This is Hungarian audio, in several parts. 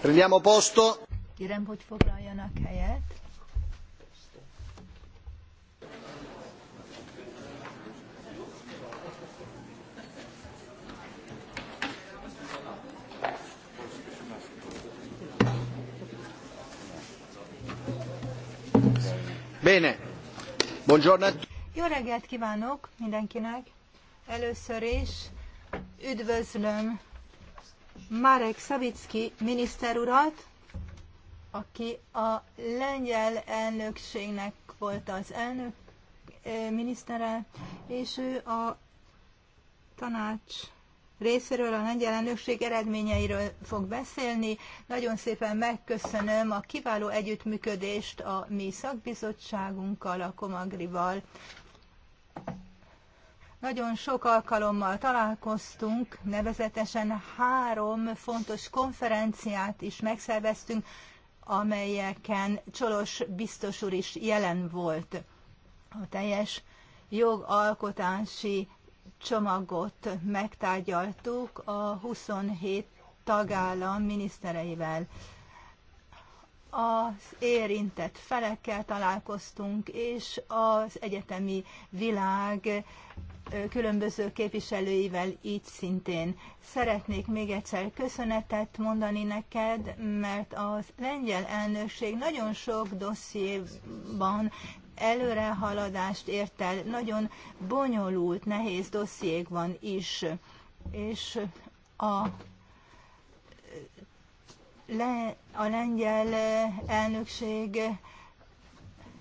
Prendiamo posto. Kérem, hogy foglaljanak helyet. Bene. Buongiorno. Jó reggelt kívánok mindenkinek! Először is üdvözlöm Marek Szavicki miniszter urat, aki a lengyel elnökségnek volt az elnök eh, minisztere, és ő a tanács részéről a lengyel elnökség eredményeiről fog beszélni. Nagyon szépen megköszönöm a kiváló együttműködést a mi szakbizottságunkkal, a Komagrival nagyon sok alkalommal találkoztunk, nevezetesen három fontos konferenciát is megszerveztünk, amelyeken Csolos biztos úr is jelen volt. A teljes jogalkotási csomagot megtárgyaltuk a 27 tagállam minisztereivel. Az érintett felekkel találkoztunk, és az egyetemi világ különböző képviselőivel így szintén. Szeretnék még egyszer köszönetet mondani neked, mert az lengyel elnökség nagyon sok dossziéban előrehaladást ért el, nagyon bonyolult, nehéz van is, és a le, a lengyel elnökség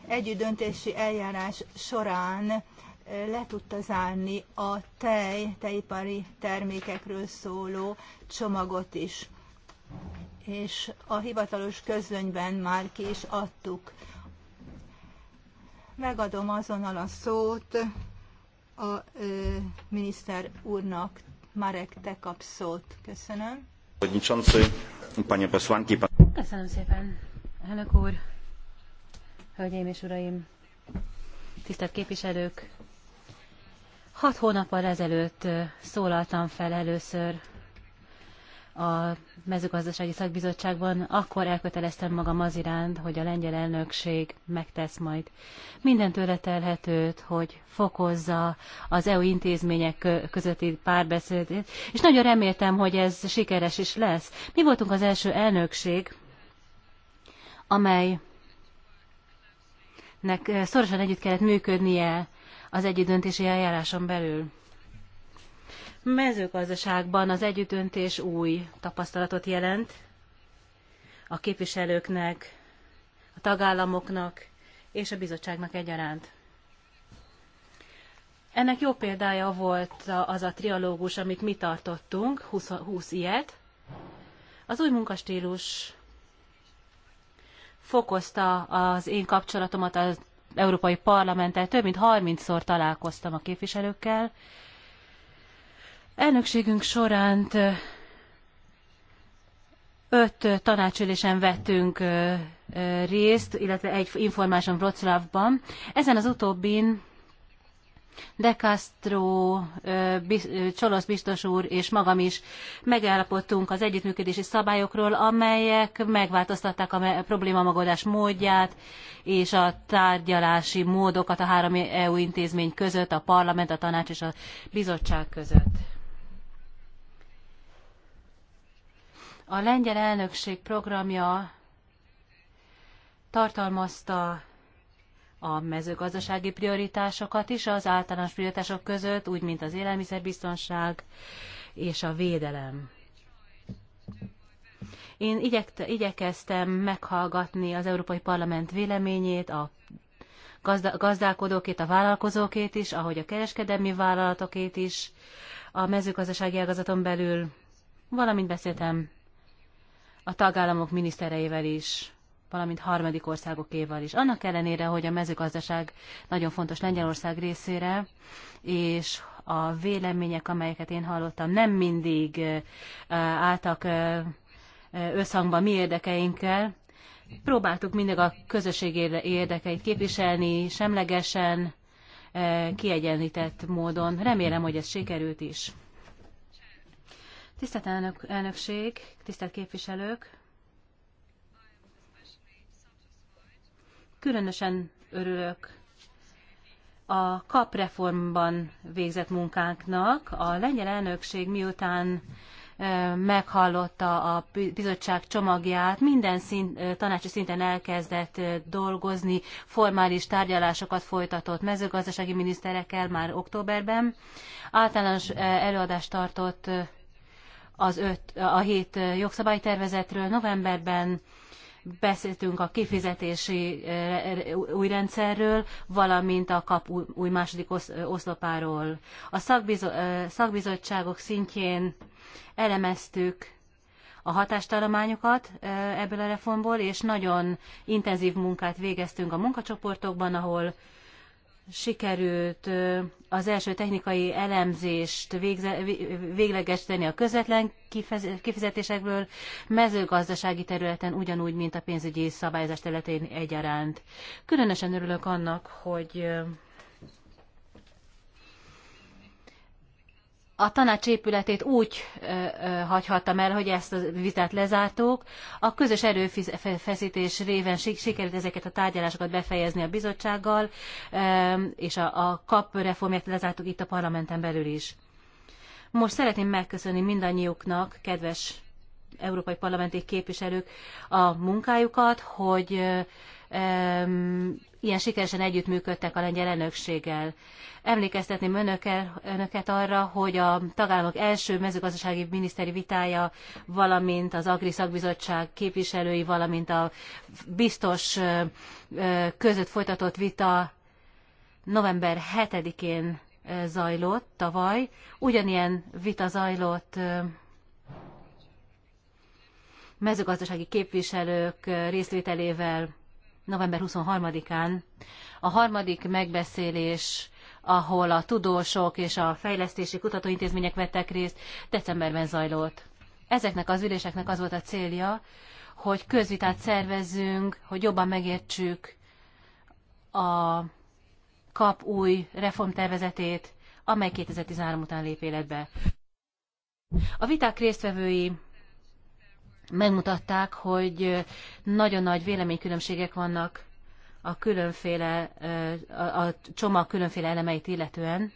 együttdöntési eljárás során le tudta zárni a tej, tejipari termékekről szóló csomagot is. És a hivatalos közönyben már ki is adtuk. Megadom azonnal a szót a ö, miniszter úrnak. Marek, te kapsz szót. Köszönöm. Köszönöm szépen, elnök úr, hölgyeim és uraim, tisztelt képviselők, Hat hónappal ezelőtt szólaltam fel először a mezőgazdasági szakbizottságban, akkor elköteleztem magam az iránt, hogy a lengyel elnökség megtesz majd minden tőle telhetőt, hogy fokozza az EU intézmények közötti párbeszédét, és nagyon reméltem, hogy ez sikeres is lesz. Mi voltunk az első elnökség, amelynek szorosan együtt kellett működnie az együttdöntési eljáráson belül. Mezőgazdaságban az együttdöntés új tapasztalatot jelent a képviselőknek, a tagállamoknak és a bizottságnak egyaránt. Ennek jó példája volt az a trialógus, amit mi tartottunk, 20, 20 ilyet. Az új munkastílus fokozta az én kapcsolatomat a Európai Parlamenttel több mint 30-szor találkoztam a képviselőkkel. Elnökségünk során öt tanácsülésen vettünk részt, illetve egy Information Wroclawban. Ezen az utóbbin de Castro, Csolosz biztos úr és magam is megállapodtunk az együttműködési szabályokról, amelyek megváltoztatták a probléma megoldás módját és a tárgyalási módokat a három EU intézmény között, a parlament, a tanács és a bizottság között. A lengyel elnökség programja tartalmazta a mezőgazdasági prioritásokat is az általános prioritások között, úgy mint az élelmiszerbiztonság és a védelem. Én igyekte, igyekeztem meghallgatni az Európai Parlament véleményét, a gazda, gazdálkodókét, a vállalkozókét is, ahogy a kereskedelmi vállalatokét is, a mezőgazdasági ágazaton belül, valamint beszéltem a tagállamok minisztereivel is valamint harmadik országokéval is. Annak ellenére, hogy a mezőgazdaság nagyon fontos Lengyelország részére, és a vélemények, amelyeket én hallottam, nem mindig álltak összhangba mi érdekeinkkel. Próbáltuk mindig a közösség érdekeit képviselni, semlegesen, kiegyenlített módon. Remélem, hogy ez sikerült is. Tisztelt elnök, elnökség, tisztelt képviselők! Különösen örülök a kapreformban végzett munkánknak. A lengyel elnökség miután meghallotta a bizottság csomagját, minden szint, tanácsi szinten elkezdett dolgozni, formális tárgyalásokat folytatott mezőgazdasági miniszterekkel már októberben. Általános előadást tartott az öt, a hét jogszabálytervezetről novemberben beszéltünk a kifizetési e, e, új rendszerről, valamint a kap új második oszlopáról. A szakbizottságok szintjén elemeztük a hatástalományokat ebből a reformból, és nagyon intenzív munkát végeztünk a munkacsoportokban, ahol sikerült az első technikai elemzést véglegesíteni a közvetlen kifizetésekből mezőgazdasági területen ugyanúgy, mint a pénzügyi szabályozás területén egyaránt. Különösen örülök annak, hogy a tanács épületét úgy ö, ö, hagyhattam el, hogy ezt a vitát lezártuk. A közös erőfeszítés réven sikerült ezeket a tárgyalásokat befejezni a bizottsággal, ö, és a, a kap reformját lezártuk itt a parlamenten belül is. Most szeretném megköszönni mindannyiuknak, kedves európai parlamenti képviselők, a munkájukat, hogy ilyen sikeresen együttműködtek a lengyel elnökséggel. Emlékeztetném önöket arra, hogy a tagállamok első mezőgazdasági miniszteri vitája, valamint az Agri Szakbizottság képviselői, valamint a biztos között folytatott vita november 7-én zajlott tavaly. Ugyanilyen vita zajlott mezőgazdasági képviselők részvételével november 23-án a harmadik megbeszélés ahol a tudósok és a fejlesztési kutatóintézmények vettek részt, decemberben zajlott. Ezeknek az üléseknek az volt a célja, hogy közvitát szervezzünk, hogy jobban megértsük a kap új reformtervezetét, amely 2013 után lép életbe. A viták résztvevői megmutatták, hogy nagyon nagy véleménykülönbségek vannak a különféle, a, csomag különféle elemeit illetően,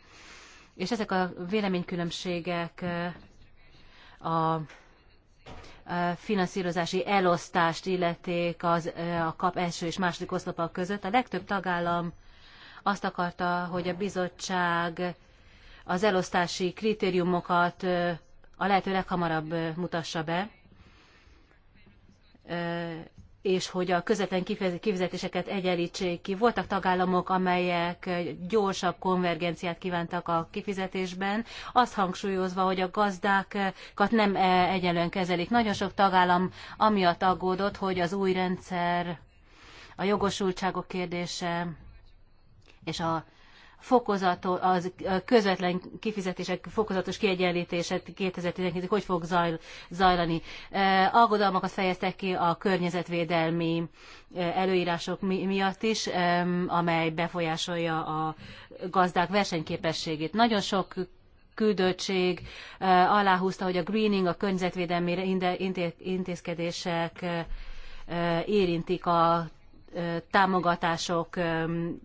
és ezek a véleménykülönbségek a finanszírozási elosztást illeték az, a kap első és második oszlopak között. A legtöbb tagállam azt akarta, hogy a bizottság az elosztási kritériumokat a lehető leghamarabb mutassa be, és hogy a közvetlen kifizetéseket egyenlítsék ki. Voltak tagállamok, amelyek gyorsabb konvergenciát kívántak a kifizetésben, azt hangsúlyozva, hogy a gazdákat nem e, egyenlően kezelik. Nagyon sok tagállam amiatt aggódott, hogy az új rendszer, a jogosultságok kérdése és a fokozatos, az közvetlen kifizetések fokozatos kiegyenlítése 2019-ig hogy fog zajl, zajlani. Aggodalmakat fejeztek ki a környezetvédelmi előírások miatt is, amely befolyásolja a gazdák versenyképességét. Nagyon sok küldöttség aláhúzta, hogy a greening, a környezetvédelmi intézkedések érintik a támogatások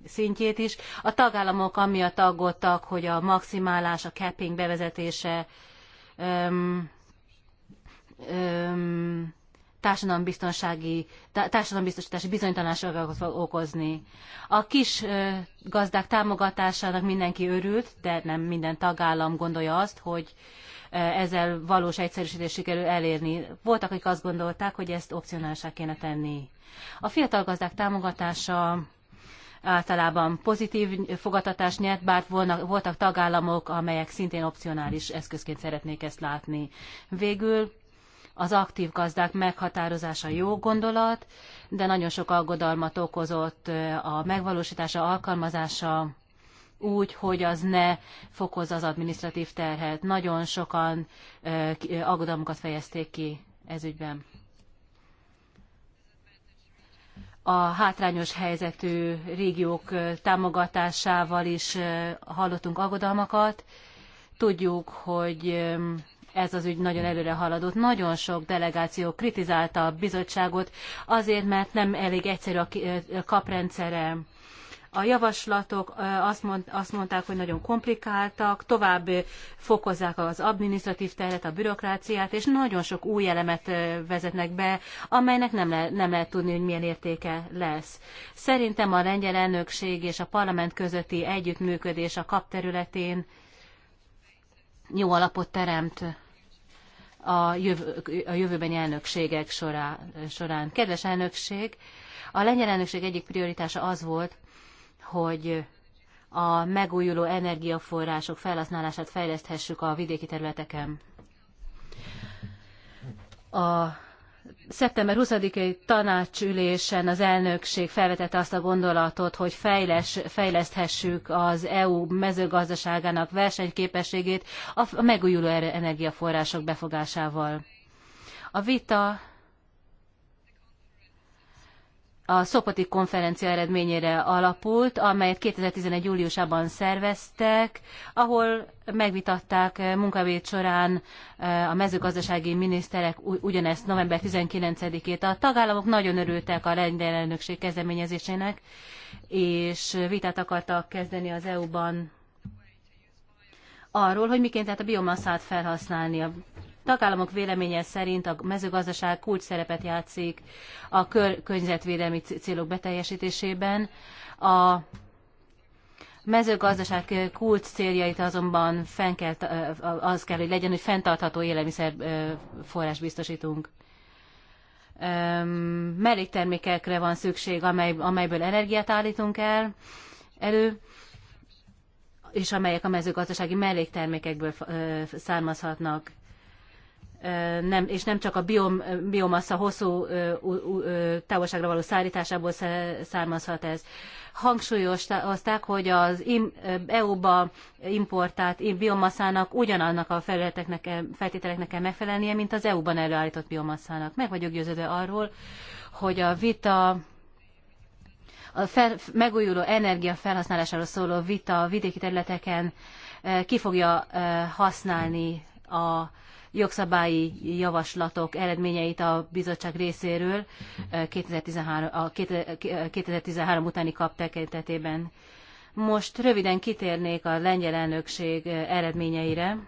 szintjét is. A tagállamok amiatt aggódtak, hogy a maximálás, a capping bevezetése társadalombiztonsági, társadalombiztosítási bizonytalanságokat fog okozni. A kis gazdák támogatásának mindenki örült, de nem minden tagállam gondolja azt, hogy Eh, ezzel valós egyszerűsítést sikerül elérni. Voltak, akik azt gondolták, hogy ezt opcionálisá kéne tenni. A fiatal gazdák támogatása általában pozitív fogadtatást nyert, bár voltak tagállamok, amelyek szintén opcionális eszközként szeretnék ezt látni. Végül az aktív gazdák meghatározása jó gondolat, de nagyon sok aggodalmat okozott eh, a megvalósítása, alkalmazása, úgy, hogy az ne fokozza az administratív terhet. Nagyon sokan aggodalmukat fejezték ki ügyben. A hátrányos helyzetű régiók támogatásával is hallottunk aggodalmakat. Tudjuk, hogy ez az ügy nagyon előre haladott. Nagyon sok delegáció kritizálta a bizottságot azért, mert nem elég egyszerű a kaprendszere a javaslatok azt, mond, azt mondták, hogy nagyon komplikáltak, tovább fokozzák az administratív terhet, a bürokráciát, és nagyon sok új elemet vezetnek be, amelynek nem, le, nem lehet tudni, hogy milyen értéke lesz. Szerintem a lengyel elnökség és a parlament közötti együttműködés a kap területén jó alapot teremt a, jövő, a jövőbeni elnökségek során, során. Kedves elnökség, a lengyel elnökség egyik prioritása az volt, hogy a megújuló energiaforrások felhasználását fejleszthessük a vidéki területeken. A szeptember 20-i tanácsülésen az elnökség felvetette azt a gondolatot, hogy fejles, fejleszthessük az EU mezőgazdaságának versenyképességét a megújuló er-, energiaforrások befogásával. A vita a Szopoti konferencia eredményére alapult, amelyet 2011. júliusában szerveztek, ahol megvitatták munkavét során eh, a mezőgazdasági miniszterek ugyanezt november 19-ét. A tagállamok nagyon örültek a lengyel elnökség kezdeményezésének, és vitát akartak kezdeni az EU-ban arról, hogy miként lehet a biomasszát felhasználni a tagállamok véleménye szerint a mezőgazdaság kulcs szerepet játszik a kör- környezetvédelmi célok beteljesítésében. A mezőgazdaság kult céljait azonban fenn kell, az kell, hogy legyen, hogy fenntartható élelmiszerforrás biztosítunk. Melléktermékekre van szükség, amely, amelyből energiát állítunk el, elő, és amelyek a mezőgazdasági melléktermékekből származhatnak nem, és nem csak a biom, biomassa hosszú távolságra való szállításából származhat ez. Hangsúlyozták, hogy az EU-ba importált biomaszának ugyanannak a e, feltételeknek kell megfelelnie, mint az EU-ban előállított biomaszának. Meg vagyok győződve arról, hogy a vita a fel, megújuló energia felhasználásáról szóló vita a vidéki területeken ki fogja használni a jogszabályi javaslatok eredményeit a bizottság részéről 2013, eh, a 2013 eh, utáni kap tekintetében. Most röviden kitérnék a lengyel elnökség eh, eredményeire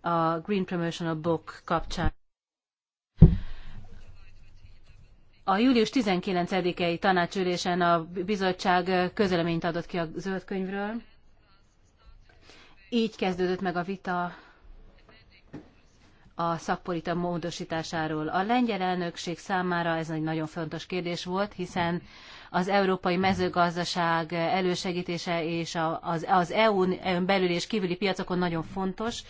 a Green Promotional Book kapcsán. A július 19-i tanácsülésen a bizottság közleményt adott ki a zöld könyvről, így kezdődött meg a vita a szakpolita módosításáról. A lengyel elnökség számára ez egy nagyon fontos kérdés volt, hiszen az európai mezőgazdaság elősegítése és az, az EU-n belül és kívüli piacokon nagyon fontos,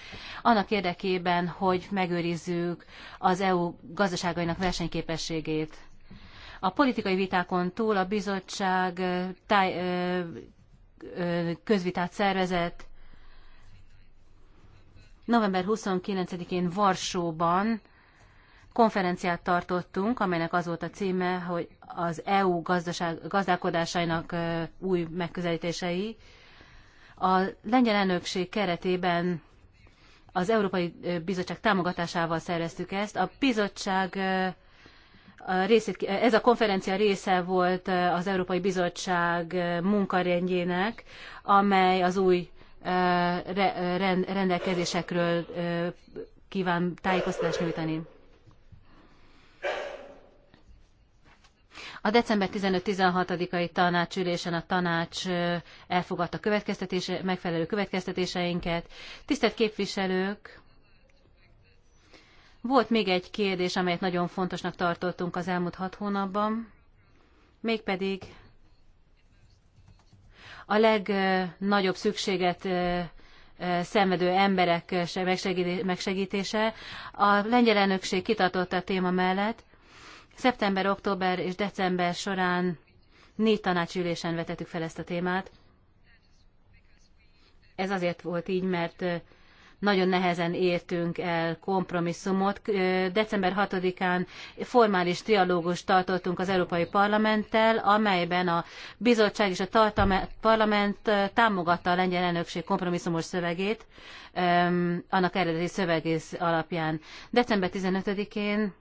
annak érdekében, hogy megőrizzük az EU gazdaságainak versenyképességét. A politikai vitákon túl a bizottság táj, közvitát szervezett, november 29-én Varsóban konferenciát tartottunk, amelynek az volt a címe, hogy az EU gazdaság, gazdálkodásainak új megközelítései. A lengyel elnökség keretében az Európai Bizottság támogatásával szerveztük ezt. A bizottság részét, ez a konferencia része volt az Európai Bizottság munkarendjének, amely az új rendelkezésekről kíván tájékoztatást nyújtani. A december 15-16-ai tanácsülésen a tanács elfogadta következtetése, megfelelő következtetéseinket. Tisztelt képviselők, volt még egy kérdés, amelyet nagyon fontosnak tartottunk az elmúlt hat hónapban, mégpedig a legnagyobb szükséget szenvedő emberek megsegítése. A lengyel elnökség kitartott a téma mellett. Szeptember, október és december során négy tanácsülésen vetettük fel ezt a témát. Ez azért volt így, mert nagyon nehezen értünk el kompromisszumot. December 6-án formális trialógust tartottunk az Európai Parlamenttel, amelyben a bizottság és a parlament támogatta a lengyel elnökség kompromisszumos szövegét, annak eredeti szövegész alapján. December 15-én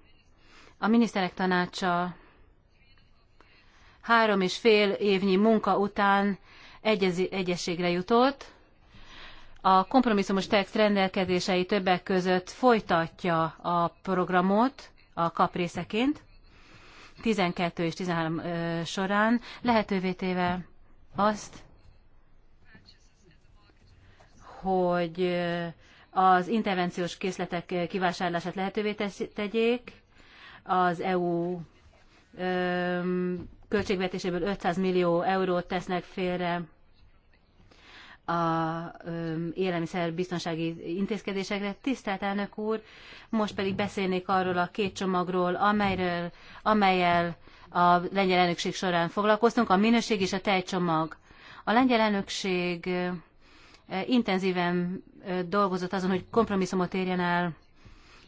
a miniszterek tanácsa három és fél évnyi munka után egyezi, egyességre jutott, a kompromisszumos text rendelkezései többek között folytatja a programot a kap részeként 12 és 13 során, lehetővé téve azt, hogy az intervenciós készletek kivásárlását lehetővé tegyék, az EU költségvetéséből 500 millió eurót tesznek félre a élelmiszerbiztonsági intézkedésekre. Tisztelt elnök úr, most pedig beszélnék arról a két csomagról, amelyről, amelyel a lengyel elnökség során foglalkoztunk, a minőség és a tejcsomag. A lengyel elnökség intenzíven dolgozott azon, hogy kompromisszumot érjen el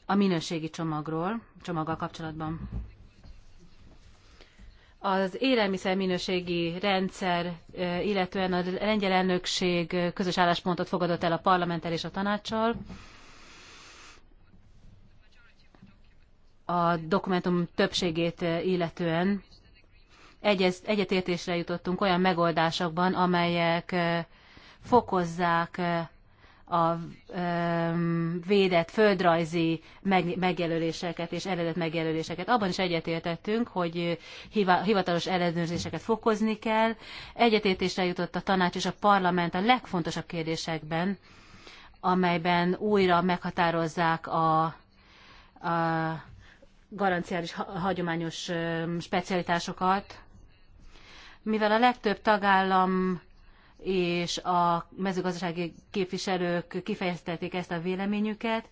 a minőségi csomagról, csomaggal kapcsolatban az élelmiszerminőségi rendszer, illetően a lengyel elnökség közös álláspontot fogadott el a parlamenttel és a tanácssal. A dokumentum többségét illetően egyetértésre jutottunk olyan megoldásokban, amelyek fokozzák a védett földrajzi megjelöléseket és eredet megjelöléseket. Abban is egyetértettünk, hogy hivatalos ellenőrzéseket fokozni kell. Egyetértésre jutott a tanács és a parlament a legfontosabb kérdésekben, amelyben újra meghatározzák a, a garanciális hagyományos specialitásokat, mivel a legtöbb tagállam és a mezőgazdasági képviselők kifejeztették ezt a véleményüket.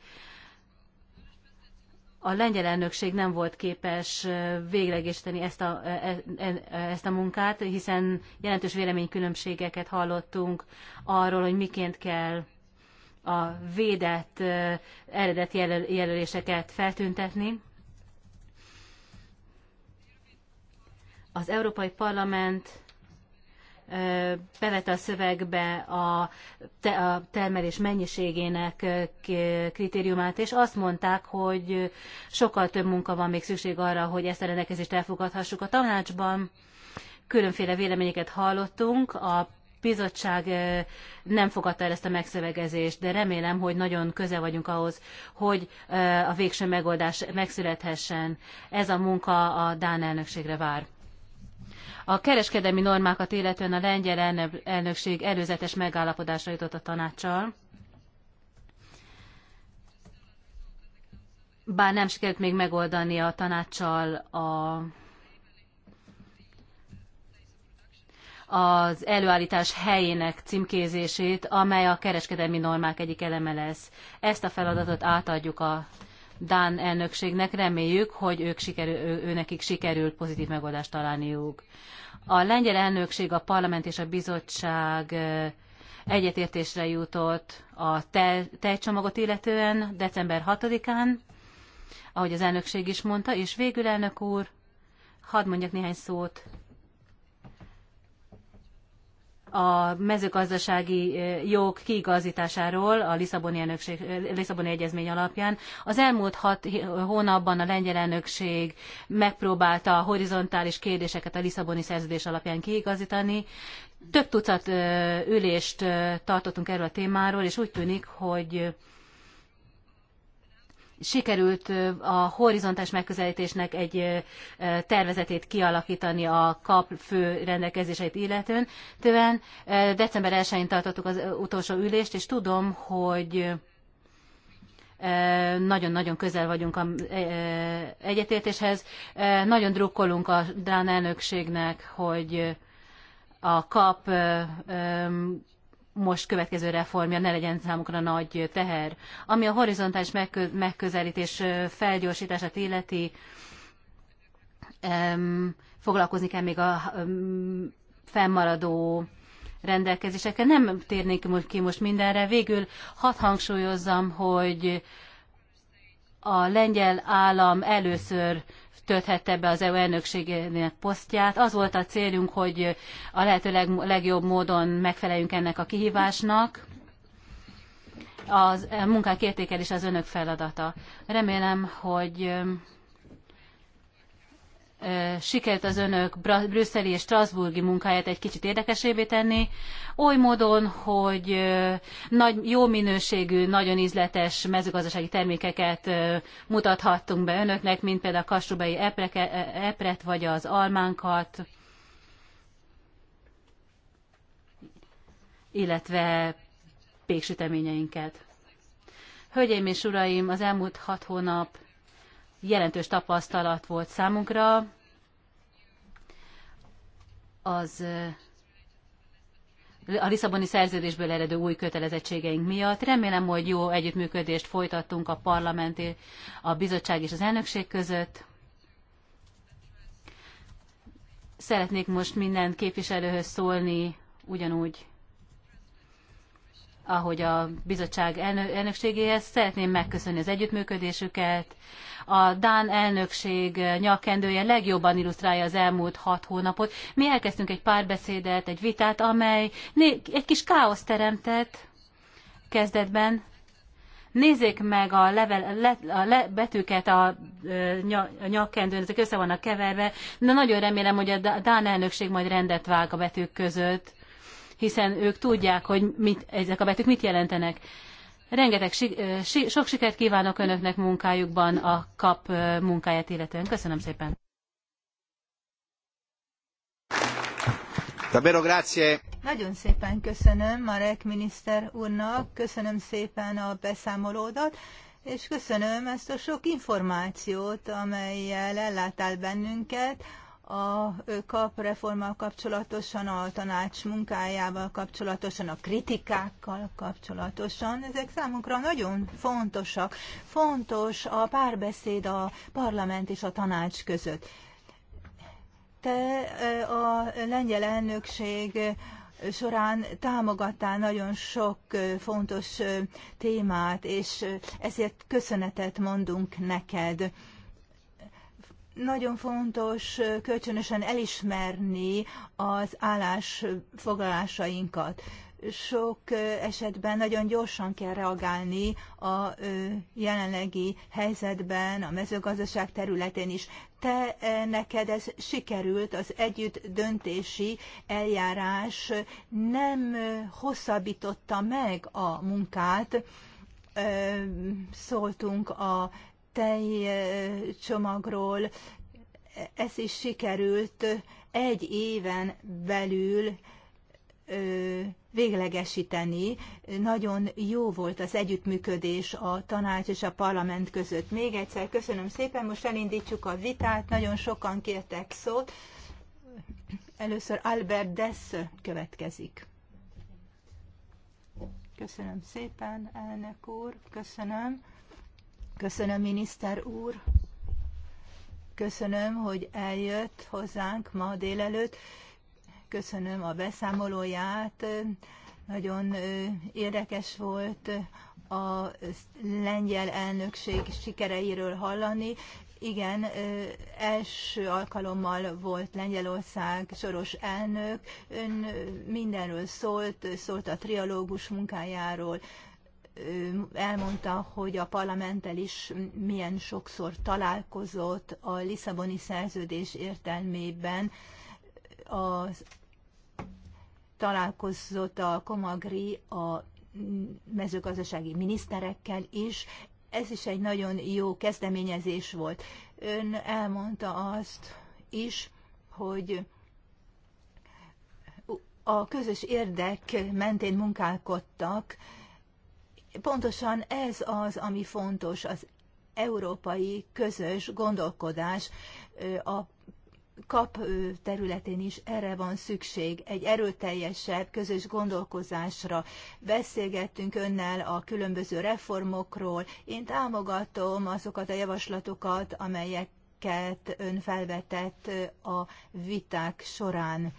A lengyel elnökség nem volt képes véglegésteni ezt a, e, e, ezt a munkát, hiszen jelentős véleménykülönbségeket hallottunk arról, hogy miként kell a védett e, eredeti jelöléseket feltüntetni. Az Európai Parlament bevet a szövegbe a, te, a termelés mennyiségének kritériumát, és azt mondták, hogy sokkal több munka van még szükség arra, hogy ezt a rendelkezést elfogadhassuk. A tanácsban különféle véleményeket hallottunk, a bizottság nem fogadta el ezt a megszövegezést, de remélem, hogy nagyon közel vagyunk ahhoz, hogy a végső megoldás megszülethessen. Ez a munka a Dán elnökségre vár. A kereskedelmi normákat illetően a lengyel elnökség előzetes megállapodásra jutott a tanácssal. Bár nem sikerült még megoldani a tanácssal a az előállítás helyének címkézését, amely a kereskedelmi normák egyik eleme lesz. Ezt a feladatot átadjuk a Dán elnökségnek. Reméljük, hogy ők sikerül, ő, őnekik sikerül pozitív megoldást találniuk. A lengyel elnökség, a parlament és a bizottság egyetértésre jutott a tejcsomagot illetően december 6-án, ahogy az elnökség is mondta, és végül elnök úr, hadd mondjak néhány szót a mezőgazdasági jog kiigazításáról a Lisszaboni, elnökség, Lisszaboni Egyezmény alapján. Az elmúlt hat hónapban a lengyel elnökség megpróbálta a horizontális kérdéseket a Lisszaboni szerződés alapján kiigazítani. Több tucat ülést tartottunk erről a témáról, és úgy tűnik, hogy sikerült a horizontális megközelítésnek egy tervezetét kialakítani a KAP fő rendelkezéseit illetően. december 1-én tartottuk az utolsó ülést, és tudom, hogy nagyon-nagyon közel vagyunk a egyetértéshez. Nagyon drukkolunk a Dán elnökségnek, hogy a kap most következő reformja ne legyen számukra nagy teher. Ami a horizontális megközelítés felgyorsítását illeti, foglalkozni kell még a fennmaradó rendelkezésekkel. Nem térnék ki most mindenre. Végül hat hangsúlyozzam, hogy a lengyel állam először tölthette be az EU elnökségének posztját. Az volt a célunk, hogy a lehető leg, legjobb módon megfeleljünk ennek a kihívásnak. a munkák értékelés az önök feladata. Remélem, hogy sikerült az önök brüsszeli és strasburgi munkáját egy kicsit érdekesébbé tenni, oly módon, hogy nagy, jó minőségű, nagyon ízletes mezőgazdasági termékeket mutathattunk be önöknek, mint például a kastrubai e- epret vagy az almánkat, illetve péksüteményeinket. Hölgyeim és uraim, az elmúlt hat hónap jelentős tapasztalat volt számunkra. Az a Lisszaboni szerződésből eredő új kötelezettségeink miatt. Remélem, hogy jó együttműködést folytattunk a parlamenti, a bizottság és az elnökség között. Szeretnék most minden képviselőhöz szólni, ugyanúgy ahogy a bizottság elnökségéhez. Szeretném megköszönni az együttműködésüket. A Dán elnökség nyakendője legjobban illusztrálja az elmúlt hat hónapot. Mi elkezdtünk egy párbeszédet, egy vitát, amely egy kis káoszt teremtett kezdetben. Nézzék meg a, level, le, a le, betűket a, a nyakkendőn, ezek össze vannak keverve. de nagyon remélem, hogy a Dán elnökség majd rendet vág a betűk között hiszen ők tudják, hogy mit, ezek a betűk mit jelentenek. Rengeteg sok sikert kívánok önöknek munkájukban a kap munkáját illetően. Köszönöm szépen. grazie. Nagyon szépen köszönöm Marek miniszter úrnak, köszönöm szépen a beszámolódat, és köszönöm ezt a sok információt, amelyel ellátál bennünket a kap reformmal kapcsolatosan, a tanács munkájával kapcsolatosan, a kritikákkal kapcsolatosan. Ezek számunkra nagyon fontosak. Fontos a párbeszéd a parlament és a tanács között. Te a lengyel elnökség során támogattál nagyon sok fontos témát, és ezért köszönetet mondunk neked nagyon fontos kölcsönösen elismerni az állásfoglalásainkat. Sok esetben nagyon gyorsan kell reagálni a jelenlegi helyzetben, a mezőgazdaság területén is. Te neked ez sikerült, az együtt döntési eljárás nem hosszabbította meg a munkát, szóltunk a tejcsomagról. Ez is sikerült egy éven belül véglegesíteni. Nagyon jó volt az együttműködés a tanács és a parlament között. Még egyszer köszönöm szépen, most elindítjuk a vitát, nagyon sokan kértek szót. Először Albert Dess következik. Köszönöm szépen, elnök úr, köszönöm. Köszönöm, miniszter úr. Köszönöm, hogy eljött hozzánk ma délelőtt. Köszönöm a beszámolóját. Nagyon érdekes volt a lengyel elnökség sikereiről hallani. Igen, első alkalommal volt Lengyelország soros elnök. Ön mindenről szólt, szólt a trialógus munkájáról, elmondta, hogy a parlamenttel is milyen sokszor találkozott a Lisszaboni szerződés értelmében, a találkozott a Komagri a mezőgazdasági miniszterekkel is. Ez is egy nagyon jó kezdeményezés volt. Ön elmondta azt is, hogy a közös érdek mentén munkálkodtak, Pontosan ez az, ami fontos, az európai közös gondolkodás a kap területén is erre van szükség, egy erőteljesebb közös gondolkozásra. Beszélgettünk önnel a különböző reformokról. Én támogatom azokat a javaslatokat, amelyeket ön felvetett a viták során.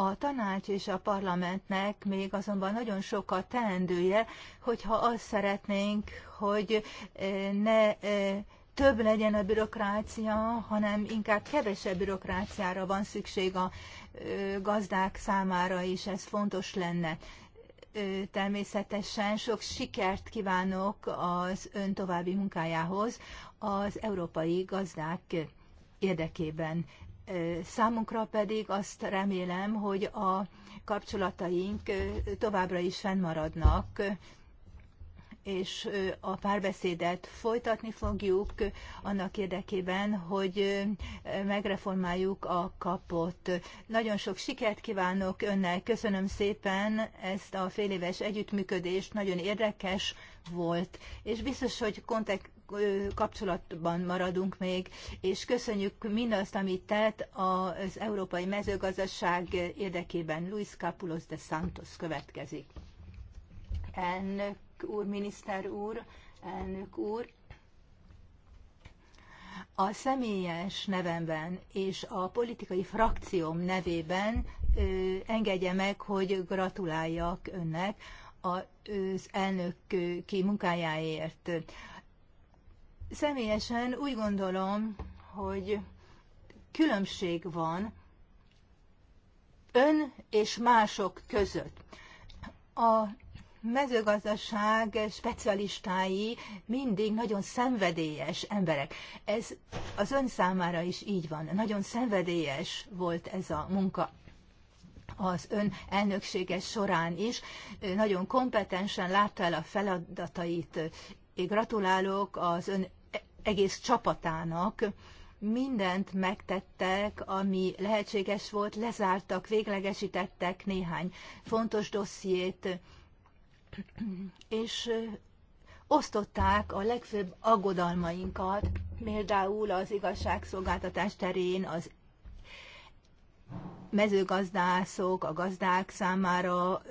A tanács és a parlamentnek még azonban nagyon sok a teendője, hogyha azt szeretnénk, hogy eh, ne eh, több legyen a bürokrácia, hanem inkább kevesebb bürokráciára van szükség a eh, gazdák számára is, ez fontos lenne. Természetesen sok sikert kívánok az ön további munkájához az európai gazdák érdekében. Számunkra pedig azt remélem, hogy a kapcsolataink továbbra is fennmaradnak, és a párbeszédet folytatni fogjuk annak érdekében, hogy megreformáljuk a kapot. Nagyon sok sikert kívánok önnek, köszönöm szépen ezt a féléves együttműködést, nagyon érdekes volt, és biztos, hogy kontek- kapcsolatban maradunk még, és köszönjük mindazt, amit tett az európai mezőgazdaság érdekében. Luis Capulos de Santos következik. Elnök úr, miniszter úr, elnök úr, a személyes nevemben és a politikai frakcióm nevében ö, engedje meg, hogy gratuláljak önnek az ki munkájáért. Személyesen úgy gondolom, hogy különbség van ön és mások között. A mezőgazdaság specialistái mindig nagyon szenvedélyes emberek. Ez az ön számára is így van. Nagyon szenvedélyes volt ez a munka az ön elnökséges során is. Nagyon kompetensen látta el a feladatait. Én gratulálok az ön egész csapatának. Mindent megtettek, ami lehetséges volt, lezártak, véglegesítettek néhány fontos dossziét, és osztották a legfőbb aggodalmainkat, például az igazságszolgáltatás terén, az mezőgazdászok, a gazdák számára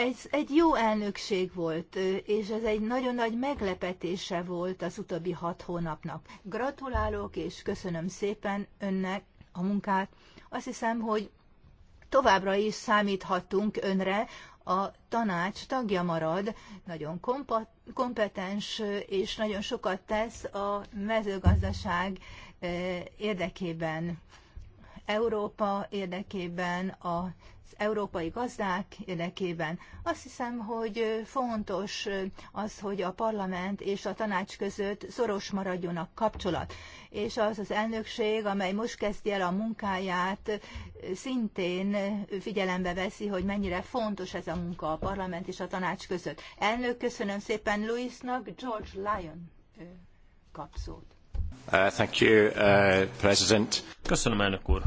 ez egy jó elnökség volt, és ez egy nagyon nagy meglepetése volt az utóbbi hat hónapnak. Gratulálok, és köszönöm szépen önnek a munkát. Azt hiszem, hogy továbbra is számíthatunk önre, a tanács tagja marad, nagyon kompetens és nagyon sokat tesz a mezőgazdaság érdekében, Európa érdekében, a európai gazdák érdekében. Azt hiszem, hogy fontos az, hogy a parlament és a tanács között szoros maradjon a kapcsolat. És az az elnökség, amely most kezdi el a munkáját, szintén figyelembe veszi, hogy mennyire fontos ez a munka a parlament és a tanács között. Elnök, köszönöm szépen Louisnak, George Lyon kapszót. Uh, thank you, uh, President. Köszönöm, elnök úr.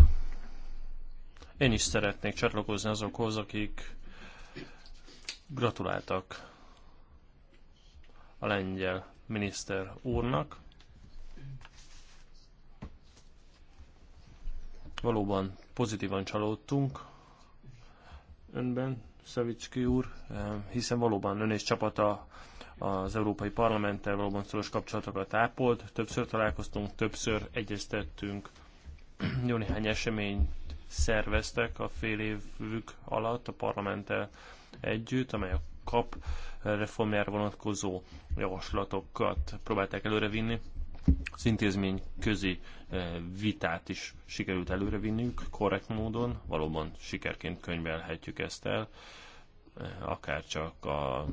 Én is szeretnék csatlakozni azokhoz, akik gratuláltak a lengyel miniszter úrnak. Valóban pozitívan csalódtunk önben, Szevicski úr, hiszen valóban ön és csapata az Európai Parlamenttel valóban szoros kapcsolatokat ápolt. Többször találkoztunk, többször egyeztettünk, jó néhány esemény szerveztek a fél évük alatt a parlamenttel együtt, amely a kap reformjára vonatkozó javaslatokat próbálták előrevinni. Az intézmény közi eh, vitát is sikerült előrevinniük korrekt módon, valóban sikerként könyvelhetjük ezt el, eh, akár csak a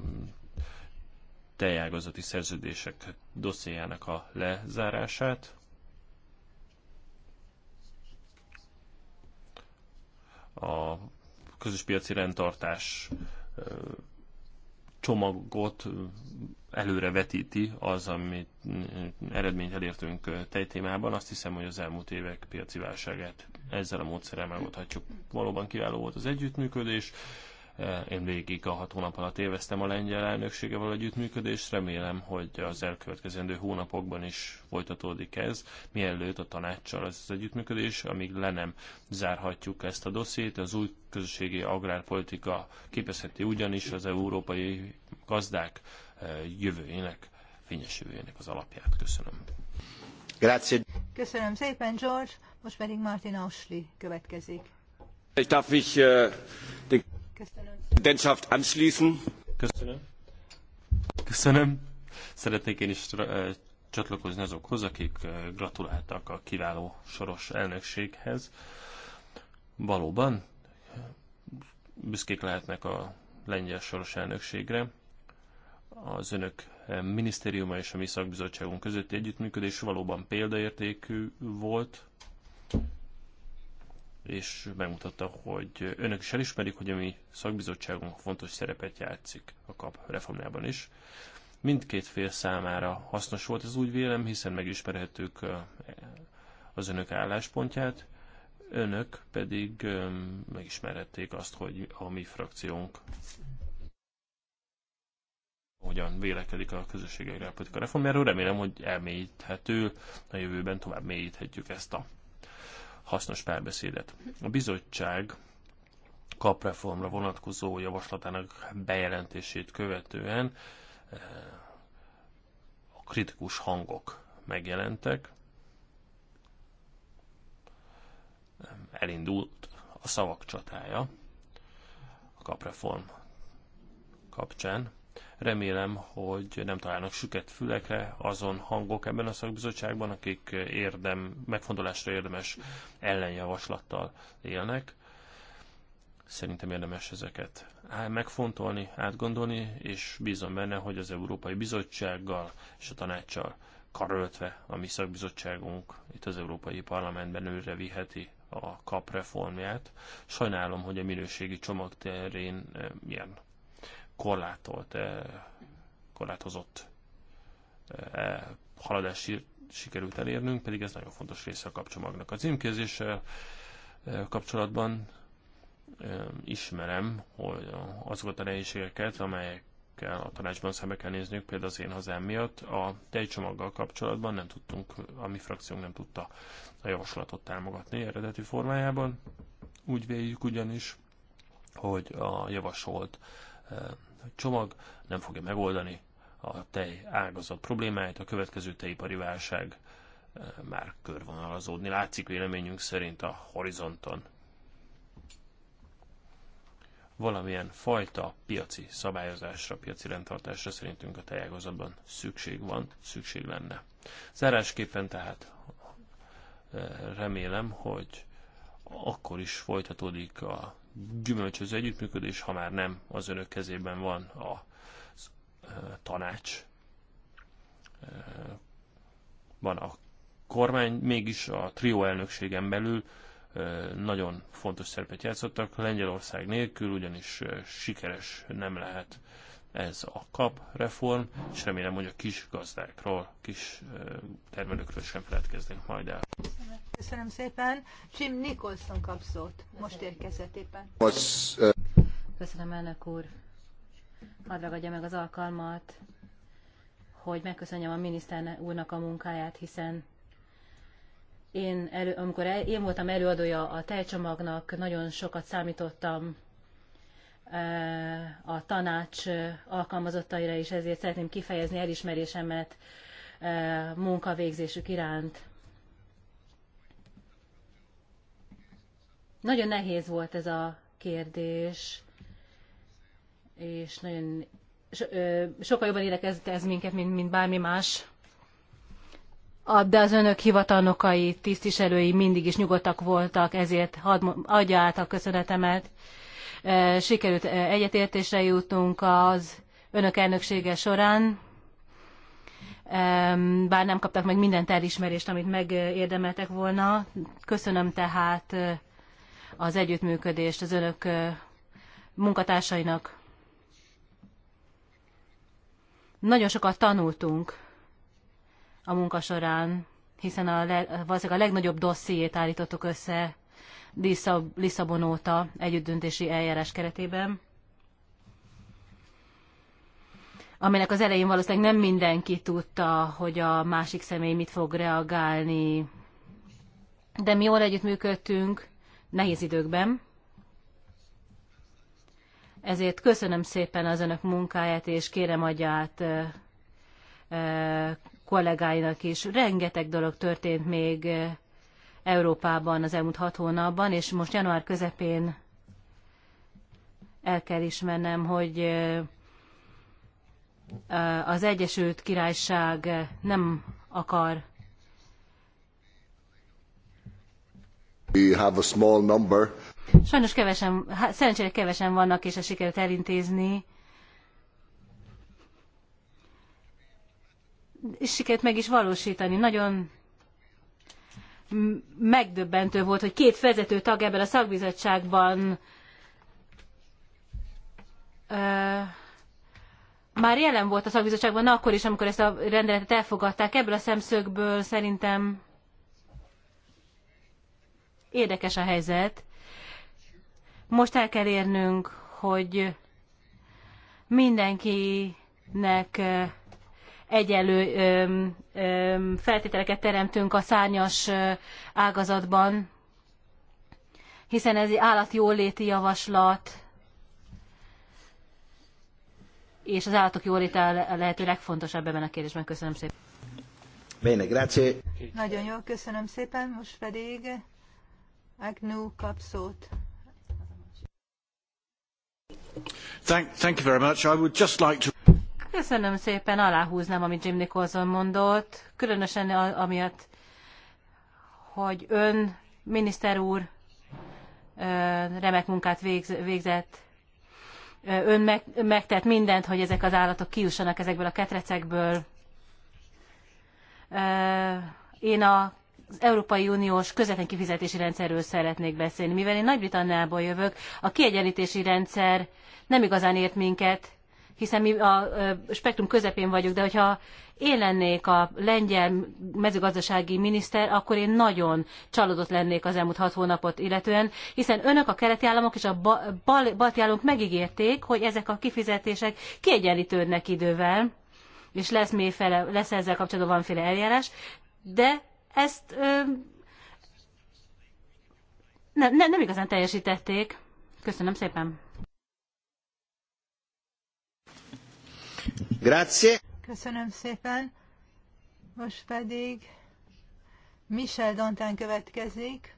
teljágazati szerződések dossziának a lezárását, a közös piaci rendtartás csomagot előre vetíti az, amit eredményt elértünk tejtémában. Azt hiszem, hogy az elmúlt évek piaci válságát ezzel a módszerrel megoldhatjuk. Valóban kiváló volt az együttműködés. Eh, én végig a hat hónap alatt éveztem a lengyel elnökségevel együttműködést, remélem, hogy az elkövetkezendő hónapokban is folytatódik ez, mielőtt a tanácssal ez az együttműködés, amíg le nem zárhatjuk ezt a dossziét. Az új közösségi agrárpolitika képezheti ugyanis az európai gazdák eh, jövőjének, fényes jövőjének az alapját. Köszönöm. Grazie. Köszönöm szépen, George. Most pedig Martin Ausli következik. Ich darf äh, eh, Köszönöm. Anschließen. Köszönöm. Szeretnék én is csatlakozni azokhoz, akik gratuláltak a kiváló soros elnökséghez. Valóban büszkék lehetnek a lengyel soros elnökségre. Az önök minisztériuma és a mi szakbizottságunk közötti együttműködés valóban példaértékű volt, és megmutatta, hogy önök is elismerik, hogy a mi szakbizottságunk fontos szerepet játszik a kap reformjában is. Mindkét fél számára hasznos volt ez úgy vélem, hiszen megismerhetők az önök álláspontját, önök pedig megismerhették azt, hogy a mi frakciónk hogyan vélekedik a közösségi agrárpolitika reformjáról. Remélem, hogy elmélyíthető, a jövőben tovább mélyíthetjük ezt a hasznos párbeszédet. A bizottság kapreformra vonatkozó javaslatának bejelentését követően eh, a kritikus hangok megjelentek, elindult a szavak csatája a kapreform kapcsán. Remélem, hogy nem találnak süket fülekre azon hangok ebben a szakbizottságban, akik érdem, megfontolásra érdemes ellenjavaslattal élnek. Szerintem érdemes ezeket megfontolni, átgondolni, és bízom benne, hogy az Európai Bizottsággal és a tanácssal karöltve a mi szakbizottságunk itt az Európai Parlamentben őre viheti a kap reformját. Sajnálom, hogy a minőségi csomag terén eh, ilyen korlátolt, eh, korlátozott eh, haladást sikerült elérnünk, pedig ez nagyon fontos része a kapcsomagnak. A címkézéssel eh, kapcsolatban ismerem hogy azokat a nehézségeket, amelyek a tanácsban szembe kell nézniük, például az én hazám miatt. A tejcsomaggal kapcsolatban nem tudtunk, a mi frakciónk nem tudta a javaslatot támogatni eredeti formájában. Úgy véljük ugyanis, hogy a javasolt csomag nem fogja megoldani a tej ágazat problémáit, a következő tejipari válság eh, már körvonalazódni látszik véleményünk szerint a horizonton. Valamilyen fajta piaci szabályozásra, piaci rendtartásra szerintünk a tejágazatban szükség van, szükség lenne. Zárásképpen tehát eh, remélem, hogy akkor is folytatódik a gyümölcsöző együttműködés, ha már nem az önök kezében van a e, tanács, e, van a kormány, mégis a trió elnökségen belül e, nagyon fontos szerepet játszottak, Lengyelország nélkül ugyanis sikeres nem lehet ez a kap reform, és remélem, hogy a kis gazdákról, kis termelőkről sem feledkeznénk majd el. Köszönöm szépen. Jim Nicholson kap szót. Most érkezett éppen. Köszönöm, elnök úr. Hadd ragadja meg az alkalmat, hogy megköszönjem a miniszter úrnak a munkáját, hiszen én, elő, amikor el, én voltam előadója a tejcsomagnak, nagyon sokat számítottam a tanács alkalmazottaira, is ezért szeretném kifejezni elismerésemet e, munkavégzésük iránt. Nagyon nehéz volt ez a kérdés, és nagyon so, sokkal jobban érekezett ez minket, mint, mint bármi más. de az önök hivatalnokai, tisztviselői mindig is nyugodtak voltak, ezért adja át a köszönetemet Eh, sikerült eh, egyetértésre jutnunk az önök elnöksége során, bár nem kaptak meg mindent elismerést, amit megérdemeltek volna. Köszönöm tehát eh, az együttműködést az önök munkatársainak. Nagyon sokat tanultunk a munka során, hiszen a, le, a legnagyobb dossziét állítottuk össze Lisszab Lisszabon óta együttdöntési eljárás keretében, aminek az elején valószínűleg nem mindenki tudta, hogy a másik személy mit fog reagálni, de mi jól együttműködtünk nehéz időkben, ezért köszönöm szépen az önök munkáját, és kérem adját kollégáinak is. Rengeteg dolog történt még Európában az elmúlt hat hónapban, és most január közepén el kell ismernem, hogy az Egyesült Királyság nem akar We have a small number. Sajnos kevesen, szerencsére kevesen vannak, és a sikerült elintézni. És sikert meg is valósítani. Nagyon megdöbbentő volt, hogy két vezető tag ebben a szakbizottságban ö, már jelen volt a szakbizottságban akkor is, amikor ezt a rendeletet elfogadták. Ebből a szemszögből szerintem érdekes a helyzet. Most el kell érnünk, hogy mindenkinek egyelő feltételeket teremtünk a szárnyas ágazatban, hiszen ez egy állatjóléti javaslat, és az állatok jóléte a lehető legfontosabb ebben a kérdésben. Köszönöm szépen. Bene, grazie. Nagyon jó, köszönöm szépen. Most pedig Agnú kap szót. Thank, thank you very much. I would just like to Köszönöm szépen, aláhúznám, amit Jim Nicholson mondott, különösen amiatt, hogy ön, miniszter úr, remek munkát végzett, ön meg, megtett mindent, hogy ezek az állatok kiussanak ezekből a ketrecekből. Én a az Európai Uniós közvetlen kifizetési rendszerről szeretnék beszélni. Mivel én Nagy-Britanniából jövök, a kiegyenlítési rendszer nem igazán ért minket, hiszen mi a spektrum közepén vagyok, de hogyha én lennék a lengyel mezőgazdasági miniszter, akkor én nagyon csalódott lennék az elmúlt hat hónapot illetően, hiszen önök a keleti államok és a bal, balti államok megígérték, hogy ezek a kifizetések kiegyenlítődnek idővel, és lesz, mélyfele, lesz ezzel kapcsolatban valamiféle eljárás, de ezt ö, nem, nem, nem igazán teljesítették. Köszönöm szépen! Köszönöm szépen. Most pedig Michel Dantán következik.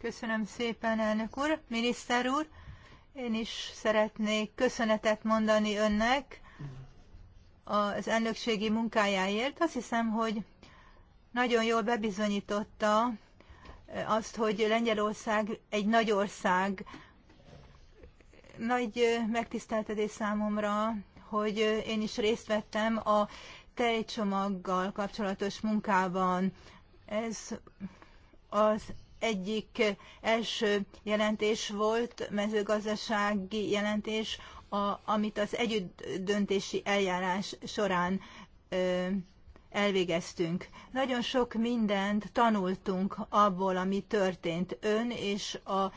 Köszönöm szépen, elnök úr, miniszter úr. Én is szeretnék köszönetet mondani önnek az elnökségi munkájáért. Azt hiszem, hogy nagyon jól bebizonyította azt, hogy Lengyelország egy nagy ország, nagy megtiszteltetés számomra, hogy én is részt vettem a tejcsomaggal kapcsolatos munkában. Ez az egyik első jelentés volt, mezőgazdasági jelentés, a, amit az együtt döntési eljárás során ö, elvégeztünk. Nagyon sok mindent tanultunk abból, ami történt ön és a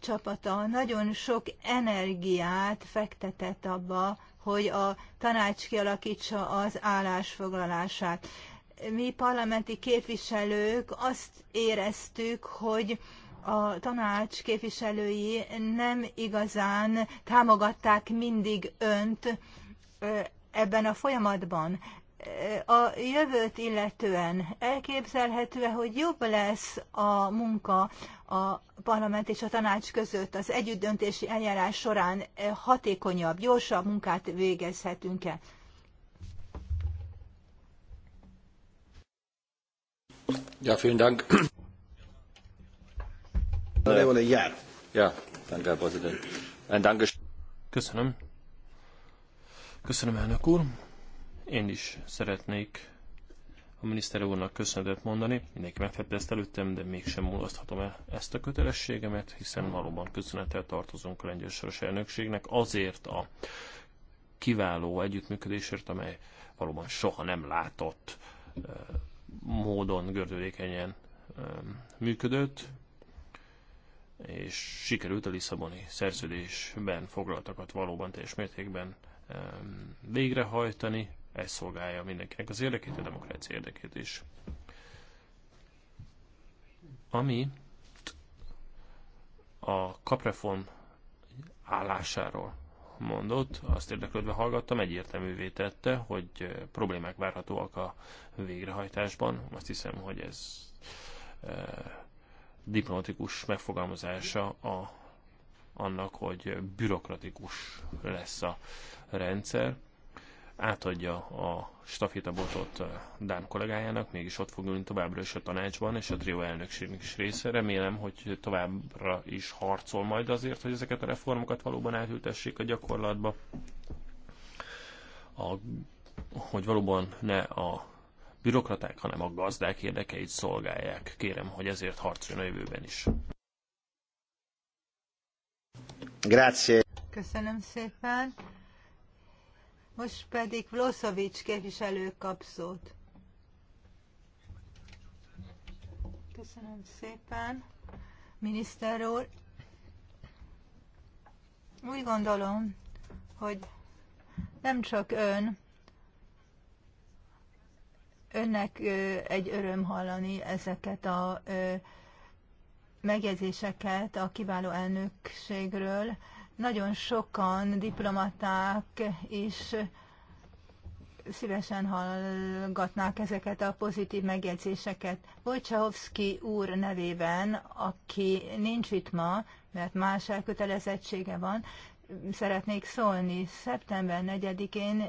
csapata nagyon sok energiát fektetett abba, hogy a tanács kialakítsa az állásfoglalását. Mi parlamenti képviselők azt éreztük, hogy a tanács képviselői nem igazán támogatták mindig önt ebben a folyamatban a jövőt illetően elképzelhető hogy jobb lesz a munka a parlament és a tanács között az együttdöntési eljárás során hatékonyabb, gyorsabb munkát végezhetünk e Ja, vielen Dank. Ja, danke, Herr Präsident. Köszönöm. Köszönöm, elnök úr. Én is szeretnék a miniszter úrnak köszönetet mondani. Mindenki megfette ezt előttem, de mégsem mulaszthatom el ezt a kötelességemet, hiszen valóban köszönettel tartozunk a lengyel soros elnökségnek azért a kiváló együttműködésért, amely valóban soha nem látott módon gördülékenyen működött, és sikerült a Lisszaboni szerződésben foglaltakat valóban teljes mértékben végrehajtani, ez szolgálja mindenkinek az érdekét, a demokrácia érdekét is. Ami a kapreform állásáról mondott, azt érdeklődve hallgattam, egyértelművé tette, hogy problémák várhatóak a végrehajtásban. Azt hiszem, hogy ez e, diplomatikus megfogalmazása a, annak, hogy bürokratikus lesz a rendszer átadja a stafétabotot eh, Dán kollégájának, mégis ott fog ülni továbbra is a tanácsban, és a trió elnökségnek is része. Remélem, hogy továbbra is harcol majd azért, hogy ezeket a reformokat valóban átültessék a gyakorlatba, a, hogy valóban ne a bürokraták, hanem a gazdák érdekeit szolgálják. Kérem, hogy ezért harcoljon a jövőben is. Grazie. Köszönöm szépen. Most pedig Vlosovics képviselő kap szót. Köszönöm szépen, miniszter úr. Úgy gondolom, hogy nem csak ön, önnek egy öröm hallani ezeket a megjegyzéseket a kiváló elnökségről, nagyon sokan diplomaták is szívesen hallgatnák ezeket a pozitív megjegyzéseket. Wojciechowski úr nevében, aki nincs itt ma, mert más elkötelezettsége van, szeretnék szólni. Szeptember 4-én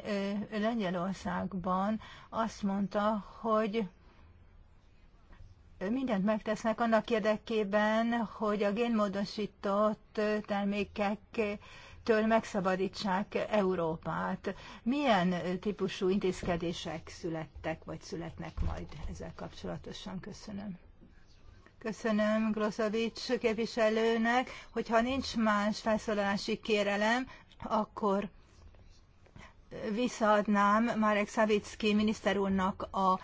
Lengyelországban azt mondta, hogy mindent megtesznek annak érdekében, hogy a génmódosított termékektől megszabadítsák Európát. Milyen típusú intézkedések születtek, vagy születnek majd ezzel kapcsolatosan? Köszönöm. Köszönöm Grozovics képviselőnek, hogyha nincs más felszólalási kérelem, akkor visszaadnám Marek Szavicki miniszter úrnak a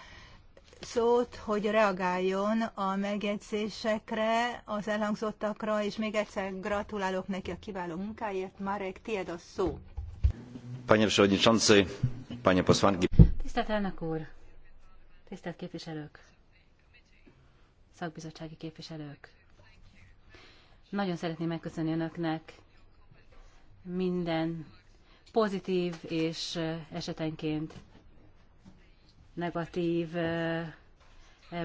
szót, hogy reagáljon a megjegyzésekre, az elhangzottakra, és még egyszer gratulálok neki a kiváló munkáért. Marek, tiéd a szó. Panie Przewodniczący, Panie Posłanki. Tisztelt elnök úr, tisztelt képviselők, szakbizottsági képviselők. Nagyon szeretném megköszönni önöknek minden pozitív és eh, esetenként negatív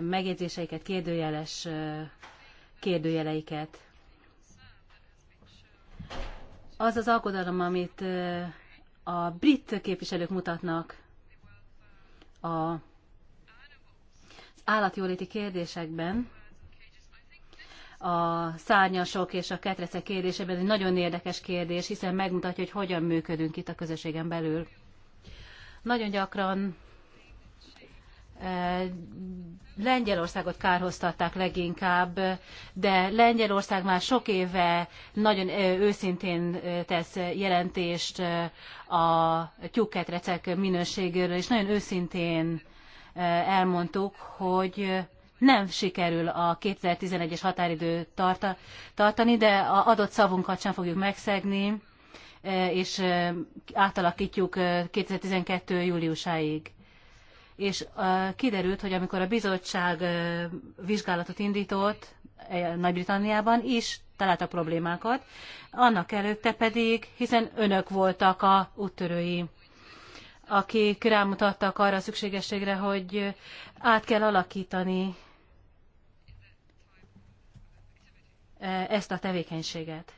megjegyzéseiket, kérdőjeles kérdőjeleiket. Az az aggodalom, amit a brit képviselők mutatnak a állatjóléti kérdésekben, a szárnyasok és a ketrecek kérdésében egy nagyon érdekes kérdés, hiszen megmutatja, hogy hogyan működünk itt a közösségen belül. Nagyon gyakran Lengyelországot kárhoztatták leginkább, de Lengyelország már sok éve nagyon őszintén tesz jelentést a tyúkketrecek minőségéről, és nagyon őszintén elmondtuk, hogy nem sikerül a 2011-es határidő tarta, tartani, de a adott szavunkat sem fogjuk megszegni, és átalakítjuk 2012. júliusáig és kiderült, hogy amikor a bizottság vizsgálatot indított e, Nagy-Britanniában is találtak problémákat, annak előtte pedig, hiszen önök voltak a úttörői akik rámutattak arra a szükségességre, hogy át kell alakítani ezt a tevékenységet.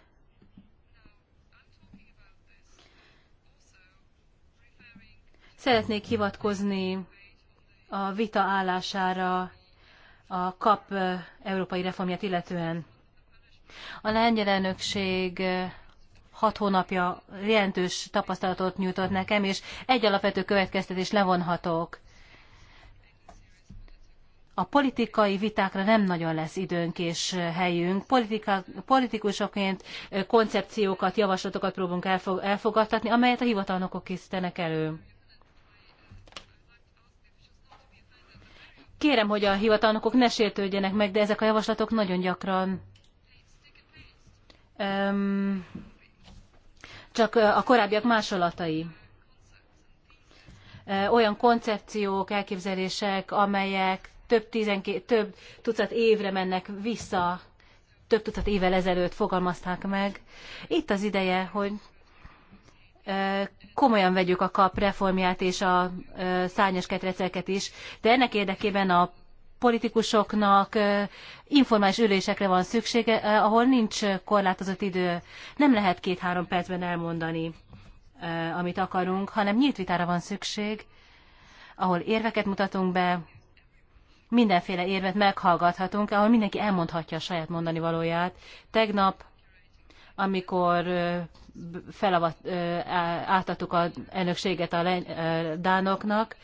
Szeretnék hivatkozni a vita állására a KAP európai reformját illetően. A lengyel elnökség hat hónapja jelentős tapasztalatot nyújtott nekem, és egy alapvető következtetés levonhatok. A politikai vitákra nem nagyon lesz időnk és helyünk. Politika, politikusoként koncepciókat, javaslatokat próbunk elfog, elfogadtatni, amelyet a hivatalnokok készítenek elő. kérem, hogy a hivatalnokok ne sértődjenek meg, de ezek a javaslatok nagyon gyakran um, csak a korábbiak másolatai. Olyan koncepciók, elképzelések, amelyek több, tizenké, több tucat évre mennek vissza, több tucat évvel ezelőtt fogalmazták meg. Itt az ideje, hogy komolyan vegyük a kap reformját és a szárnyas ketreceket is, de ennek érdekében a politikusoknak informális ülésekre van szüksége, ahol nincs korlátozott idő. Nem lehet két-három percben elmondani, amit akarunk, hanem nyílt vitára van szükség, ahol érveket mutatunk be, mindenféle érvet meghallgathatunk, ahol mindenki elmondhatja a saját mondani valóját. Tegnap, amikor felavat, átadtuk a elnökséget a dánoknak.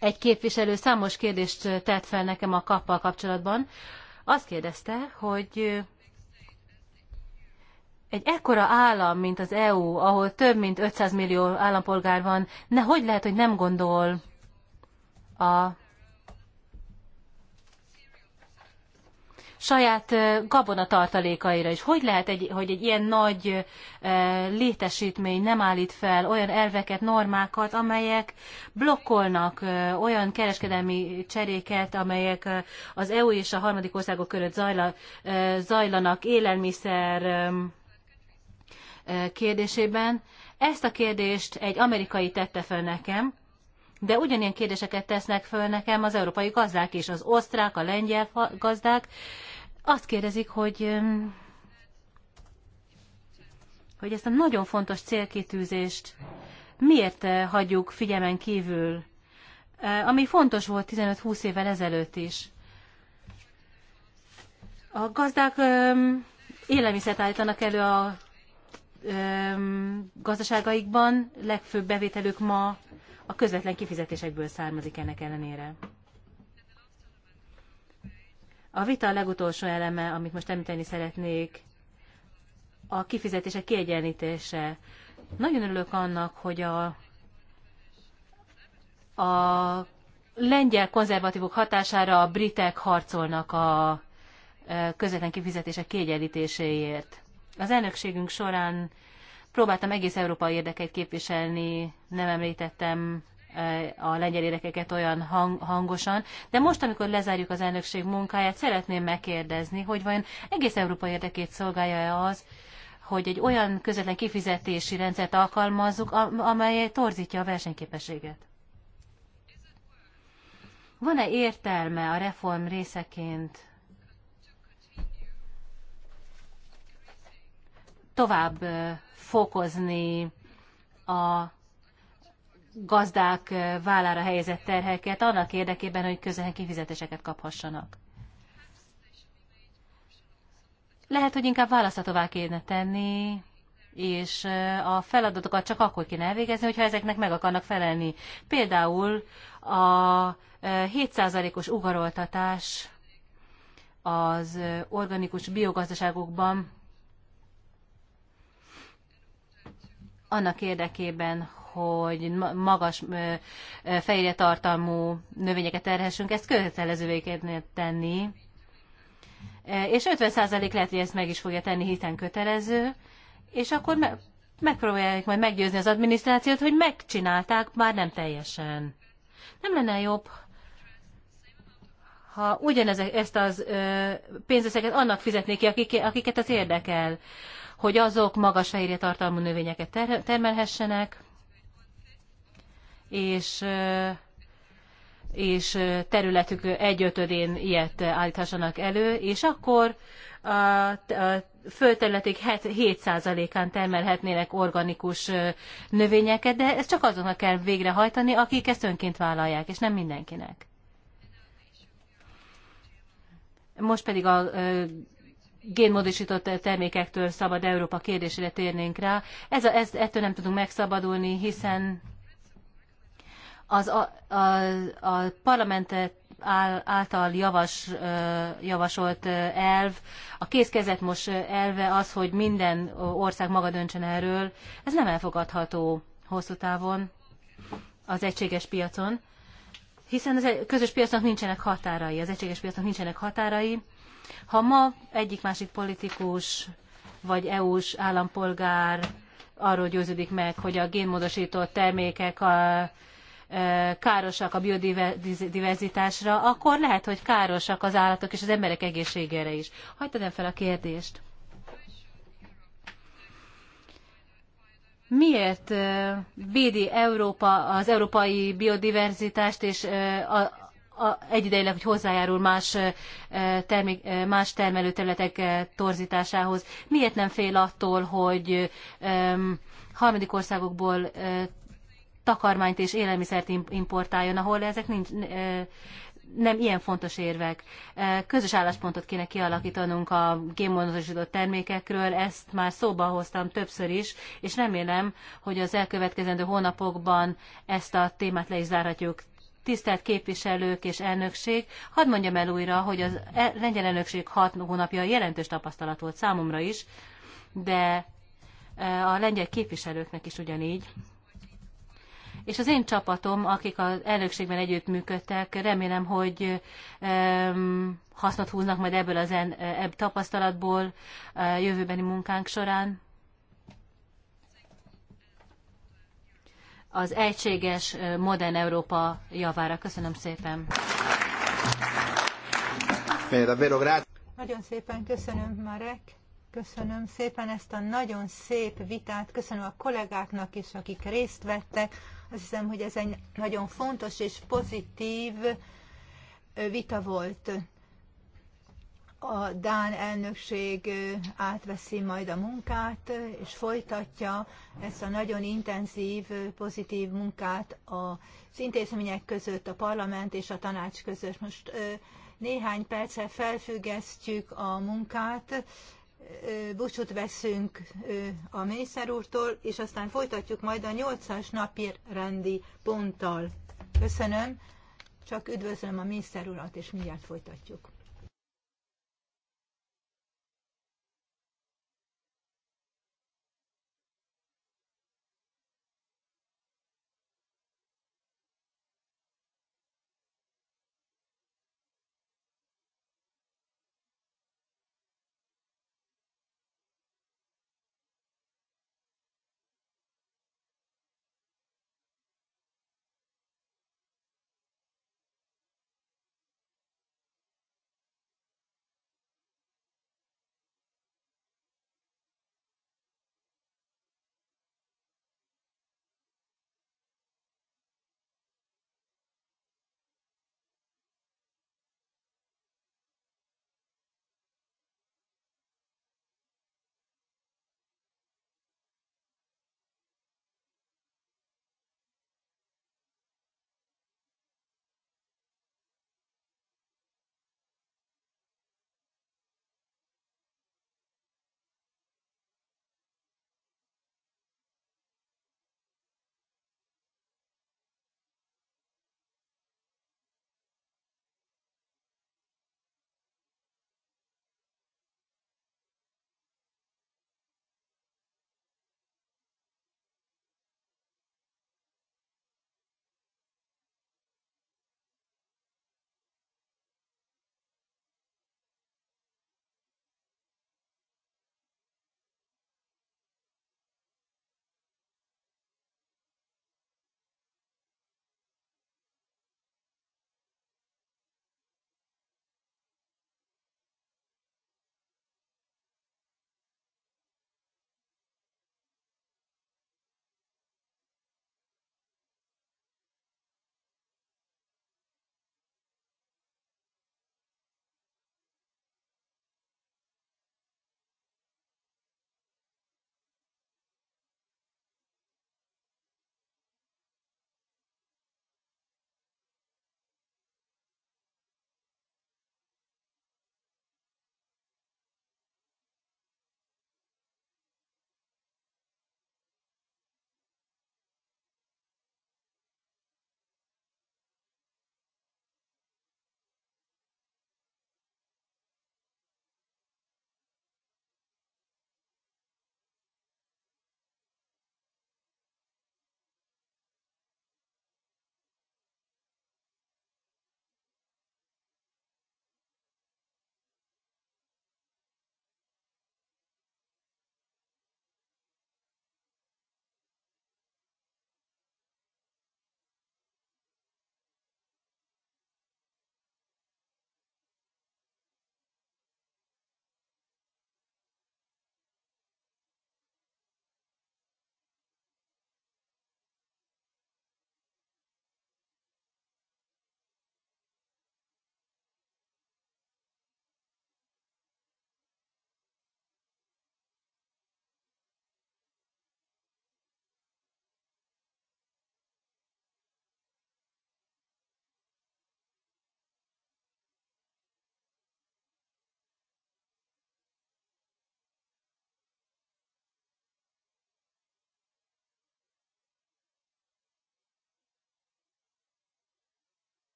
Egy képviselő számos kérdést tett fel nekem a kappal kapcsolatban. Azt kérdezte, hogy egy ekkora állam, mint az EU, ahol több mint 500 millió állampolgár van, ne, hogy lehet, hogy nem gondol a saját gabonatartalékaira is. Hogy lehet, egy, hogy egy ilyen nagy létesítmény nem állít fel olyan elveket, normákat, amelyek blokkolnak olyan kereskedelmi cseréket, amelyek az EU és a harmadik országok között zajlanak élelmiszer kérdésében. Ezt a kérdést egy amerikai tette fel nekem, de ugyanilyen kérdéseket tesznek föl nekem az európai gazdák is, az osztrák, a lengyel gazdák, azt kérdezik, hogy hogy ezt a nagyon fontos célkitűzést miért eh, hagyjuk figyelmen kívül, eh, ami fontos volt 15-20 évvel ezelőtt is. A gazdák élelmiszert állítanak elő a gazdaságaikban, legfőbb bevételük ma a közvetlen kifizetésekből származik ennek ellenére. A vita a legutolsó eleme, amit most említeni szeretnék, a kifizetések kiegyenlítése. Nagyon örülök annak, hogy a, a lengyel konzervatívok hatására a britek harcolnak a e, közvetlen kifizetések kiegyenlítéséért. Az elnökségünk során próbáltam egész Európa érdekeit képviselni, nem említettem a lengyel érekeket olyan hang, hangosan, de most, amikor lezárjuk az elnökség munkáját, szeretném megkérdezni, hogy vajon egész Európa érdekét szolgálja-e az, hogy egy olyan közvetlen kifizetési rendszert alkalmazzuk, amely torzítja a versenyképességet. Van-e értelme a reform részeként tovább fokozni a gazdák vállára helyezett terheket annak érdekében, hogy közben kifizetéseket kaphassanak. Lehet, hogy inkább választatová kéne tenni, és a feladatokat csak akkor kéne elvégezni, hogyha ezeknek meg akarnak felelni. Például a 7%-os ugaroltatás az organikus biogazdaságokban annak érdekében, hogy magas fehérje tartalmú növényeket terhessünk, ezt kötelezővé tenni. És 50% lehet, hogy ezt meg is fogja tenni, hiszen kötelező, és akkor me- megpróbálják majd meggyőzni az adminisztrációt, hogy megcsinálták, már nem teljesen. Nem lenne jobb, ha ugyanezek ezt az ö, pénzösszeget annak fizetnék ki, akik, akiket az érdekel, hogy azok magas fehérje tartalmú növényeket termelhessenek, és és területük egyötödén ilyet állíthassanak elő, és akkor a, a földterületük 7%-án termelhetnének organikus növényeket, de ezt csak azoknak kell végrehajtani, akik ezt önként vállalják, és nem mindenkinek. Most pedig a génmódosított termékektől szabad Európa kérdésére térnénk rá. Ez a, ez, ettől nem tudunk megszabadulni, hiszen az a, a, a parlamentet által javas, javasolt elv, a most elve az, hogy minden ország maga döntsen erről, ez nem elfogadható hosszú távon az egységes piacon, hiszen a közös piacnak nincsenek határai, az egységes piacnak nincsenek határai. Ha ma egyik-másik politikus vagy EU-s állampolgár arról győződik meg, hogy a génmódosított termékek a károsak a biodiverzitásra, akkor lehet, hogy károsak az állatok és az emberek egészségére is. Hagyd tegyem fel a kérdést. Miért védi Európa az európai biodiverzitást, és a, a, egyidejileg, hogy hozzájárul más, termék, más termelőterületek torzításához. Miért nem fél attól, hogy harmadik országokból takarmányt és élelmiszert importáljon, ahol ezek nincs, nem ilyen fontos érvek. Közös álláspontot kéne kialakítanunk a gémmonosított termékekről, ezt már szóba hoztam többször is, és remélem, hogy az elkövetkezendő hónapokban ezt a témát le is zárhatjuk. Tisztelt képviselők és elnökség, hadd mondjam el újra, hogy az e- lengyel elnökség hat hónapja jelentős tapasztalat volt számomra is, de a lengyel képviselőknek is ugyanígy. És az én csapatom, akik az elnökségben együttműködtek, remélem, hogy hasznot húznak majd ebből az e, ebb tapasztalatból e, jövőbeni munkánk során. Az egységes, e, modern Európa javára. Köszönöm szépen! Nagyon szépen köszönöm, Marek! Köszönöm szépen ezt a nagyon szép vitát, köszönöm a kollégáknak is, akik részt vettek. Azt hiszem, hogy ez egy nagyon fontos és pozitív vita volt. A Dán elnökség átveszi majd a munkát, és folytatja ezt a nagyon intenzív, pozitív munkát az intézmények között, a parlament és a tanács között. Most néhány perccel felfüggesztjük a munkát, búcsút veszünk a Mészer úrtól, és aztán folytatjuk majd a nyolcas napi rendi ponttal. Köszönöm, csak üdvözlöm a Mészer urat, és mindjárt folytatjuk.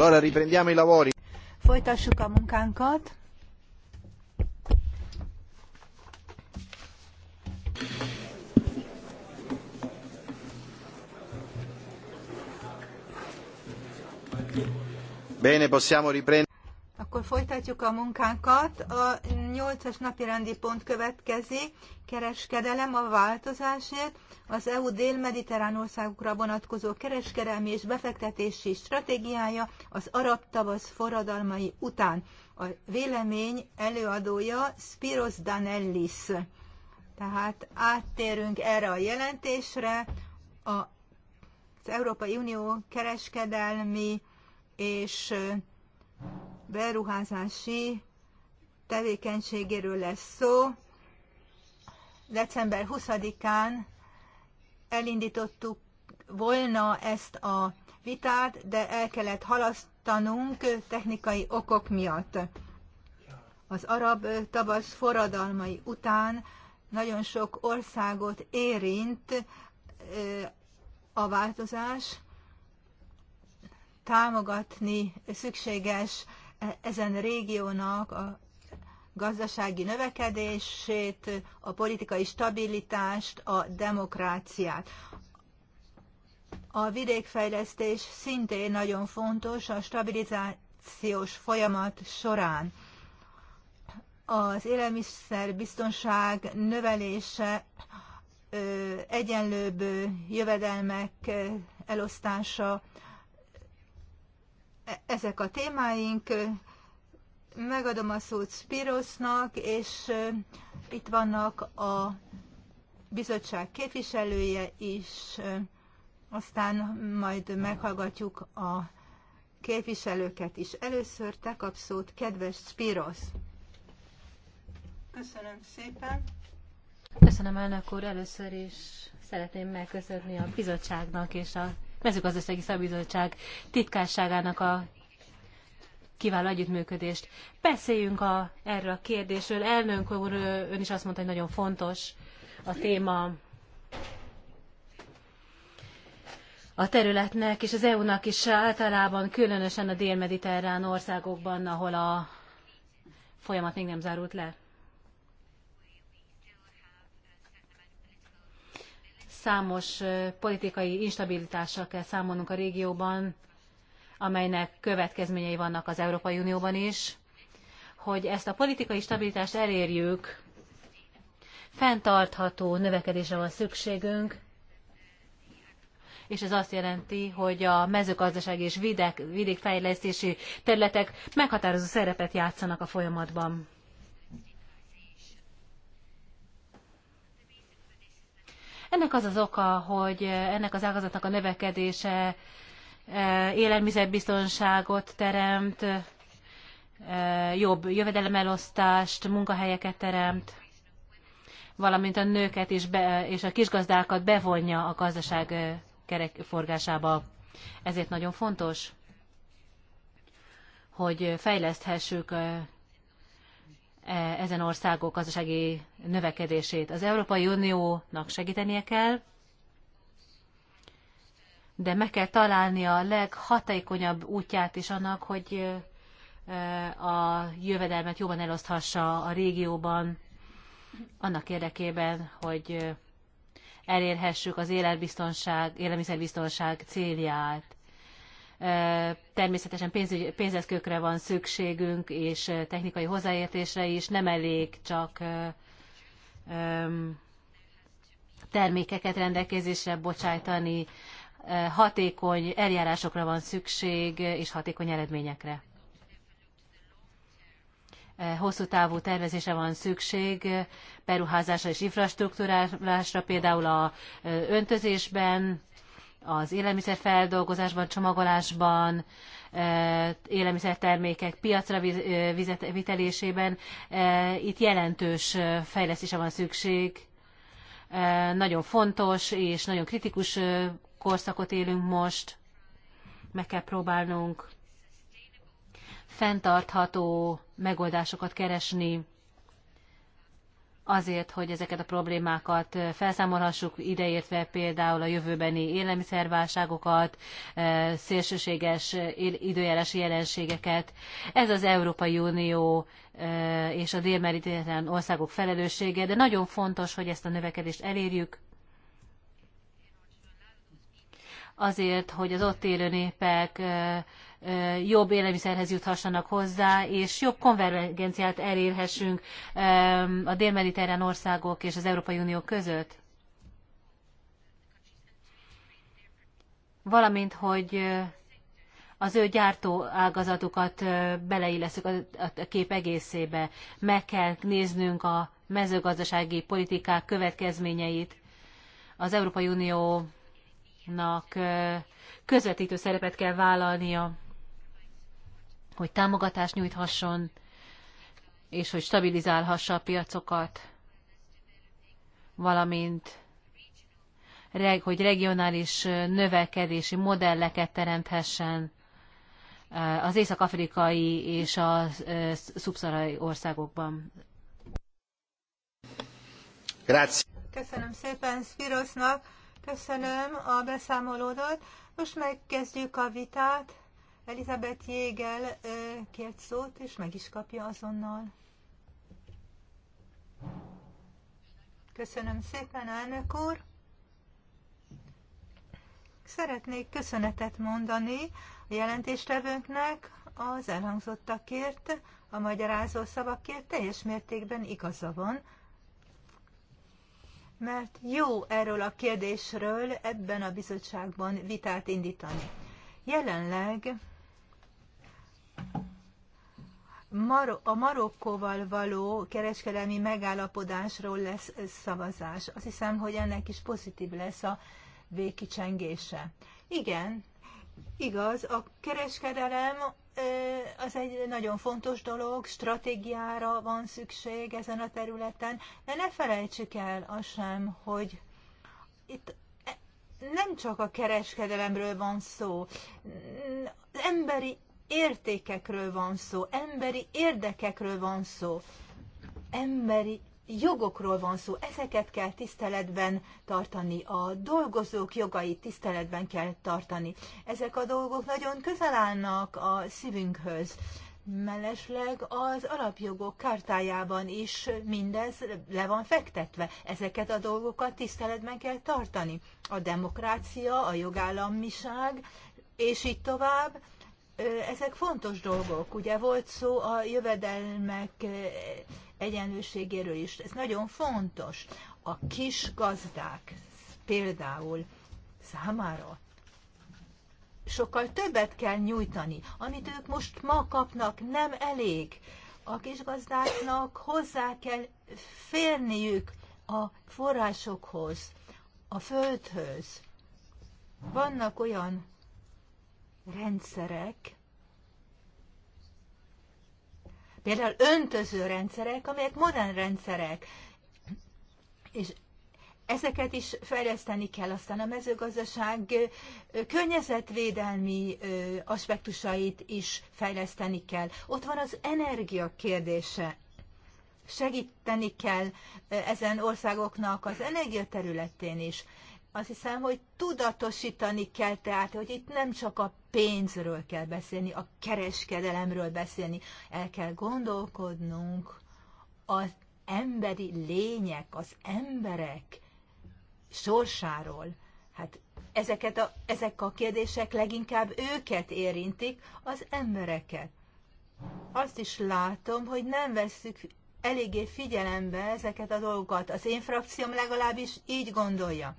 Allora riprendiamo i lavori. Folytassuk a munkánkat. Bene, possiamo riprendere. Akkor folytatjuk a munkánkat. A 18-as napi rendi pont következik, kereskedelem a változásért, az EU dél-mediterrán országokra vonatkozó kereskedelmi és befektetési stratégiája az arab tavasz forradalmai után. A vélemény előadója Spiros Danellis. Tehát áttérünk erre a jelentésre, a, az Európai Unió kereskedelmi és beruházási tevékenységéről lesz szó. December 20-án elindítottuk volna ezt a vitát, de el kellett halasztanunk technikai okok miatt. Az arab tavasz forradalmai után nagyon sok országot érint a változás, támogatni szükséges e, ezen régiónak a gazdasági növekedését, a politikai stabilitást, a demokráciát. A vidékfejlesztés szintén nagyon fontos a stabilizációs folyamat során. Az élelmiszerbiztonság növelése, egyenlőbb jövedelmek elosztása, e, ezek a témáink, megadom a szót Spirosnak, és itt vannak a bizottság képviselője is, aztán majd meghallgatjuk a képviselőket is. Először te kapsz szót, kedves Spiros. Köszönöm szépen. Köszönöm, elnök úr. Először is szeretném megköszönni a bizottságnak és a mezőgazdasági szabizottság titkárságának a kiváló együttműködést. Beszéljünk a, erről a kérdésről. Elnök úr, ön is azt mondta, hogy nagyon fontos a téma a területnek, és az EU-nak is általában, különösen a dél-mediterrán országokban, ahol a folyamat még nem zárult le. Számos politikai instabilitással kell számolnunk a régióban, amelynek következményei vannak az Európai Unióban is, hogy ezt a politikai stabilitást elérjük, fenntartható növekedésre van szükségünk, és ez azt jelenti, hogy a mezőgazdaság és vidék, vidékfejlesztési területek meghatározó szerepet játszanak a folyamatban. Ennek az az oka, hogy ennek az ágazatnak a növekedése E, élelmiszerbiztonságot teremt, e, jobb jövedelemelosztást, munkahelyeket teremt, valamint a nőket is be, és a kisgazdákat bevonja a gazdaság e, kerekforgásába. Ezért nagyon fontos, hogy fejleszthessük ezen országok gazdasági növekedését. Az Európai Uniónak segítenie kell, de meg kell találni a leghatékonyabb útját is annak, hogy a jövedelmet jobban eloszthassa a régióban, annak érdekében, hogy elérhessük az élelbiztonság, élelmiszerbiztonság célját. Természetesen pénzügy, pénzeszkökre van szükségünk, és technikai hozzáértésre is nem elég csak termékeket rendelkezésre bocsájtani, hatékony eljárásokra van szükség, és hatékony eredményekre. Hosszú távú tervezésre van szükség, beruházásra és infrastruktúrásra, például a öntözésben, az élelmiszerfeldolgozásban, csomagolásban, élelmiszertermékek piacra vitelésében. Itt jelentős fejlesztése van szükség. Nagyon fontos és nagyon kritikus korszakot élünk most, meg kell próbálnunk fenntartható megoldásokat keresni azért, hogy ezeket a problémákat felszámolhassuk, ideértve például a jövőbeni élelmiszerválságokat, e, szélsőséges időjárási jelenségeket. Ez az Európai Unió e, és a délmeritéren országok felelőssége, de nagyon fontos, hogy ezt a növekedést elérjük, azért, hogy az ott élő népek jobb élelmiszerhez juthassanak hozzá, és jobb konvergenciát elérhessünk a dél-mediterrán országok és az Európai Unió között? Valamint, hogy az ő gyártó ágazatukat beleilleszük a kép egészébe. Meg kell néznünk a mezőgazdasági politikák következményeit. Az Európai Unió nak közvetítő szerepet kell vállalnia, hogy támogatást nyújthasson, és hogy stabilizálhassa a piacokat, valamint hogy regionális növekedési modelleket teremthessen az észak-afrikai és a szubszarai országokban. Köszönöm szépen Spirosnak. Köszönöm a beszámolódat. Most megkezdjük a vitát. Elizabeth Jégel kért szót, és meg is kapja azonnal. Köszönöm szépen, elnök úr! Szeretnék köszönetet mondani a jelentéstevőnknek az elhangzottakért, a magyarázó szavakért teljes mértékben igaza van, mert jó erről a kérdésről ebben a bizottságban vitát indítani. Jelenleg a Marokkóval való kereskedelmi megállapodásról lesz szavazás. Azt hiszem, hogy ennek is pozitív lesz a végkicsengése. Igen, igaz, a kereskedelem az egy nagyon fontos dolog, stratégiára van szükség ezen a területen, de ne felejtsük el azt sem, hogy itt e, nem csak a kereskedelemről van szó, az emberi értékekről van szó, emberi érdekekről van szó, emberi jogokról van szó, ezeket kell tiszteletben tartani, a dolgozók jogait tiszteletben kell tartani. Ezek a dolgok nagyon közel állnak a szívünkhöz. Mellesleg az alapjogok kártájában is mindez le van fektetve. Ezeket a dolgokat tiszteletben kell tartani. A demokrácia, a jogállamiság, és így tovább ezek fontos dolgok. Ugye volt szó a jövedelmek egyenlőségéről is. Ez nagyon fontos. A kis gazdák például számára sokkal többet kell nyújtani. Amit ők most ma kapnak, nem elég. A kis gazdáknak hozzá kell férniük a forrásokhoz, a földhöz. Vannak olyan rendszerek, például öntöző rendszerek, amelyek modern rendszerek, és ezeket is fejleszteni kell. Aztán a mezőgazdaság környezetvédelmi aspektusait is fejleszteni kell. Ott van az energia kérdése. Segíteni kell ezen országoknak az energia területén is azt hiszem, hogy tudatosítani kell tehát, hogy itt nem csak a pénzről kell beszélni, a kereskedelemről beszélni, el kell gondolkodnunk az emberi lények, az emberek sorsáról. Hát ezeket a, ezek a kérdések leginkább őket érintik, az embereket. Azt is látom, hogy nem veszük eléggé figyelembe ezeket a dolgokat. Az én frakcióm legalábbis így gondolja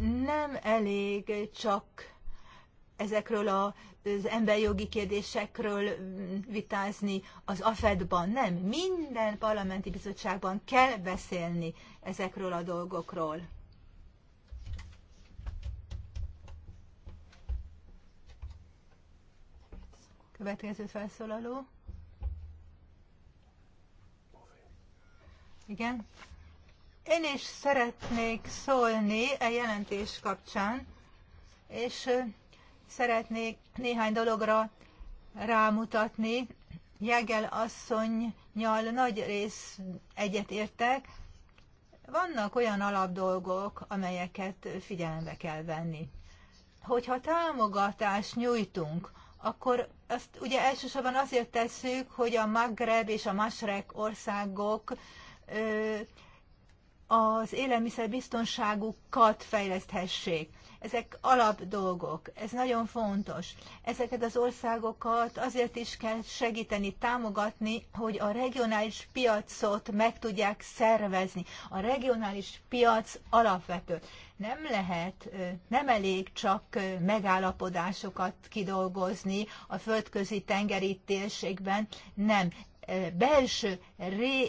nem elég csak ezekről a az emberjogi kérdésekről vitázni az AFED-ban. Nem, minden parlamenti bizottságban kell beszélni ezekről a dolgokról. Következő felszólaló. Igen. Én is szeretnék szólni a e jelentés kapcsán, és szeretnék néhány dologra rámutatni. Jegel asszonynyal nagy rész egyetértek. Vannak olyan alapdolgok, amelyeket figyelembe kell venni. Hogyha támogatást nyújtunk, akkor azt ugye elsősorban azért tesszük, hogy a Magreb és a Masrek országok az élelmiszerbiztonságukat fejleszthessék. Ezek alap dolgok, ez nagyon fontos. Ezeket az országokat azért is kell segíteni, támogatni, hogy a regionális piacot meg tudják szervezni. A regionális piac alapvető. Nem lehet, nem elég csak megállapodásokat kidolgozni a földközi tengeri térségben, nem belső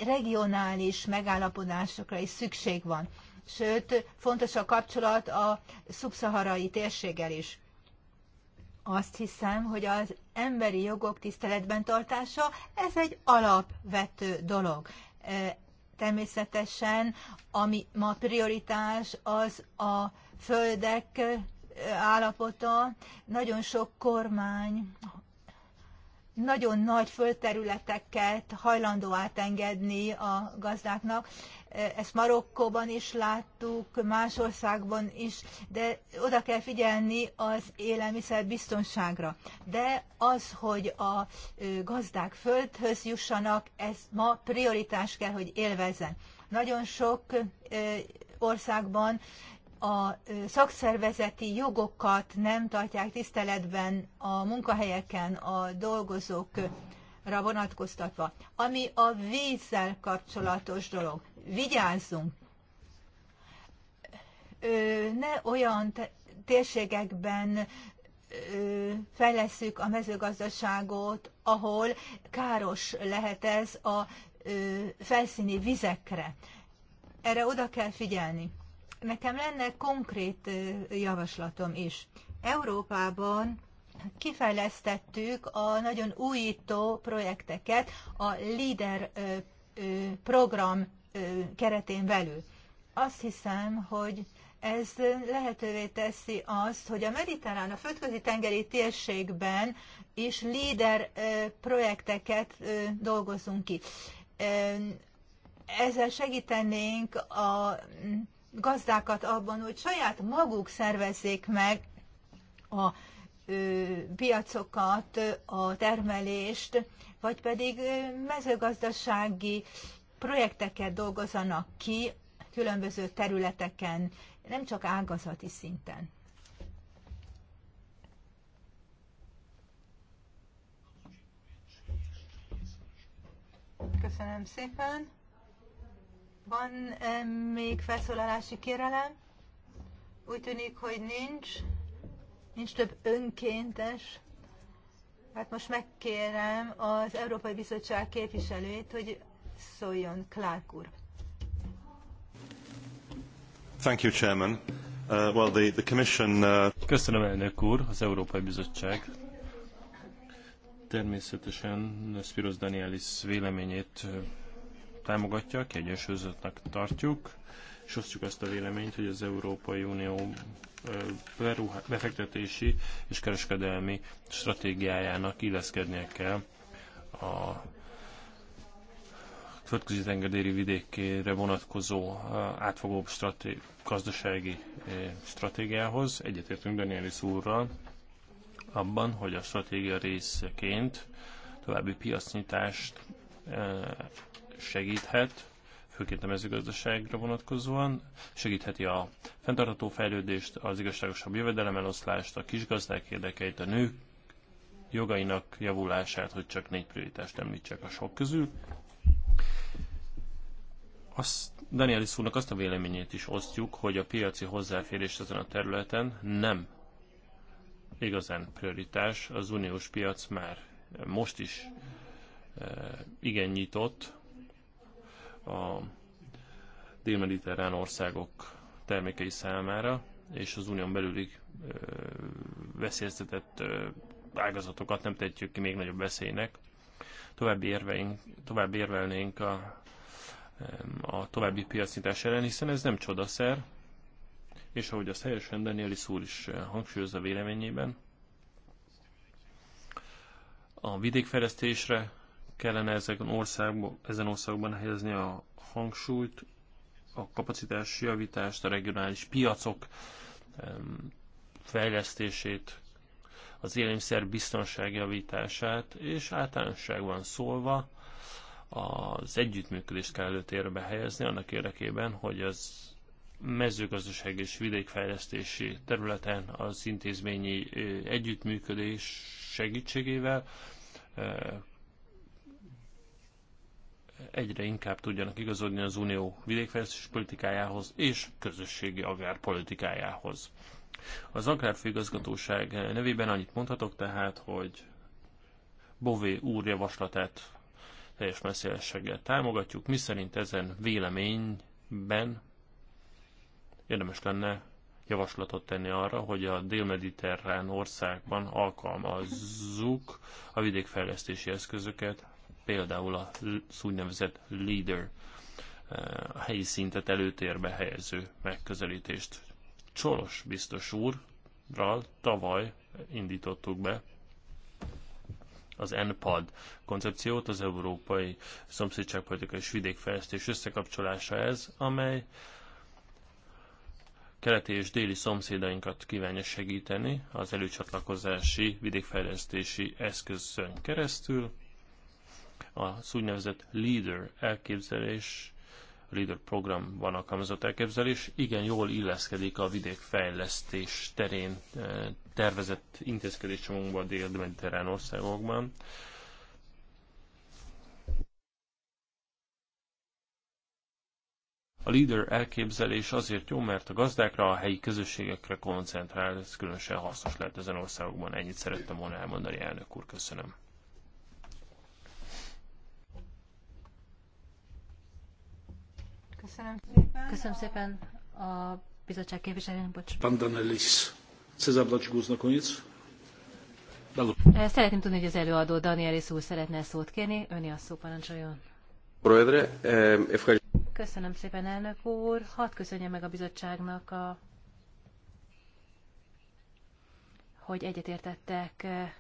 regionális megállapodásokra is szükség van. Sőt, fontos a kapcsolat a szubszaharai térséggel is. Azt hiszem, hogy az emberi jogok tiszteletben tartása, ez egy alapvető dolog. Természetesen, ami ma prioritás, az a földek állapota. Nagyon sok kormány nagyon nagy földterületeket hajlandó átengedni a gazdáknak. Ezt Marokkóban is láttuk, más országban is, de oda kell figyelni az élelmiszer biztonságra. De az, hogy a gazdák földhöz jussanak, ez ma prioritás kell, hogy élvezzen. Nagyon sok országban a szakszervezeti jogokat nem tartják tiszteletben a munkahelyeken a dolgozókra vonatkoztatva. Ami a vízzel kapcsolatos dolog, vigyázzunk, ne olyan térségekben fejleszük a mezőgazdaságot, ahol káros lehet ez a felszíni vizekre. Erre oda kell figyelni nekem lenne konkrét javaslatom is. Európában kifejlesztettük a nagyon újító projekteket a LEADER program keretén belül. Azt hiszem, hogy ez lehetővé teszi azt, hogy a mediterrán, a földközi tengeri térségben is líder projekteket dolgozunk ki. Ezzel segítenénk a gazdákat abban, hogy saját maguk szervezzék meg a piacokat, a termelést, vagy pedig mezőgazdasági projekteket dolgozanak ki különböző területeken, nem csak ágazati szinten. Köszönöm szépen! Van -e még felszólalási kérelem? Úgy tűnik, hogy nincs. Nincs több önkéntes. Hát most megkérem az Európai Bizottság képviselőjét, hogy szóljon Clark úr. Thank you, Chairman. Uh, well, the, the commission, uh... Köszönöm, elnök úr, az Európai Bizottság természetesen Spiros Danielis véleményét támogatja, kiegyensúlyozottnak tartjuk, és osztjuk azt a véleményt, hogy az Európai Unió befektetési és kereskedelmi stratégiájának illeszkednie kell a földközi tengerdéri vidékére vonatkozó átfogó straté- gazdasági stratégiához. Egyetértünk Danielis úrral abban, hogy a stratégia részeként további piacnyitást segíthet, főként a mezőgazdaságra vonatkozóan, segítheti a fenntartható fejlődést, az igazságosabb jövedelemeloszlást, a kisgazdák érdekeit, a nők jogainak javulását, hogy csak négy prioritást említsek a sok közül. Azt Danielis úrnak azt a véleményét is osztjuk, hogy a piaci hozzáférés ezen a területen nem igazán prioritás. Az uniós piac már most is eh, igen nyitott, a dél-mediterrán országok termékei számára, és az unión belüli veszélyeztetett ágazatokat nem tehetjük ki még nagyobb veszélynek. További, érveink, további érvelnénk a, a további piacnyitás ellen, hiszen ez nem csodaszer, és ahogy azt helyesen Danieli szúr is hangsúlyozza véleményében, a vidékfejlesztésre kellene ezen, országban, ezen országban helyezni a hangsúlyt, a kapacitás javítást, a regionális piacok fejlesztését, az élelmiszer biztonság javítását, és általánosságban szólva az együttműködést kell előtérbe helyezni annak érdekében, hogy az mezőgazdaság és vidékfejlesztési területen az intézményi együttműködés segítségével egyre inkább tudjanak igazodni az unió vidékfejlesztés politikájához és közösségi agrárpolitikájához. Az agrárfőigazgatóság nevében annyit mondhatok tehát, hogy Bové úr javaslatát teljes messzélességgel támogatjuk, miszerint ezen véleményben érdemes lenne javaslatot tenni arra, hogy a dél-mediterrán országban alkalmazzuk a vidékfejlesztési eszközöket például a úgynevezett leader, eh, a helyi szintet előtérbe helyező megközelítést. Csolos biztos úrral tavaly indítottuk be az NPAD koncepciót, az Európai Szomszédságpolitikai és Vidékfejlesztés összekapcsolása ez, amely keleti és déli szomszédainkat kívánja segíteni az előcsatlakozási vidékfejlesztési eszközön keresztül, az úgynevezett leader elképzelés, leader programban alkalmazott elképzelés igen jól illeszkedik a vidékfejlesztés terén eh, tervezett intézkedéscsomagunkba a dél-mediterrán országokban. A leader elképzelés azért jó, mert a gazdákra, a helyi közösségekre koncentrál, ez különösen hasznos lehet ezen országokban. Ennyit szerettem volna elmondani, elnök úr, köszönöm. Köszönöm szépen. Köszönöm szépen a bizottság képviselőjének, bocs. Pandanelis. Chce zabrać głos na koniec? Eh, szeretném tudni, hogy az előadó Danielis úr szeretne szót kérni. Öni a szó parancsoljon. Eh, e Köszönöm szépen, elnök úr. Hadd köszönjem meg a bizottságnak, a, hogy egyetértettek eh,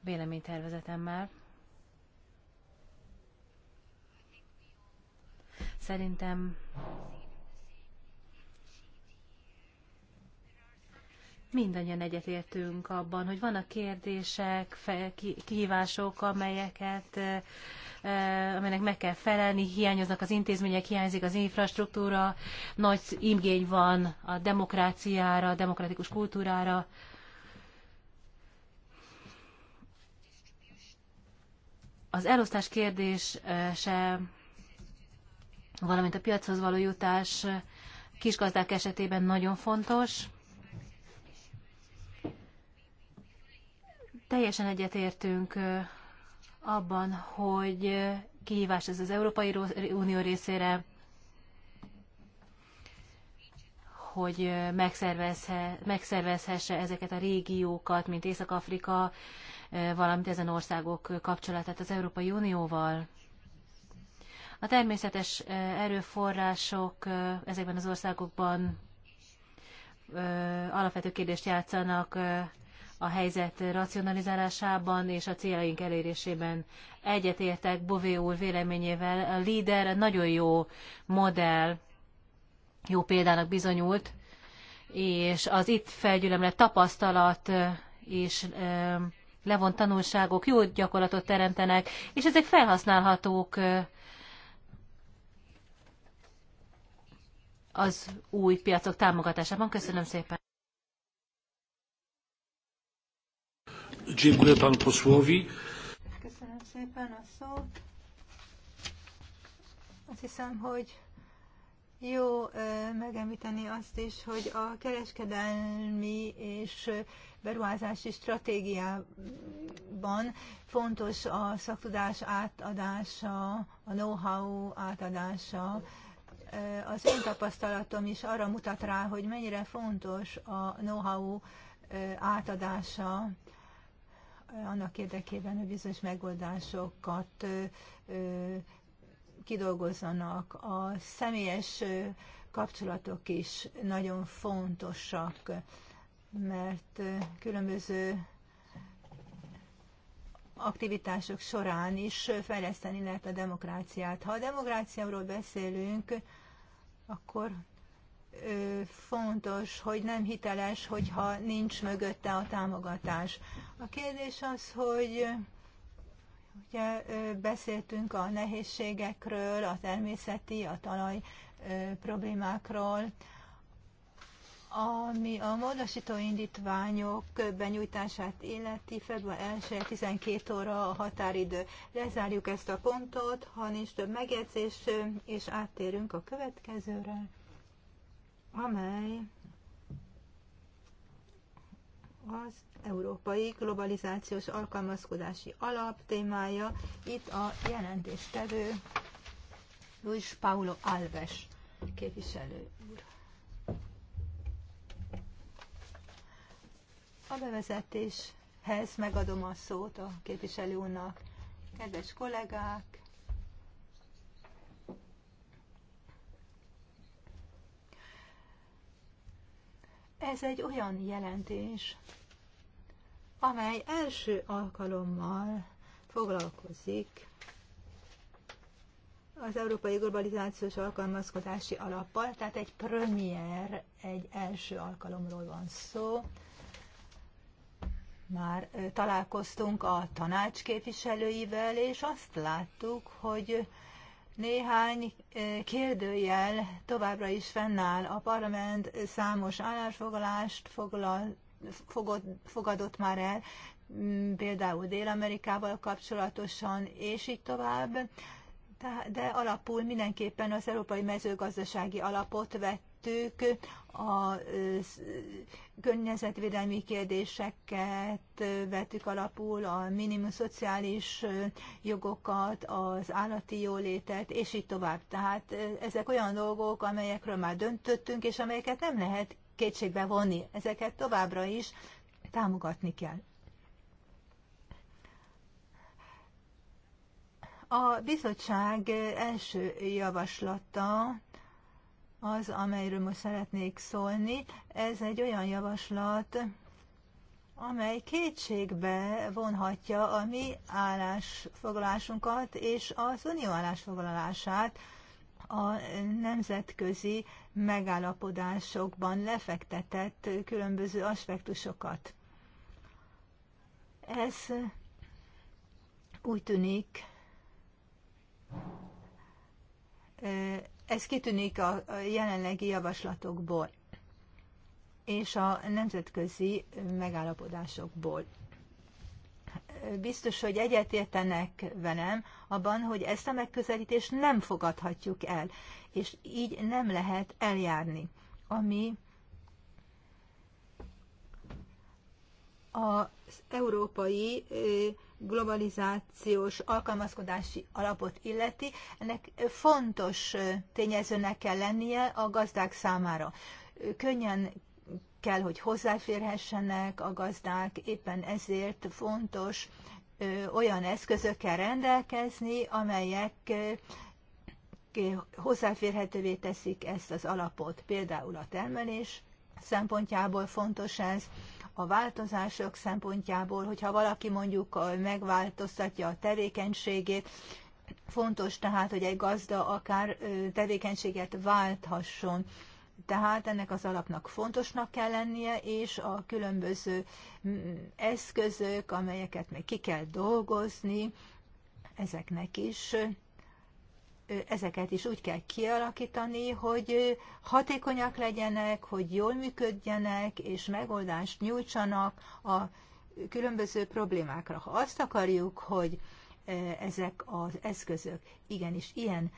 véleménytervezetemmel. Szerintem mindannyian egyetértünk abban, hogy vannak kérdések, kihívások, amelyeket amelynek meg kell felelni, hiányoznak az intézmények, hiányzik az infrastruktúra, nagy igény van a demokráciára, a demokratikus kultúrára. Az elosztás kérdése valamint a piachoz való jutás kisgazdák esetében nagyon fontos. Teljesen egyetértünk abban, hogy kihívás ez az Európai Unió részére, hogy megszervezhe, megszervezhesse ezeket a régiókat, mint Észak-Afrika, valamint ezen országok kapcsolatát az Európai Unióval. A természetes erőforrások ezekben az országokban alapvető kérdést játszanak a helyzet racionalizálásában és a céljaink elérésében. Egyetértek Bové úr véleményével, a líder nagyon jó modell, jó példának bizonyult, és az itt felgyülemre tapasztalat és levont tanulságok jó gyakorlatot teremtenek, és ezek felhasználhatók az új piacok támogatásában. Köszönöm szépen. Dziękuję panu posłowi. Köszönöm szépen a szót. Azt hiszem, hogy jó megemlíteni azt is, hogy a kereskedelmi és beruházási stratégiában fontos a szaktudás átadása, a know-how átadása, az én tapasztalatom is arra mutat rá, hogy mennyire fontos a know-how átadása annak érdekében, hogy bizonyos megoldásokat kidolgozzanak. A személyes kapcsolatok is nagyon fontosak, mert különböző aktivitások során is fejleszteni lehet a demokráciát. Ha a demokráciáról beszélünk, akkor fontos, hogy nem hiteles, hogyha nincs mögötte a támogatás. A kérdés az, hogy ugye beszéltünk a nehézségekről, a természeti, a talaj problémákról, ami a módosító indítványok benyújtását illeti, február 1 12 óra a határidő. Lezárjuk ezt a pontot, ha nincs több megjegyzés, és áttérünk a következőre, amely az Európai Globalizációs Alkalmazkodási Alap témája. Itt a jelentéstevő Luis Paulo Alves képviselő úr. A bevezetéshez megadom a szót a képviselő úrnak. Kedves kollégák! Ez egy olyan jelentés, amely első alkalommal foglalkozik az Európai Globalizációs Alkalmazkodási Alappal, tehát egy premier, egy első alkalomról van szó már találkoztunk a tanács képviselőivel, és azt láttuk, hogy néhány kérdőjel továbbra is fennáll. A parlament számos állásfoglalást foglal, fogod, fogadott már el, mm, például Dél-Amerikával kapcsolatosan, és így tovább. De, de alapul mindenképpen az Európai Mezőgazdasági Alapot vett érintettük a környezetvédelmi kérdéseket vettük alapul, a minimum szociális jogokat, az állati jólétet, és így tovább. Tehát ezek olyan dolgok, amelyekről már döntöttünk, és amelyeket nem lehet kétségbe vonni. Ezeket továbbra is támogatni kell. A bizottság első javaslata az, amelyről most szeretnék szólni. Ez egy olyan javaslat, amely kétségbe vonhatja a mi állásfoglalásunkat és az unió állásfoglalását a nemzetközi megállapodásokban lefektetett különböző aspektusokat. Ez úgy tűnik ez kitűnik a jelenlegi javaslatokból és a nemzetközi megállapodásokból. Biztos, hogy egyetértenek velem abban, hogy ezt a megközelítést nem fogadhatjuk el, és így nem lehet eljárni, ami az európai globalizációs alkalmazkodási alapot illeti, ennek fontos tényezőnek kell lennie a gazdák számára. Könnyen kell, hogy hozzáférhessenek a gazdák, éppen ezért fontos olyan eszközökkel rendelkezni, amelyek hozzáférhetővé teszik ezt az alapot. Például a termelés szempontjából fontos ez, a változások szempontjából, hogyha valaki mondjuk megváltoztatja a tevékenységét, fontos tehát, hogy egy gazda akár tevékenységet válthasson. Tehát ennek az alapnak fontosnak kell lennie, és a különböző eszközök, amelyeket még ki kell dolgozni, ezeknek is ezeket is úgy kell kialakítani, hogy hatékonyak legyenek, hogy jól működjenek, és megoldást nyújtsanak a különböző problémákra. Ha azt akarjuk, hogy ezek az eszközök igenis ilyen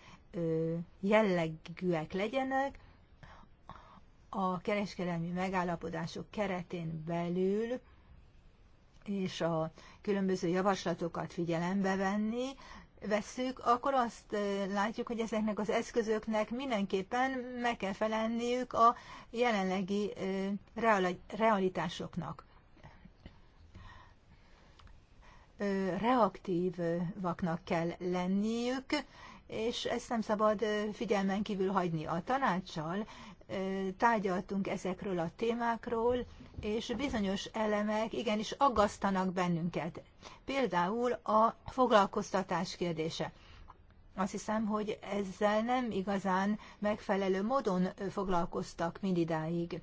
jellegűek legyenek, a kereskedelmi megállapodások keretén belül és a különböző javaslatokat figyelembe venni, vesszük, akkor azt látjuk, hogy ezeknek az eszközöknek mindenképpen meg kell felelniük a jelenlegi realitásoknak. Reaktívaknak kell lenniük, és ezt nem szabad figyelmen kívül hagyni. A tanácssal tárgyaltunk ezekről a témákról, és bizonyos elemek igenis aggasztanak bennünket. Például a foglalkoztatás kérdése. Azt hiszem, hogy ezzel nem igazán megfelelő módon foglalkoztak mindidáig.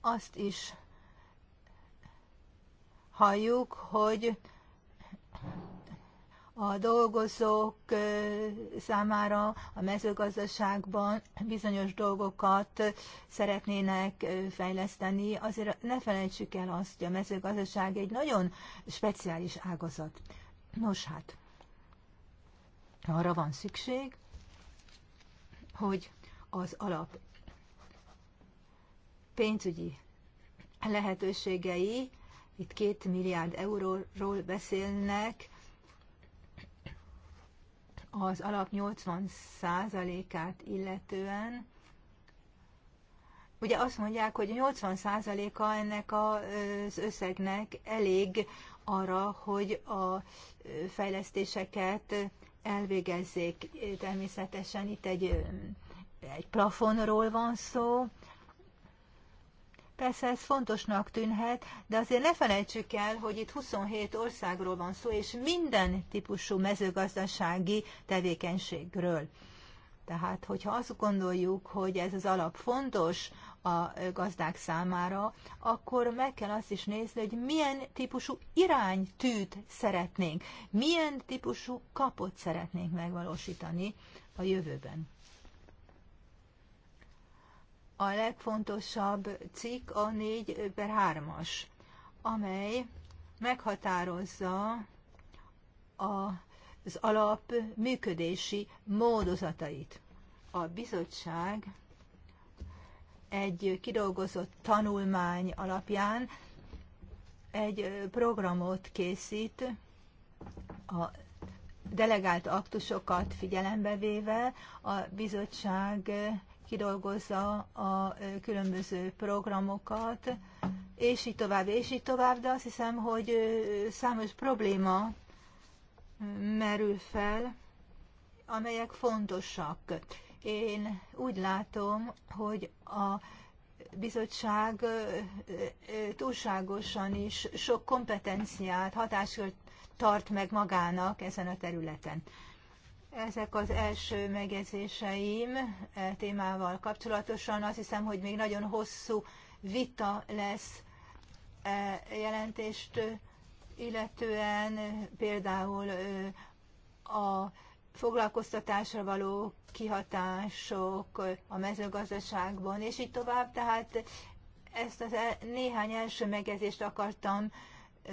Azt is halljuk, hogy a dolgozók számára a mezőgazdaságban bizonyos dolgokat szeretnének fejleszteni, azért ne felejtsük el azt, hogy a mezőgazdaság egy nagyon speciális ágazat. Nos hát, arra van szükség, hogy az alap pénzügyi lehetőségei, itt két milliárd euróról beszélnek, az alap 80%-át illetően, ugye azt mondják, hogy 80%-a ennek az összegnek elég arra, hogy a fejlesztéseket elvégezzék. Természetesen itt egy, egy plafonról van szó, Persze ez fontosnak tűnhet, de azért ne felejtsük el, hogy itt 27 országról van szó, és minden típusú mezőgazdasági tevékenységről. Tehát, hogyha azt gondoljuk, hogy ez az alap fontos a gazdák számára, akkor meg kell azt is nézni, hogy milyen típusú iránytűt szeretnénk, milyen típusú kapot szeretnénk megvalósítani a jövőben a legfontosabb cikk a 4 per 3-as, amely meghatározza az alap működési módozatait. A bizottság egy kidolgozott tanulmány alapján egy programot készít a delegált aktusokat figyelembe véve a bizottság kidolgozza a különböző programokat, és így tovább, és így tovább, de azt hiszem, hogy számos probléma merül fel, amelyek fontosak. Én úgy látom, hogy a bizottság túlságosan is sok kompetenciát, hatáskört tart meg magának ezen a területen. Ezek az első megjegyzéseim e témával kapcsolatosan. Azt hiszem, hogy még nagyon hosszú vita lesz e jelentést illetően, például a foglalkoztatásra való kihatások a mezőgazdaságban, és így tovább. Tehát ezt az e néhány első megjegyzést akartam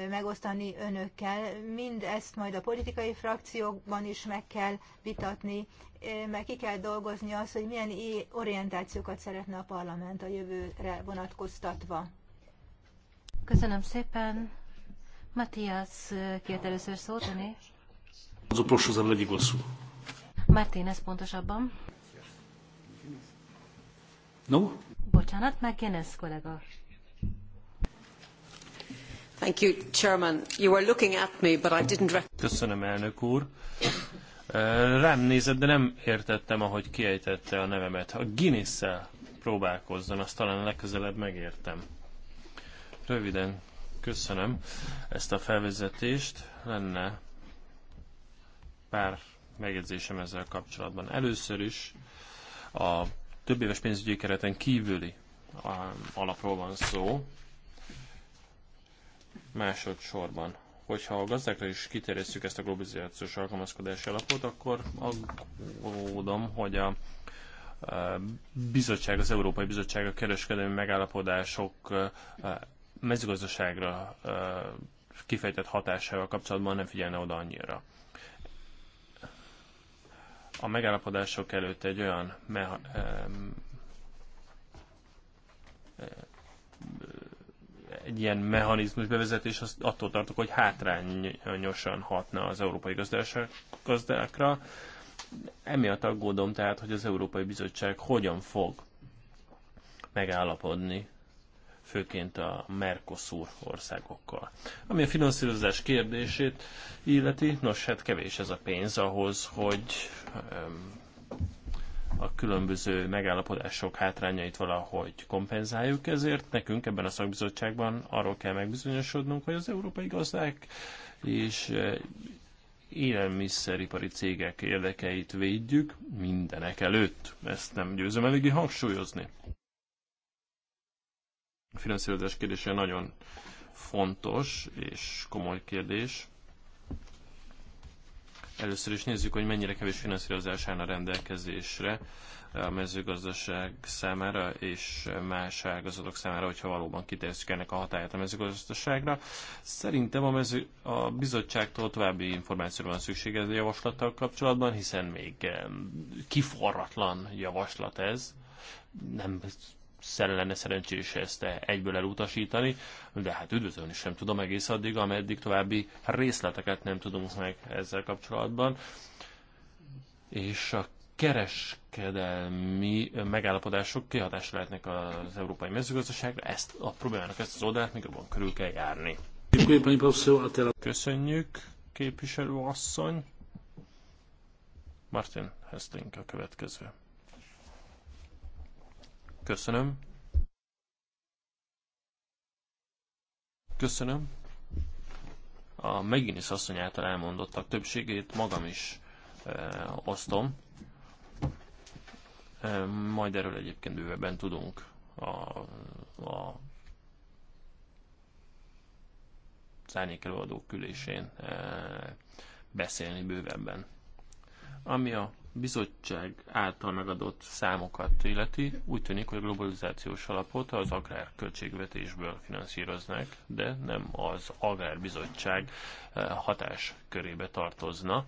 megosztani önökkel. Mind ezt majd a politikai frakciókban is meg kell vitatni, eh, mert ki kell dolgozni azt, hogy milyen orientációkat szeretne a parlament a jövőre vonatkoztatva. Köszönöm szépen. Matthias eh, kérte először szót, öné. a za legyik hosszú. Martin, ez pontosabban. No? Bocsánat, már Genes kollega. Köszönöm, elnök úr. Rám nézett, de nem értettem, ahogy kiejtette a nevemet. Ha guinness próbálkozzon, azt talán legközelebb megértem. Röviden köszönöm ezt a felvezetést. Lenne pár megjegyzésem ezzel kapcsolatban. Először is a több éves pénzügyi kereten kívüli alapról van szó, Másodszorban, hogyha a gazdákra is kiterjesztjük ezt a globalizációs alkalmazkodási alapot, akkor aggódom, hogy a bizottság, az Európai Bizottság a kereskedelmi megállapodások mezőgazdaságra kifejtett hatásával kapcsolatban nem figyelne oda annyira. A megállapodások előtt egy olyan meha, egy ilyen mechanizmus bevezetés, azt attól tartok, hogy hátrányosan hatna az európai gazdákra. Emiatt aggódom tehát, hogy az Európai Bizottság hogyan fog megállapodni főként a Mercosur országokkal. Ami a finanszírozás kérdését illeti, nos hát kevés ez a pénz ahhoz, hogy a különböző megállapodások hátrányait valahogy kompenzáljuk, ezért nekünk ebben a szakbizottságban arról kell megbizonyosodnunk, hogy az európai gazdák és eh, élelmiszeripari cégek érdekeit védjük mindenek előtt. Ezt nem győzöm eléggé hangsúlyozni. A finanszírozás kérdése nagyon fontos és komoly kérdés. Először is nézzük, hogy mennyire kevés finanszírozás áll a rendelkezésre a mezőgazdaság számára és más ágazatok számára, hogyha valóban kiterjesztjük ennek a hatáját a mezőgazdaságra. Szerintem a, mező, a bizottságtól további információra van szüksége ez a javaslattal kapcsolatban, hiszen még eh, kiforratlan javaslat ez. Nem szellene lenne szerencsés ezt egyből elutasítani, de hát üdvözölni sem tudom egész addig, ameddig további részleteket nem tudunk meg ezzel kapcsolatban. És a kereskedelmi megállapodások kihatásra lehetnek az európai mezőgazdaságra, ezt a problémának ezt az oldalát még jobban körül kell járni. Köszönjük, képviselő asszony. Martin Hesting a következő. Köszönöm. Köszönöm. A Meginis asszony által elmondottak többségét magam is e, osztom. E, majd erről egyébként bővebben tudunk a, a szárnyék előadók e, beszélni bővebben. Ami a bizottság által megadott számokat illeti, úgy tűnik, hogy a globalizációs alapot az agrárköltségvetésből finanszíroznák, de nem az agrárbizottság eh, hatás körébe tartozna.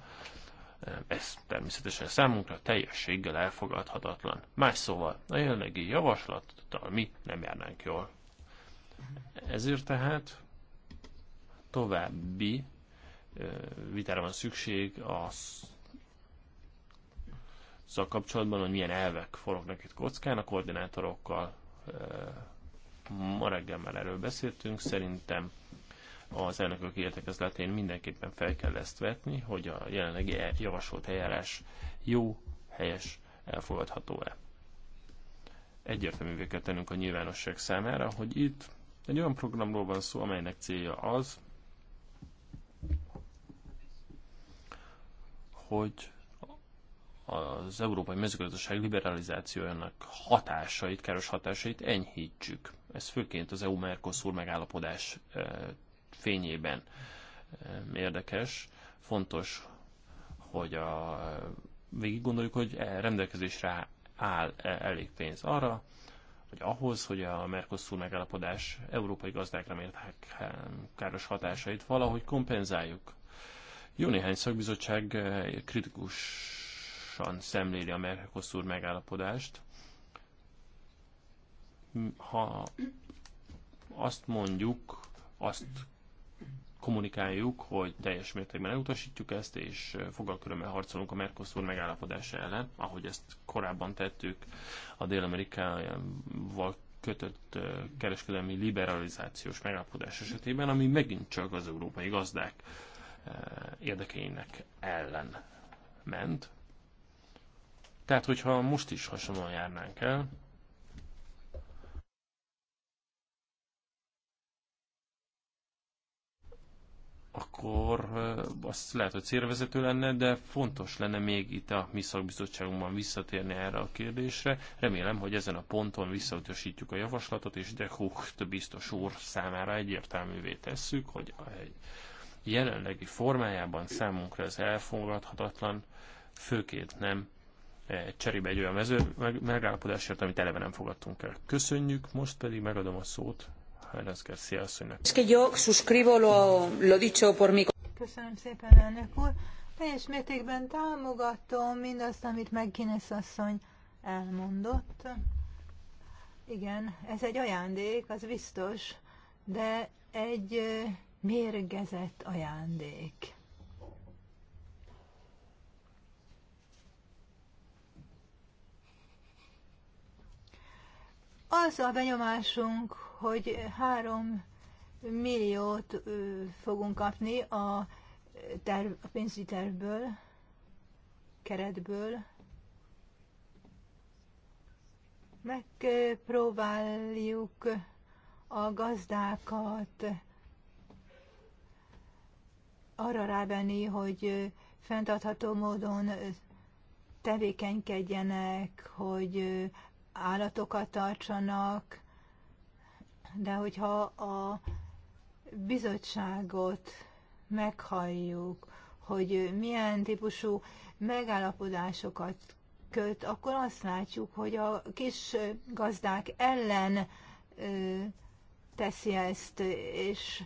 Eh, ez természetesen számunkra teljességgel elfogadhatatlan. Más szóval, a jelenlegi javaslattal mi nem járnánk jól. Ezért tehát további eh, vitára van szükség az Szóval kapcsolatban, hogy milyen elvek forognak itt kockán, a koordinátorokkal ma reggel már erről beszéltünk, szerintem az elnökök értekezletén mindenképpen fel kell ezt vetni, hogy a jelenlegi e- javasolt eljárás jó, helyes, elfogadható-e. Egyértelművé kell tennünk a nyilvánosság számára, hogy itt egy olyan programról van szó, amelynek célja az, hogy az európai mezőgazdaság liberalizációjának hatásait, káros hatásait enyhítsük. Ez főként az EU-Mercosur megállapodás fényében érdekes, fontos, hogy a, végig gondoljuk, hogy e rendelkezésre áll e elég pénz arra, hogy ahhoz, hogy a Mercosur megállapodás európai gazdákra mért káros hatásait valahogy kompenzáljuk. Jó néhány szakbizottság kritikus alaposan szemléli a Mercosur megállapodást. Ha azt mondjuk, azt kommunikáljuk, hogy teljes mértékben elutasítjuk ezt, és fogalkörömmel harcolunk a Mercosur megállapodása ellen, ahogy ezt korábban tettük a Dél-Amerikával kötött kereskedelmi liberalizációs megállapodás esetében, ami megint csak az európai gazdák érdekeinek ellen ment. Tehát, hogyha most is hasonlóan járnánk el, akkor azt lehet, hogy célvezető lenne, de fontos lenne még itt a mi szakbizottságunkban visszatérni erre a kérdésre. Remélem, hogy ezen a ponton visszautasítjuk a javaslatot, és de hú, biztos úr számára egyértelművé tesszük, hogy a jelenlegi formájában számunkra ez elfogadhatatlan, főként nem E, cserébe egy olyan mező megállapodásért, amit eleve nem fogadtunk el. Köszönjük, most pedig megadom a szót Hajlász Garcia asszonynak. Köszönöm szépen, elnök úr. Teljes mértékben támogatom mindazt, amit Megkinesz asszony elmondott. Igen, ez egy ajándék, az biztos, de egy mérgezett ajándék. Az a benyomásunk, hogy három milliót fogunk kapni a, terv, a pénzügyi tervből, keretből. Megpróbáljuk a gazdákat arra rávenni, hogy fenntartható módon tevékenykedjenek, hogy állatokat tartsanak, de hogyha a bizottságot meghalljuk, hogy milyen típusú megállapodásokat köt, akkor azt látjuk, hogy a kis gazdák ellen ö, teszi ezt, és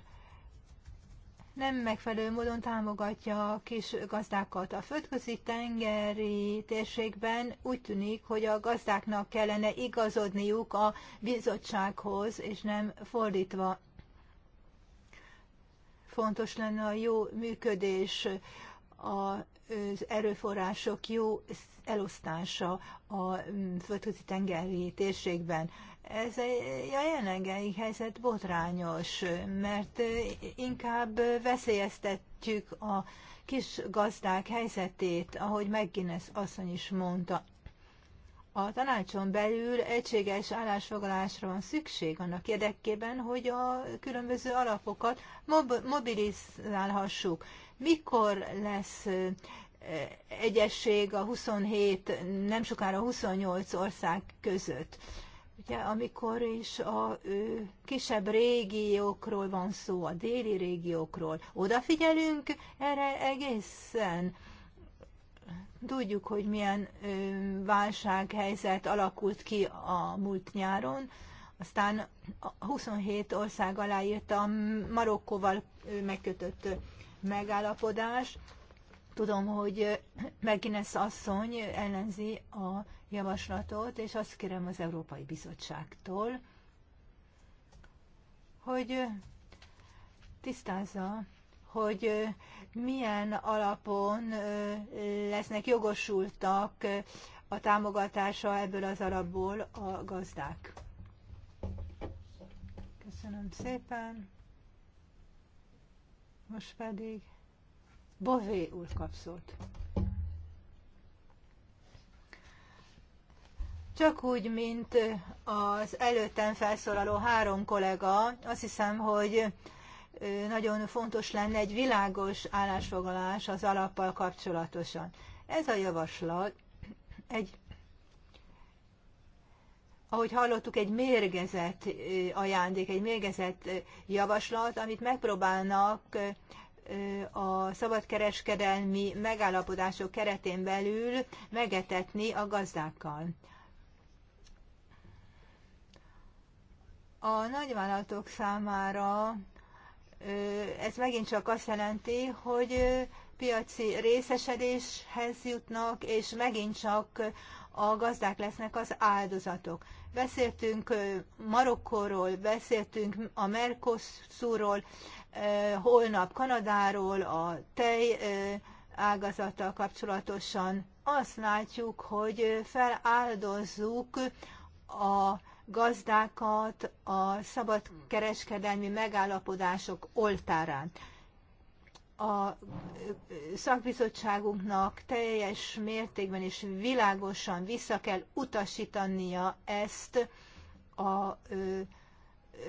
nem megfelelő módon támogatja a kis gazdákat. A földközi tengeri térségben úgy tűnik, hogy a gazdáknak kellene igazodniuk a bizottsághoz, és nem fordítva. Fontos lenne a jó működés, az erőforrások jó elosztása a földközi tengeri térségben. Ez a jelenlegi helyzet botrányos, mert inkább veszélyeztetjük a kis gazdák helyzetét, ahogy McGuinness asszony is mondta. A tanácson belül egységes állásfoglalásra van szükség annak érdekében, hogy a különböző alapokat mob- mobilizálhassuk. Mikor lesz egyesség a 27, nem sokára 28 ország között? Ugye, amikor is a ö, kisebb régiókról van szó, a déli régiókról, odafigyelünk erre egészen. Tudjuk, hogy milyen ö, válsághelyzet alakult ki a múlt nyáron. Aztán 27 ország aláírta a Marokkóval megkötött megállapodás. Tudom, hogy Megines asszony ellenzi a javaslatot, és azt kérem az Európai Bizottságtól, hogy tisztázza, hogy milyen alapon lesznek jogosultak a támogatása ebből az alapból a gazdák. Köszönöm szépen. Most pedig Bové úr kap szót. Csak úgy, mint az előttem felszólaló három kollega, azt hiszem, hogy nagyon fontos lenne egy világos állásfoglalás az alappal kapcsolatosan. Ez a javaslat egy, ahogy hallottuk, egy mérgezett ajándék, egy mérgezett javaslat, amit megpróbálnak a szabadkereskedelmi megállapodások keretén belül megetetni a gazdákkal. A nagyvállalatok számára ez megint csak azt jelenti, hogy piaci részesedéshez jutnak, és megint csak a gazdák lesznek az áldozatok. Beszéltünk Marokkóról, beszéltünk a Mercosurról, Eh, holnap Kanadáról, a tej eh, ágazattal kapcsolatosan. Azt látjuk, hogy feláldozzuk a gazdákat a szabadkereskedelmi megállapodások oltárán. A eh, szakbizottságunknak teljes mértékben és világosan vissza kell utasítania ezt a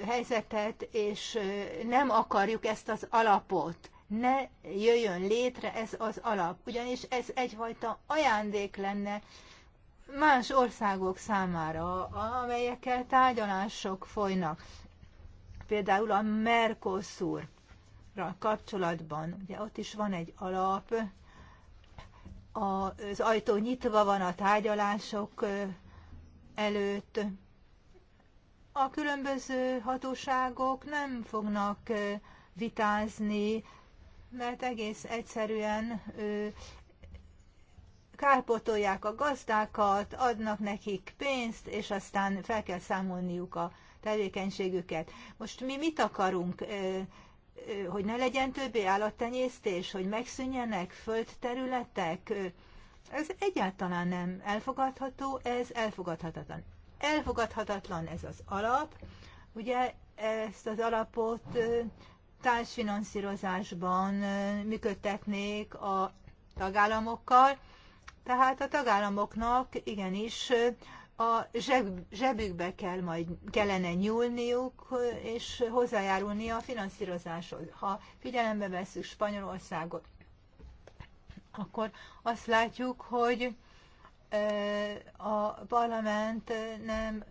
helyzetet, és nem akarjuk ezt az alapot. Ne jöjjön létre ez az alap, ugyanis ez egyfajta ajándék lenne más országok számára, amelyekkel tárgyalások folynak. Például a Mercosur kapcsolatban, ugye ott is van egy alap, az ajtó nyitva van a tárgyalások előtt, a különböző hatóságok nem fognak vitázni, mert egész egyszerűen kárpotolják a gazdákat, adnak nekik pénzt, és aztán fel kell számolniuk a tevékenységüket. Most mi mit akarunk? Hogy ne legyen többé állattenyésztés, hogy megszűnjenek földterületek? Ez egyáltalán nem elfogadható, ez elfogadhatatlan. Elfogadhatatlan ez az alap. Ugye ezt az alapot társfinanszírozásban működtetnék a tagállamokkal, tehát a tagállamoknak igenis a zseb, zsebükbe kell majd, kellene nyúlniuk, és hozzájárulni a finanszírozáshoz. Ha figyelembe veszük Spanyolországot, akkor azt látjuk, hogy a parlament nem,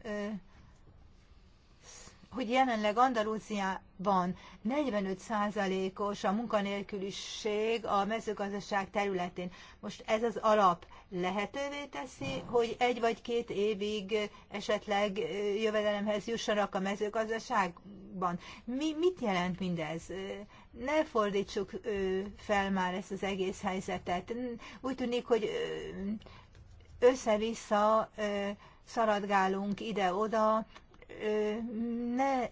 hogy jelenleg Andalúziában 45%-os a munkanélküliség a mezőgazdaság területén. Most ez az alap lehetővé teszi, hogy egy vagy két évig esetleg jövedelemhez jussanak a mezőgazdaságban. Mi, mit jelent mindez? Ne fordítsuk fel már ezt az egész helyzetet. Úgy tűnik, hogy össze-vissza szaradgálunk ide-oda, ne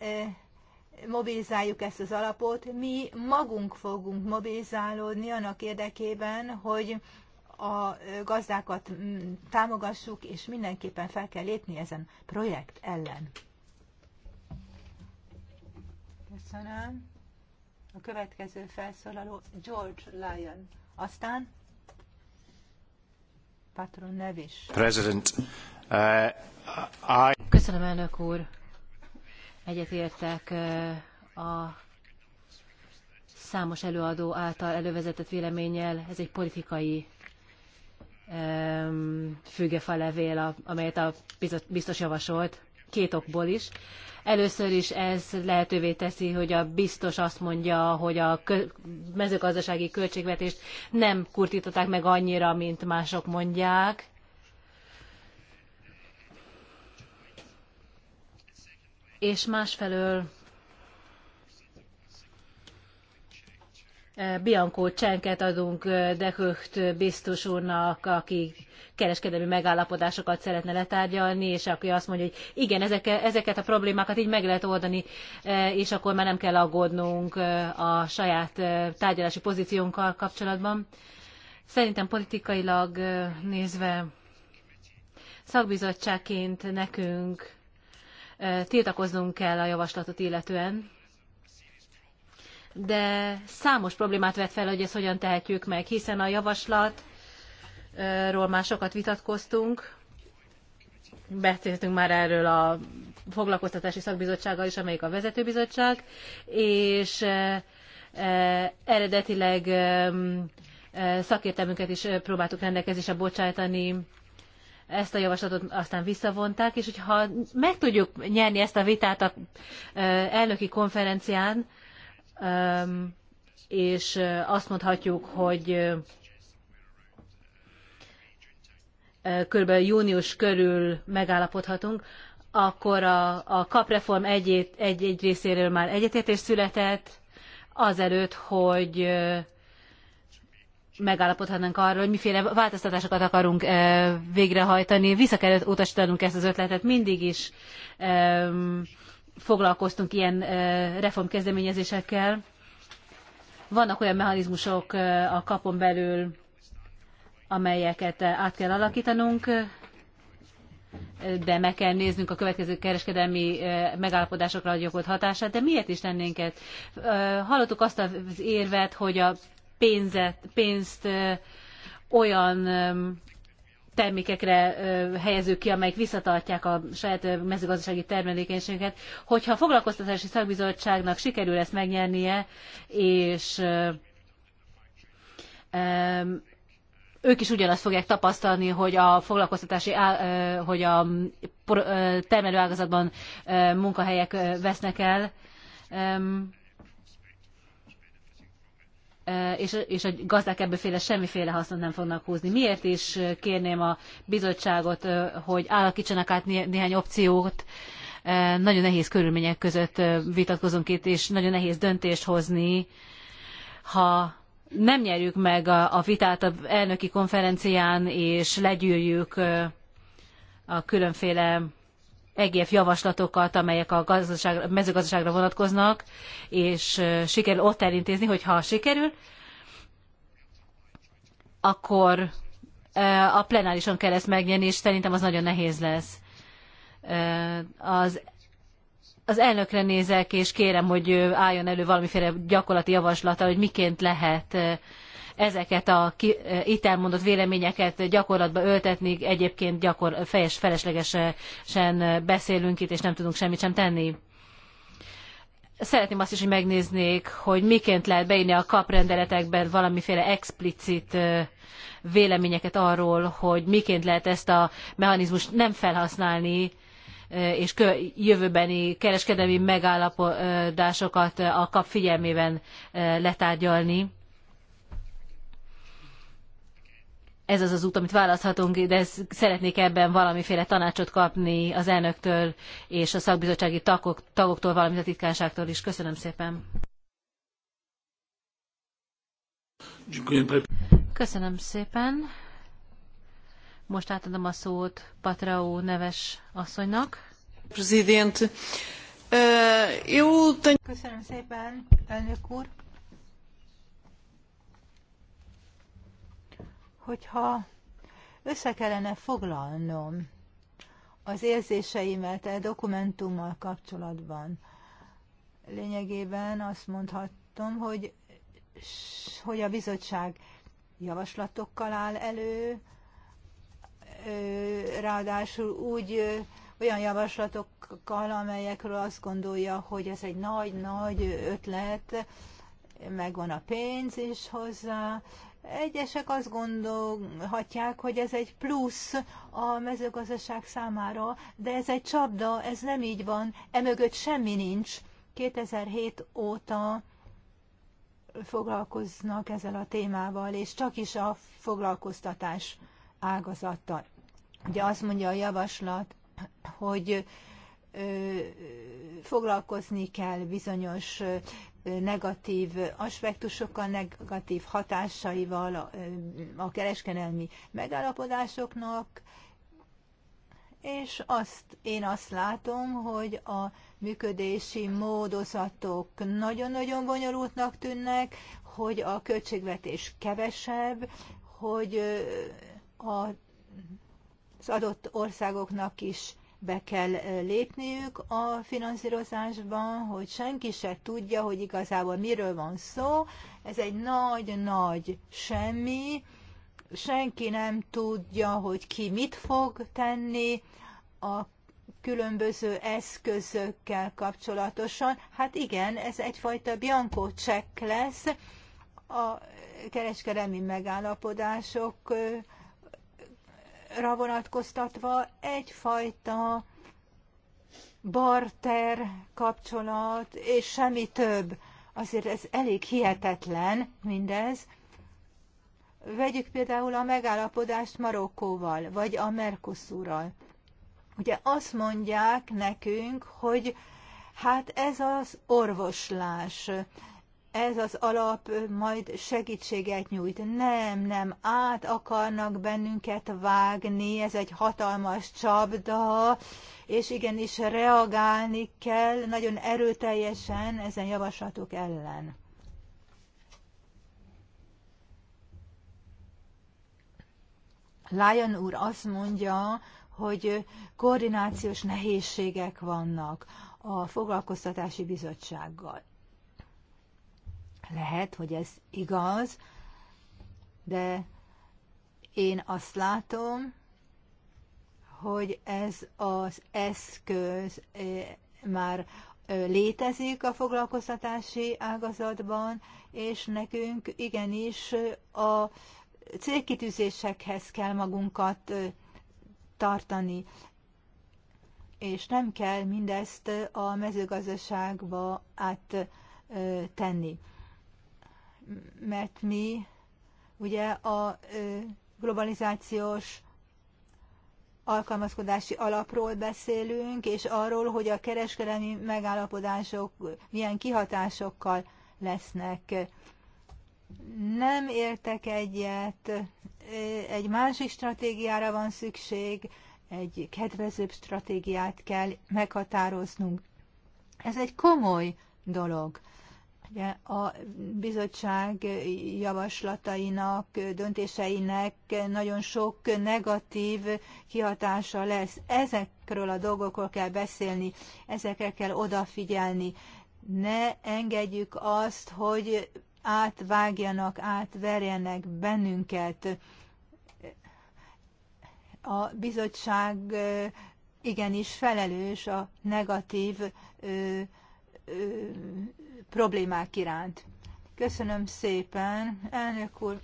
mobilizáljuk ezt az alapot, mi magunk fogunk mobilizálódni annak érdekében, hogy a gazdákat támogassuk, és mindenképpen fel kell lépni ezen projekt ellen. Köszönöm. A következő felszólaló George Lyon. Aztán President, uh, I... Köszönöm, elnök úr. Egyetértek uh, a számos előadó által elővezetett véleménnyel. Ez egy politikai um, fügefa levél, amelyet a biztos javasolt két okból is. Először is ez lehetővé teszi, hogy a biztos azt mondja, hogy a mezőgazdasági költségvetést nem kurtították meg annyira, mint mások mondják. És másfelől Bianco csenket adunk Deköcht biztos úrnak, aki kereskedelmi megállapodásokat szeretne letárgyalni, és aki azt mondja, hogy igen, ezeket, ezeket a problémákat így meg lehet oldani, és akkor már nem kell aggódnunk a saját tárgyalási pozíciónkkal kapcsolatban. Szerintem politikailag nézve szakbizottságként nekünk tiltakoznunk kell a javaslatot illetően de számos problémát vet fel, hogy ezt hogyan tehetjük meg, hiszen a javaslatról már sokat vitatkoztunk, beszéltünk már erről a foglalkoztatási szakbizottsággal is, amelyik a vezetőbizottság, és e, e, eredetileg e, szakértelmünket is próbáltuk rendelkezésre bocsájtani, ezt a javaslatot aztán visszavonták, és hogyha meg tudjuk nyerni ezt a vitát a elnöki konferencián, és azt mondhatjuk, hogy körülbelül június körül megállapodhatunk, akkor a, a kapreform egy, egy, egy részéről már egyetértés született, azelőtt, hogy megállapodhatnánk arról, hogy miféle változtatásokat akarunk végrehajtani. Vissza kellett utasítanunk ezt az ötletet mindig is foglalkoztunk ilyen reformkezdeményezésekkel. Vannak olyan mechanizmusok a kapon belül, amelyeket át kell alakítanunk, de meg kell néznünk a következő kereskedelmi megállapodásokra a gyakorolt hatását, de miért is tennénk ezt? Hallottuk azt az érvet, hogy a pénzet, pénzt olyan termékekre helyezzük ki, amelyek visszatartják a saját mezőgazdasági termelékenységet. Hogyha a foglalkoztatási szakbizottságnak sikerül ezt megnyernie, és ők is ugyanazt fogják tapasztalni, hogy a foglalkoztatási, hogy a termelőágazatban munkahelyek vesznek el. Eh, és, és a gazdák ebből semmiféle hasznot nem fognak húzni. Miért is eh, kérném a bizottságot, eh, hogy állakítsanak át néhány opciót, nagyon nehéz körülmények között vitatkozunk itt, és nagyon nehéz döntést hozni, ha nem nyerjük meg a, vitát a elnöki konferencián, és legyűrjük a különféle EGF javaslatokat, amelyek a gazdaságra, mezőgazdaságra vonatkoznak, és sikerül ott elintézni, hogy ha sikerül, akkor a plenárison kell ezt megnyerni, és szerintem az nagyon nehéz lesz. Az, az elnökre nézek, és kérem, hogy álljon elő valamiféle gyakorlati javaslata, hogy miként lehet ezeket a ki, itt elmondott véleményeket gyakorlatba öltetni, egyébként gyakor, fejes, feleslegesen beszélünk itt, és nem tudunk semmit sem tenni. Szeretném azt is, hogy megnéznék, hogy miként lehet beírni a kaprendeletekben valamiféle explicit véleményeket arról, hogy miként lehet ezt a mechanizmust nem felhasználni, és jövőbeni kereskedelmi megállapodásokat a kap figyelmében letárgyalni ez az az út, amit választhatunk, de szeretnék ebben valamiféle tanácsot kapni az elnöktől és a szakbizottsági tagok, tagoktól, valamint a titkárságtól is. Köszönöm szépen. Köszönöm szépen. Most átadom a szót Patraó neves asszonynak. Eh, Köszönöm szépen, elnök úr. hogyha össze kellene foglalnom az érzéseimet egy dokumentummal kapcsolatban, lényegében azt mondhatom, hogy, hogy a bizottság javaslatokkal áll elő, ráadásul úgy olyan javaslatokkal, amelyekről azt gondolja, hogy ez egy nagy-nagy ötlet, megvan a pénz is hozzá, Egyesek azt gondolhatják, hogy ez egy plusz a mezőgazdaság számára, de ez egy csapda, ez nem így van, emögött semmi nincs. 2007 óta foglalkoznak ezzel a témával, és csak is a foglalkoztatás ágazattal. Ugye azt mondja a javaslat, hogy foglalkozni kell bizonyos negatív aspektusokkal, negatív hatásaival a, a kereskedelmi megállapodásoknak, és azt, én azt látom, hogy a működési módozatok nagyon-nagyon bonyolultnak tűnnek, hogy a költségvetés kevesebb, hogy a, az adott országoknak is be kell lépniük a finanszírozásban, hogy senki se tudja, hogy igazából miről van szó. Ez egy nagy-nagy semmi, senki nem tudja, hogy ki mit fog tenni a különböző eszközökkel kapcsolatosan. Hát igen, ez egyfajta bianco check lesz a kereskedelmi megállapodások vonatkoztatva egyfajta barter kapcsolat, és semmi több. Azért ez elég hihetetlen mindez. Vegyük például a megállapodást Marokkóval, vagy a Mercosurral. Ugye azt mondják nekünk, hogy hát ez az orvoslás, ez az alap majd segítséget nyújt. Nem, nem, át akarnak bennünket vágni, ez egy hatalmas csapda, és igenis reagálni kell nagyon erőteljesen ezen javaslatok ellen. Lion úr azt mondja, hogy koordinációs nehézségek vannak a foglalkoztatási bizottsággal. Lehet, hogy ez igaz, de én azt látom, hogy ez az eszköz eh, már eh, létezik a foglalkoztatási ágazatban, és nekünk igenis a célkitűzésekhez kell magunkat eh, tartani, és nem kell mindezt a mezőgazdaságba áttenni mert mi ugye a globalizációs alkalmazkodási alapról beszélünk, és arról, hogy a kereskedelmi megállapodások milyen kihatásokkal lesznek. Nem értek egyet, egy másik stratégiára van szükség, egy kedvezőbb stratégiát kell meghatároznunk. Ez egy komoly dolog. Ugye a bizottság javaslatainak, döntéseinek nagyon sok negatív kihatása lesz. Ezekről a dolgokról kell beszélni, ezekre kell odafigyelni. Ne engedjük azt, hogy átvágjanak, átverjenek bennünket. A bizottság igenis felelős a negatív problémák iránt. Köszönöm szépen, elnök úr.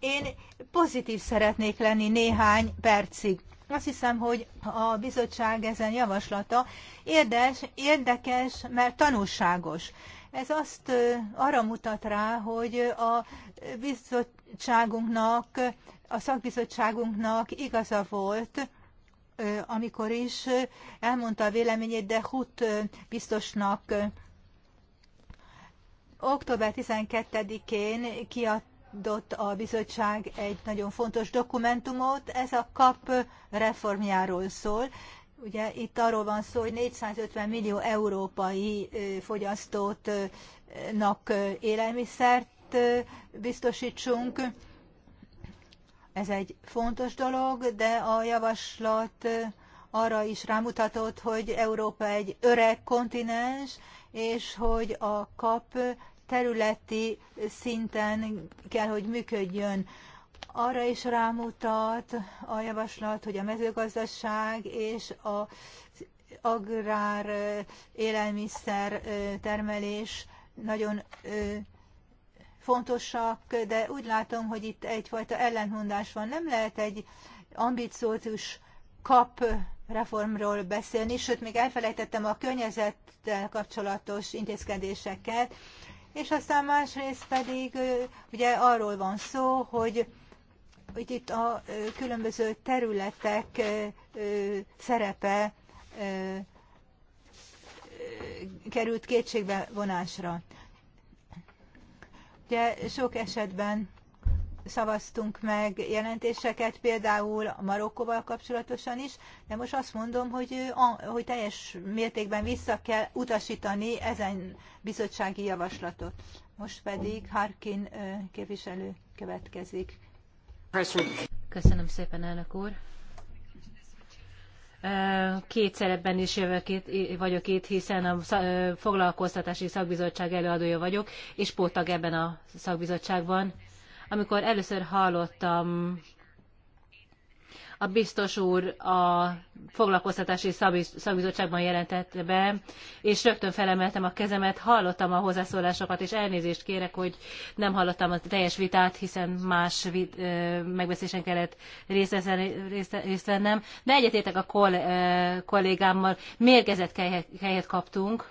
Én pozitív szeretnék lenni néhány percig. Azt hiszem, hogy a bizottság ezen javaslata érdekes, érdekes mert tanulságos. Ez azt arra mutat rá, hogy a bizottságunknak, a szakbizottságunknak igaza volt, amikor is elmondta a véleményét, de Hut biztosnak Október 12-én kiadott a bizottság egy nagyon fontos dokumentumot, ez a KAP reformjáról szól. Ugye itt arról van szó, hogy 450 millió európai fogyasztótnak élelmiszert biztosítsunk. Ez egy fontos dolog, de a javaslat arra is rámutatott, hogy Európa egy öreg kontinens, és hogy a kap területi szinten kell, hogy működjön. Arra is rámutat a javaslat, hogy a mezőgazdaság és a agrár élelmiszer termelés nagyon fontosak, de úgy látom, hogy itt egyfajta ellentmondás van. Nem lehet egy ambiciózus kap reformról beszélni, sőt, még elfelejtettem a környezet kapcsolatos intézkedéseket, és aztán másrészt pedig ugye arról van szó, hogy hogy itt a különböző területek szerepe került kétségbe vonásra. Ugye sok esetben szavaztunk meg jelentéseket, például a Marokkóval kapcsolatosan is, de most azt mondom, hogy, hogy teljes mértékben vissza kell utasítani ezen bizottsági javaslatot. Most pedig Harkin képviselő következik. Köszönöm szépen, elnök úr. Két szerepben is jövök itt, vagyok itt, hiszen a foglalkoztatási szakbizottság előadója vagyok, és póttag ebben a szakbizottságban amikor először hallottam a biztos úr a foglalkoztatási szakbizottságban jelentette be, és rögtön felemeltem a kezemet, hallottam a hozzászólásokat, és elnézést kérek, hogy nem hallottam a teljes vitát, hiszen más vit, megbeszélésen kellett részt vennem, de egyetétek a kol, kollégámmal, mérgezett helyet kaptunk,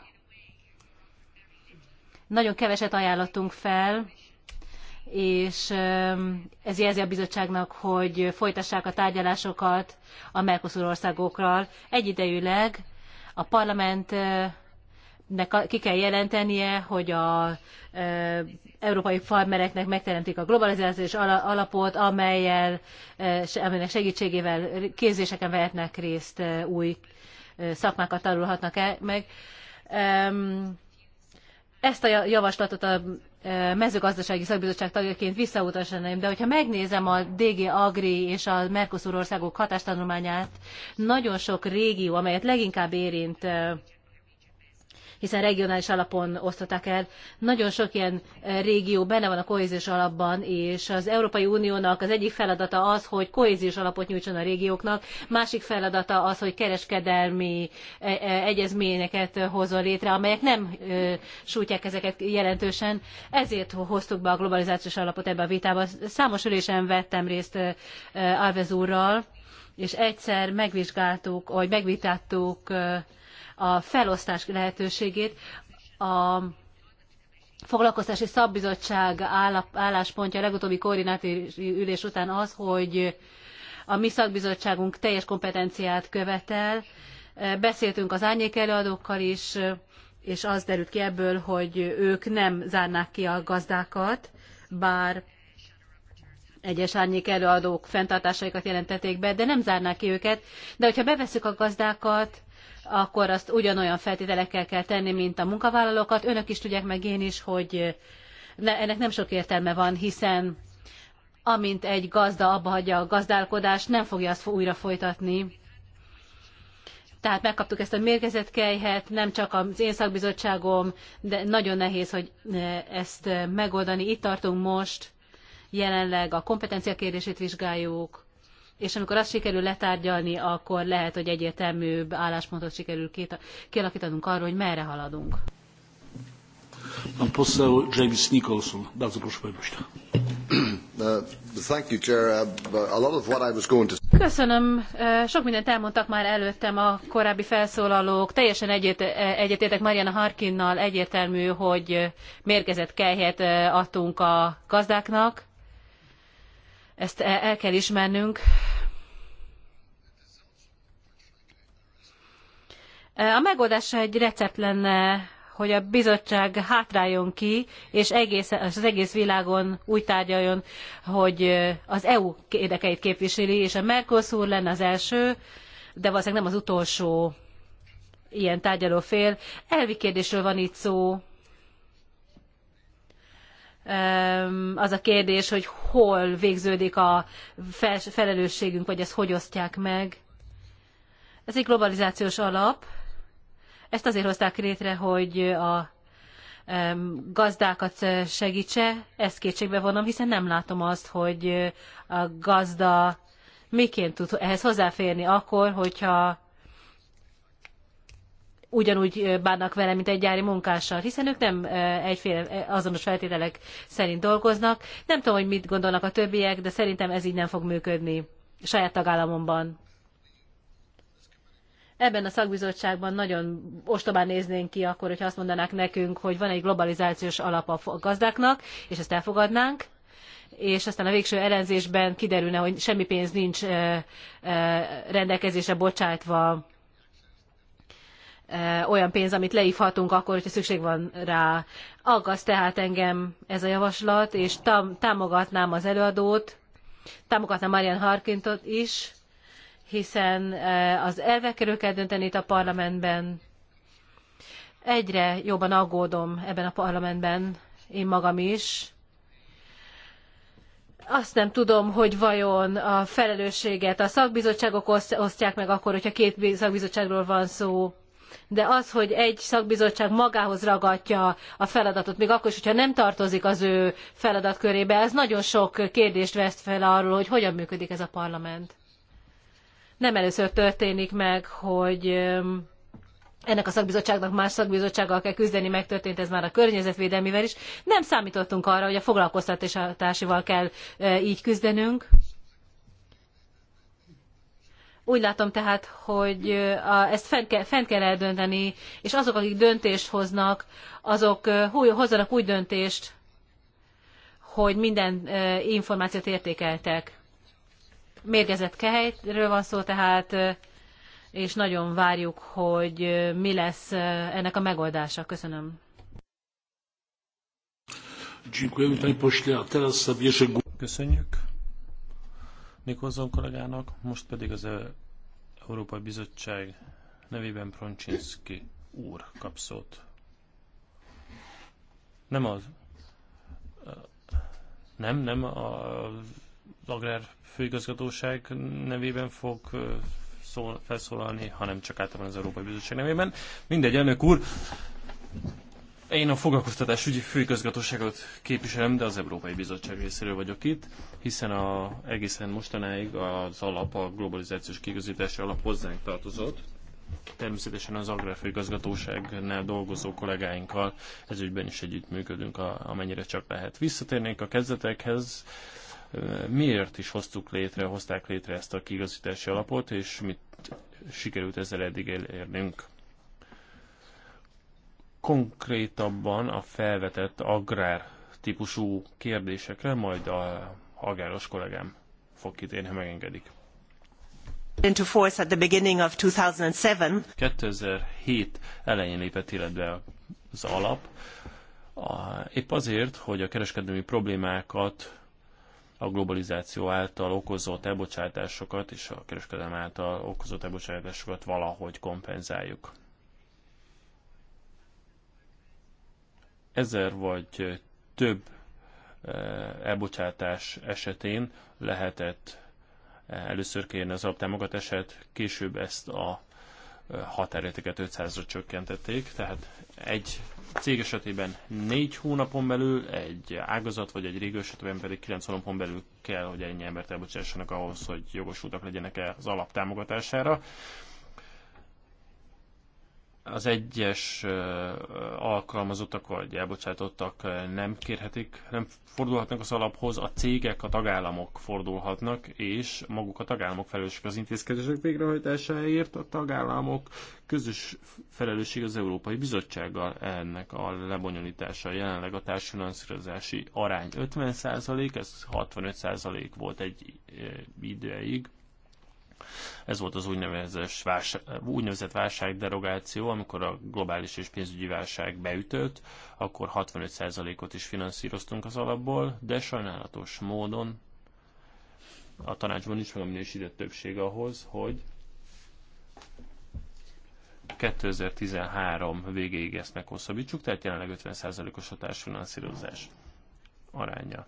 nagyon keveset ajánlottunk fel, és ez jelzi a bizottságnak, hogy folytassák a tárgyalásokat a Mercosur országokkal. Egyidejűleg a parlamentnek ki kell jelentenie, hogy a európai farmereknek megteremtik a globalizációs alapot, amelyel, amelynek segítségével képzéseken vehetnek részt, új szakmákat tanulhatnak el, meg. Ezt a javaslatot a mezőgazdasági szakbizottság tagjaként visszautasítanám, de hogyha megnézem a DG Agri és a Mercosur országok hatástanulmányát, nagyon sok régió, amelyet leginkább érint hiszen regionális alapon osztották el. Nagyon sok ilyen eh, régió benne van a kohéziós alapban, és az Európai Uniónak az egyik feladata az, hogy kohéziós alapot nyújtson a régióknak, másik feladata az, hogy kereskedelmi eh, eh, egyezményeket hozzon létre, amelyek nem sújtják ezeket jelentősen. Ezért hoztuk be a globalizációs alapot ebbe a vitába. Számos ülésen vettem részt Alvez úrral, és egyszer megvizsgáltuk, vagy megvitattuk a felosztás lehetőségét. A foglalkoztási szabbizottság álláspontja a legutóbbi koordinátori ülés után az, hogy a mi szakbizottságunk teljes kompetenciát követel. Beszéltünk az árnyék előadókkal is, és az derült ki ebből, hogy ők nem zárnák ki a gazdákat, bár egyes árnyék előadók fenntartásaikat jelentették be, de nem zárnák ki őket. De hogyha bevesszük a gazdákat, akkor azt ugyanolyan feltételekkel kell tenni, mint a munkavállalókat. Önök is tudják meg én is, hogy ne, ennek nem sok értelme van, hiszen amint egy gazda abbahagyja a gazdálkodást, nem fogja azt újra folytatni. Tehát megkaptuk ezt a mérgezett kelyhet, nem csak az én szakbizottságom, de nagyon nehéz, hogy e, ezt megoldani. Itt tartunk most, jelenleg a kompetencia kérdését vizsgáljuk, és amikor azt sikerül letárgyalni, akkor lehet, hogy egyértelműbb álláspontot sikerül kialakítanunk arról, hogy merre haladunk. Pan poseł James Nicholson. Bardzo proszę, panie uh, uh, Köszönöm. Uh, sok mindent elmondtak már előttem a korábbi felszólalók. Teljesen egyet, egyetértek Mariana Harkinnal. Egyértelmű, hogy mérgezett kelyhet adtunk a gazdáknak. Ezt el kell ismernünk. A megoldás egy recept lenne, hogy a bizottság hátráljon ki, és egész, az egész világon úgy tárgyaljon, hogy az EU érdekeit képviseli, és a Mercosur lenne az első, de valószínűleg nem az utolsó ilyen tárgyaló fél. Elvi kérdésről van itt szó, az a kérdés, hogy hol végződik a felelősségünk, vagy ezt hogy osztják meg. Ez egy globalizációs alap. Ezt azért hozták létre, hogy a gazdákat eh, segítse, ezt kétségbe vonom, hiszen nem látom azt, hogy eh, a gazda miként tud ehhez hozzáférni akkor, hogyha ugyanúgy bánnak vele, mint egy gyári munkással, hiszen ők nem egyféle azonos feltételek szerint dolgoznak. Nem tudom, hogy mit gondolnak a többiek, de szerintem ez így nem fog működni saját tagállamomban. Ebben a szakbizottságban nagyon ostobán néznénk ki akkor, hogyha azt mondanák nekünk, hogy van egy globalizációs alap a gazdáknak, és ezt elfogadnánk, és aztán a végső ellenzésben kiderülne, hogy semmi pénz nincs rendelkezésre bocsátva olyan pénz, amit leívhatunk akkor, hogyha szükség van rá. Aggaszt tehát engem ez a javaslat, és tam, támogatnám az előadót, támogatnám Marian Harkintot is, hiszen az elvekről kell dönteni itt a parlamentben. Egyre jobban aggódom ebben a parlamentben, én magam is. Azt nem tudom, hogy vajon a felelősséget a szakbizottságok osztják meg akkor, hogyha két szakbizottságról van szó, de az, hogy egy szakbizottság magához ragadja a feladatot, még akkor is, hogyha nem tartozik az ő feladatkörébe, ez nagyon sok kérdést veszt fel arról, hogy hogyan működik ez a parlament. Nem először történik meg, hogy ennek a szakbizottságnak más szakbizottsággal kell küzdeni, megtörtént ez már a környezetvédelmivel is. Nem számítottunk arra, hogy a foglalkoztatásival kell így küzdenünk. Úgy látom tehát, hogy ezt fent kell, fent kell eldönteni, és azok, akik döntést hoznak, azok hozzanak úgy döntést, hogy minden információt értékeltek. Mérgezett kehelyről van szó tehát, és nagyon várjuk, hogy mi lesz ennek a megoldása. Köszönöm. Köszönjük. Nikolson kollégának, most pedig az Európai Bizottság nevében Proncsinski úr kap szót. Nem az. Nem, nem a Agrár Főigazgatóság nevében fog szól, felszólalni, hanem csak általában az Európai Bizottság nevében. Mindegy, elnök úr, én a ügyi főigazgatóságot képviselem, de az Európai Bizottság részéről vagyok itt, hiszen a, egészen mostanáig az alap, a globalizációs kiközítési alap hozzánk tartozott. Természetesen az Agrárfőigazgatóságnál dolgozó kollégáinkkal ezügyben is együttműködünk, amennyire csak lehet. Visszatérnénk a kezdetekhez, miért is hoztuk létre, hozták létre ezt a kiigazítási alapot, és mit sikerült ezzel eddig elérnünk konkrétabban a felvetett agrár típusú kérdésekre, majd a agáros kollégám fog kitérni, ha megengedik. Into force at the beginning of 2007. 2007 elején lépett életbe az alap, épp azért, hogy a kereskedelmi problémákat a globalizáció által okozott elbocsátásokat és a kereskedelem által okozott elbocsátásokat valahogy kompenzáljuk. ezer vagy több eh, elbocsátás esetén lehetett eh, először kérni az alaptámogatását, később ezt a eh, határértéket 500-ra csökkentették, tehát egy cég esetében négy hónapon belül, egy ágazat vagy egy régő esetben pedig 9 hónapon belül kell, hogy ennyi embert elbocsássanak ahhoz, hogy jogosultak legyenek -e az alaptámogatására az egyes alkalmazottak vagy elbocsátottak nem kérhetik, nem fordulhatnak az alaphoz, a cégek, a tagállamok fordulhatnak, és maguk a tagállamok felelősek az intézkedések végrehajtásáért, a tagállamok közös felelősség az Európai Bizottsággal ennek a lebonyolítása. Jelenleg a társfinanszírozási arány 50%, ez 65% volt egy időig, ez volt az úgynevezett, válság, úgynevezett válságderogáció, amikor a globális és pénzügyi válság beütött, akkor 65%-ot is finanszíroztunk az alapból, de sajnálatos módon a tanácsban nincs meg a minősített többség ahhoz, hogy 2013 végéig ezt meghosszabbítsuk, tehát jelenleg 50%-os a társfinanszírozás aránya.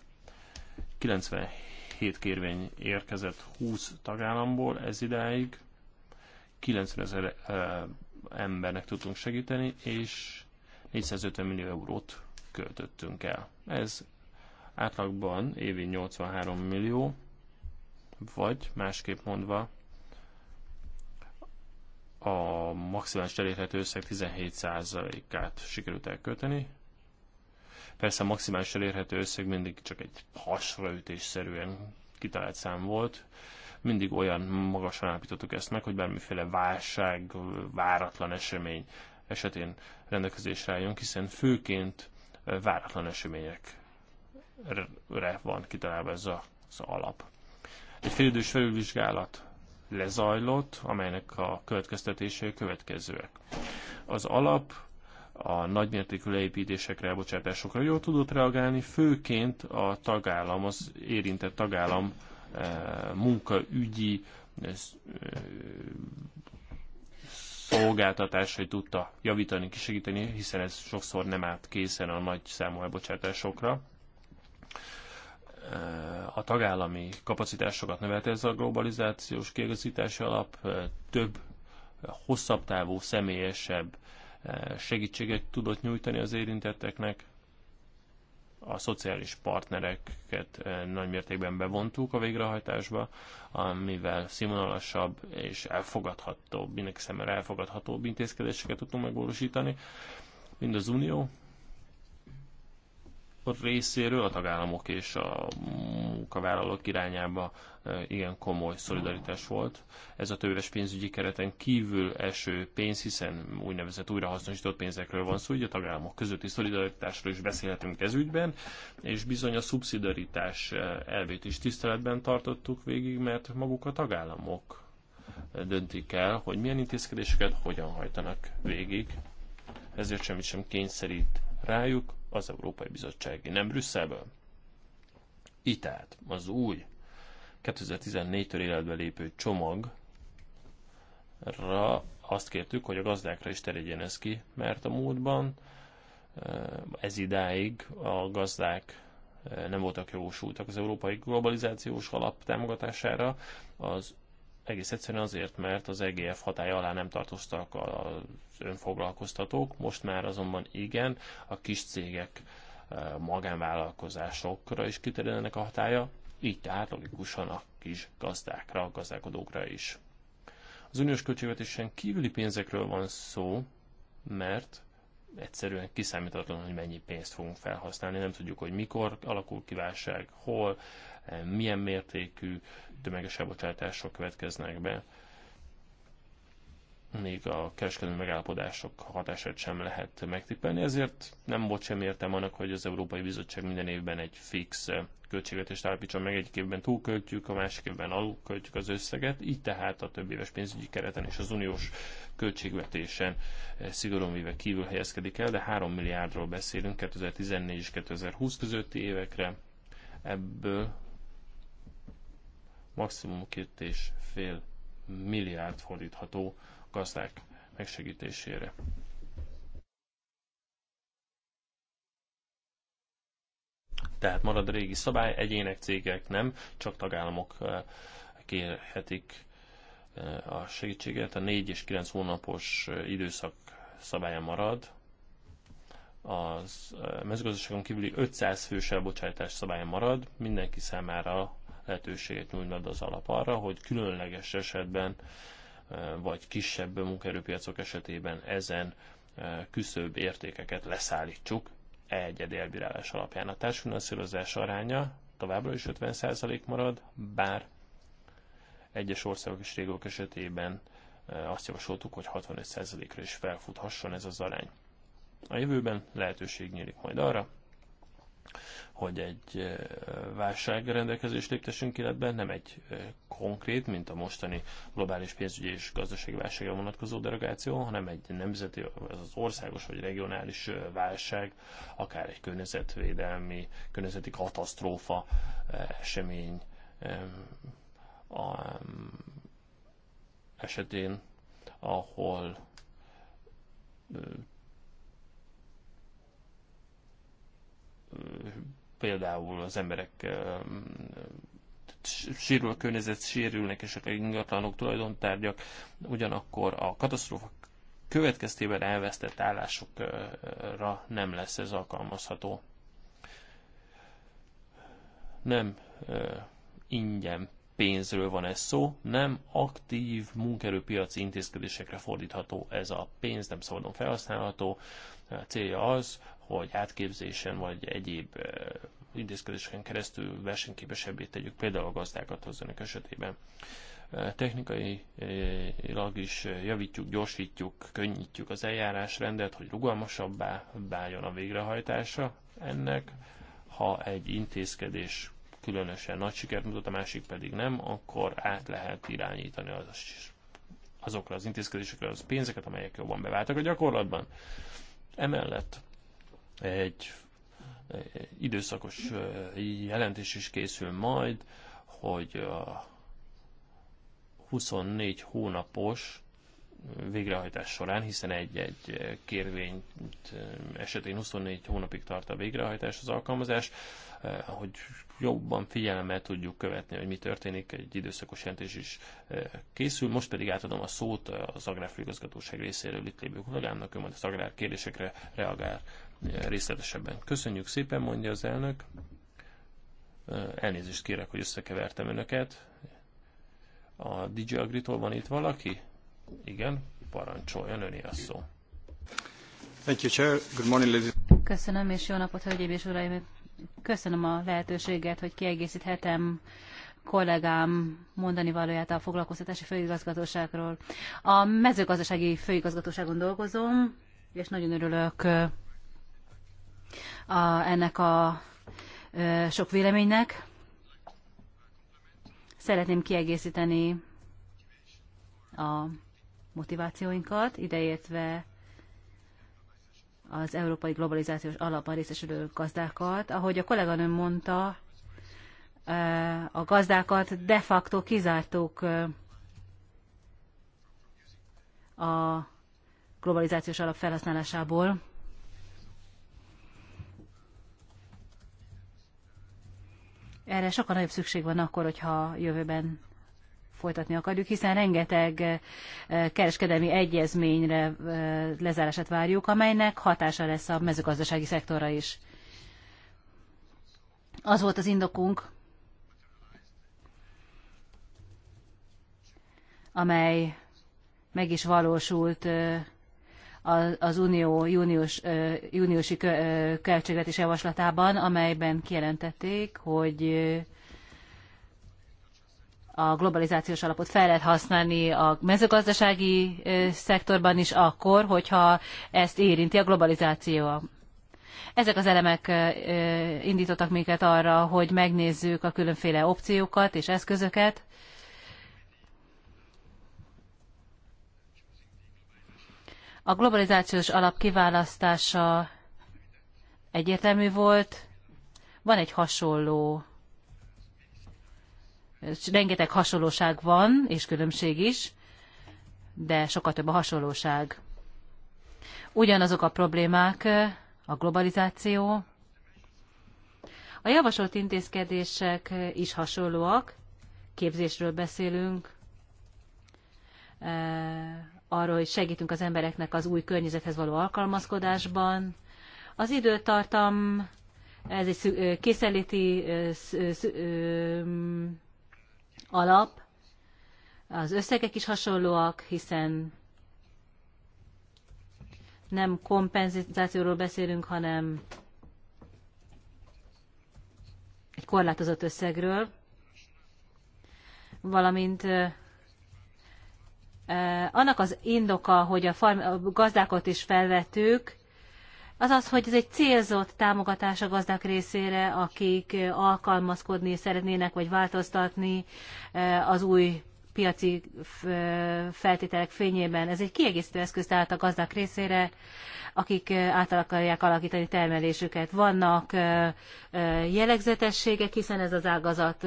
97 7 kérvény érkezett 20 tagállamból ez idáig, 90 ezer eh, embernek tudtunk segíteni, és 450 millió eurót költöttünk el. Ez átlagban évi 83 millió, vagy másképp mondva a maximális elérhető összeg 17%-át sikerült elkölteni, Persze a maximális elérhető összeg mindig csak egy hasraütésszerűen kitalált szám volt, mindig olyan magasan állapítottuk ezt meg, hogy bármiféle válság, váratlan esemény esetén rendelkezésre álljon, hiszen főként váratlan eseményekre van kitalálva ez az alap. Egy félidős felülvizsgálat lezajlott, amelynek a következtetései következőek. Az alap a nagymértékű leépítésekre, elbocsátásokra jól tudott reagálni, főként a tagállam, az érintett tagállam eh, munkaügyi eh, eh, szolgáltatásai tudta javítani, kisegíteni, hiszen ez sokszor nem állt készen a nagy számú elbocsátásokra. A tagállami kapacitásokat növelte ez a globalizációs kiegészítési alap, több hosszabb távú, személyesebb Eh, segítséget tudott nyújtani az érintetteknek. A szociális partnereket eh, nagymértékben bevontuk a végrehajtásba, amivel színvonalasabb és elfogadhatóbb, mindenki szemmel elfogadhatóbb intézkedéseket tudtunk megvalósítani. Mind az Unió, részéről a tagállamok és a munkavállalók irányába e, igen komoly szolidaritás volt. Ez a többéves pénzügyi kereten kívül eső pénz, hiszen úgynevezett újrahasznosított pénzekről van szó, így a tagállamok közötti szolidaritásról is beszélhetünk ez ügyben, és bizony a szubszidaritás e, elvét is tiszteletben tartottuk végig, mert maguk a tagállamok e, döntik el, hogy milyen intézkedéseket hogyan hajtanak végig. Ezért semmit sem kényszerít rájuk, az Európai Bizottsági, nem Brüsszelből. Így tehát az új 2014-től életbe lépő csomagra azt kértük, hogy a gazdákra is terjedjen ez ki, mert a múltban eh, ez idáig a gazdák eh, nem voltak jogosultak az európai globalizációs alap támogatására, az egész egyszerűen azért, mert az EGF hatája alá nem tartoztak az önfoglalkoztatók, most már azonban igen, a kis cégek e, magánvállalkozásokra is kiterjednek a hatája, így tehát logikusan a kis gazdákra, a gazdálkodókra is. Az uniós költségvetésen kívüli pénzekről van szó, mert egyszerűen kiszámítatlan, hogy mennyi pénzt fogunk felhasználni, nem tudjuk, hogy mikor alakul ki válság, hol, milyen mértékű tömeges elbocsátások következnek be. Még a kereskedelmi megállapodások hatását sem lehet megtippelni, ezért nem volt sem értem annak, hogy az Európai Bizottság minden évben egy fix költségvetést állapítson meg, egyik évben túlköltjük, a másik évben alulköltjük az összeget, így tehát a több éves pénzügyi kereten és az uniós költségvetésen eh, szigorúan véve kívül helyezkedik el, de 3 milliárdról beszélünk 2014 és 2020 közötti évekre, ebből maximum két és fél milliárd fordítható gazdák megsegítésére. Tehát marad a régi szabály, egyének, cégek nem, csak tagállamok eh, kérhetik eh, a segítséget. A 4 és 9 hónapos eh, időszak szabálya marad. A mezőgazdaságon kívüli 500 fős elbocsátás szabálya marad, mindenki számára lehetőséget nyújtna az alap arra, hogy különleges esetben e, vagy kisebb munkaerőpiacok esetében ezen e, küszöbb értékeket leszállítsuk egyedi elbírálás alapján. A társfinanszírozás aránya továbbra is 50% marad, bár egyes országok és régók esetében e, azt javasoltuk, hogy 65%-ra is felfuthasson ez az arány. A jövőben lehetőség nyílik majd arra, hogy egy válság rendelkezést léptessünk életben, nem egy konkrét, mint a mostani globális pénzügyi és gazdasági válságra vonatkozó derogáció, hanem egy nemzeti, az az országos vagy regionális válság, akár egy környezetvédelmi, környezeti katasztrófa esemény a, esetén, ahol például az emberek sérül a környezet, sérülnek akár ingatlanok, tulajdontárgyak, ugyanakkor a katasztrófa következtében elvesztett állásokra nem lesz ez alkalmazható. Nem ingyen pénzről van ez szó, nem aktív munkerőpiaci intézkedésekre fordítható ez a pénz, nem szabadon felhasználható. A célja az, hogy átképzésen vagy egyéb intézkedéseken keresztül versenyképesebbé tegyük például a gazdákat az önök esetében. Technikailag is javítjuk, gyorsítjuk, könnyítjük az eljárásrendet, hogy rugalmasabbá váljon a végrehajtása ennek. Ha egy intézkedés különösen nagy sikert mutat, a másik pedig nem, akkor át lehet irányítani az azokra az intézkedésekre az pénzeket, amelyek jobban beváltak a gyakorlatban. Emellett egy eh, időszakos eh, jelentés is készül majd, hogy a 24 hónapos végrehajtás során, hiszen egy-egy eh, kérvény esetén 24 hónapig tart a végrehajtás, az alkalmazás, Eh, hogy jobban figyelemmel tudjuk követni, hogy mi történik, egy időszakos jelentés is eh, készül. Most pedig átadom a szót eh, az Agrárfőigazgatóság részéről itt lévő kollégámnak, ő majd az agrár kérdésekre reagál részletesebben. Köszönjük szépen, mondja az elnök. Elnézést kérek, hogy összekevertem önöket. A DJ Agritól van itt valaki? Igen, parancsoljon, öné a szó. Thank you, Chair. Good morning, ladies. Köszönöm, és jó napot, hölgyeim és uraim! Köszönöm a lehetőséget, hogy kiegészíthetem kollégám mondani valóját a foglalkoztatási főigazgatóságról. A mezőgazdasági főigazgatóságon dolgozom, és nagyon örülök a, ennek a e, sok véleménynek. Szeretném kiegészíteni a motivációinkat, ideértve az Európai Globalizációs Alapban részesülő gazdákat. Ahogy a kolléganőm mondta, a gazdákat de facto kizártuk a globalizációs alap felhasználásából. Erre sokkal nagyobb szükség van akkor, hogyha jövőben folytatni akarjuk, hiszen rengeteg eh, kereskedelmi egyezményre eh, lezárását várjuk, amelynek hatása lesz a mezőgazdasági szektorra is. Az volt az indokunk, amely meg is valósult eh, az unió június, júniusi költségvetés javaslatában, amelyben kijelentették, hogy a globalizációs alapot fel lehet használni a mezőgazdasági szektorban is akkor, hogyha ezt érinti a globalizáció. Ezek az elemek indítottak minket arra, hogy megnézzük a különféle opciókat és eszközöket, A globalizációs alap kiválasztása egyértelmű volt. Van egy hasonló rengeteg hasonlóság van, és különbség is, de sokkal több a hasonlóság. Ugyanazok a problémák, a globalizáció. A javasolt intézkedések is hasonlóak, képzésről beszélünk, eh, arról, hogy segítünk az embereknek az új környezethez való alkalmazkodásban. Az időtartam, ez egy eh, készenléti eh, alap. Az összegek is hasonlóak, hiszen nem kompenzációról beszélünk, hanem egy korlátozott összegről, valamint annak az indoka, hogy a, farm, a gazdákat is felvettük, az az, hogy ez egy célzott támogatás a gazdák részére, akik alkalmazkodni szeretnének, vagy változtatni az új piaci feltételek fényében. Ez egy kiegészítő eszköz tehát a gazdák részére, akik át akarják alakítani termelésüket. Vannak jellegzetességek, hiszen ez az ágazat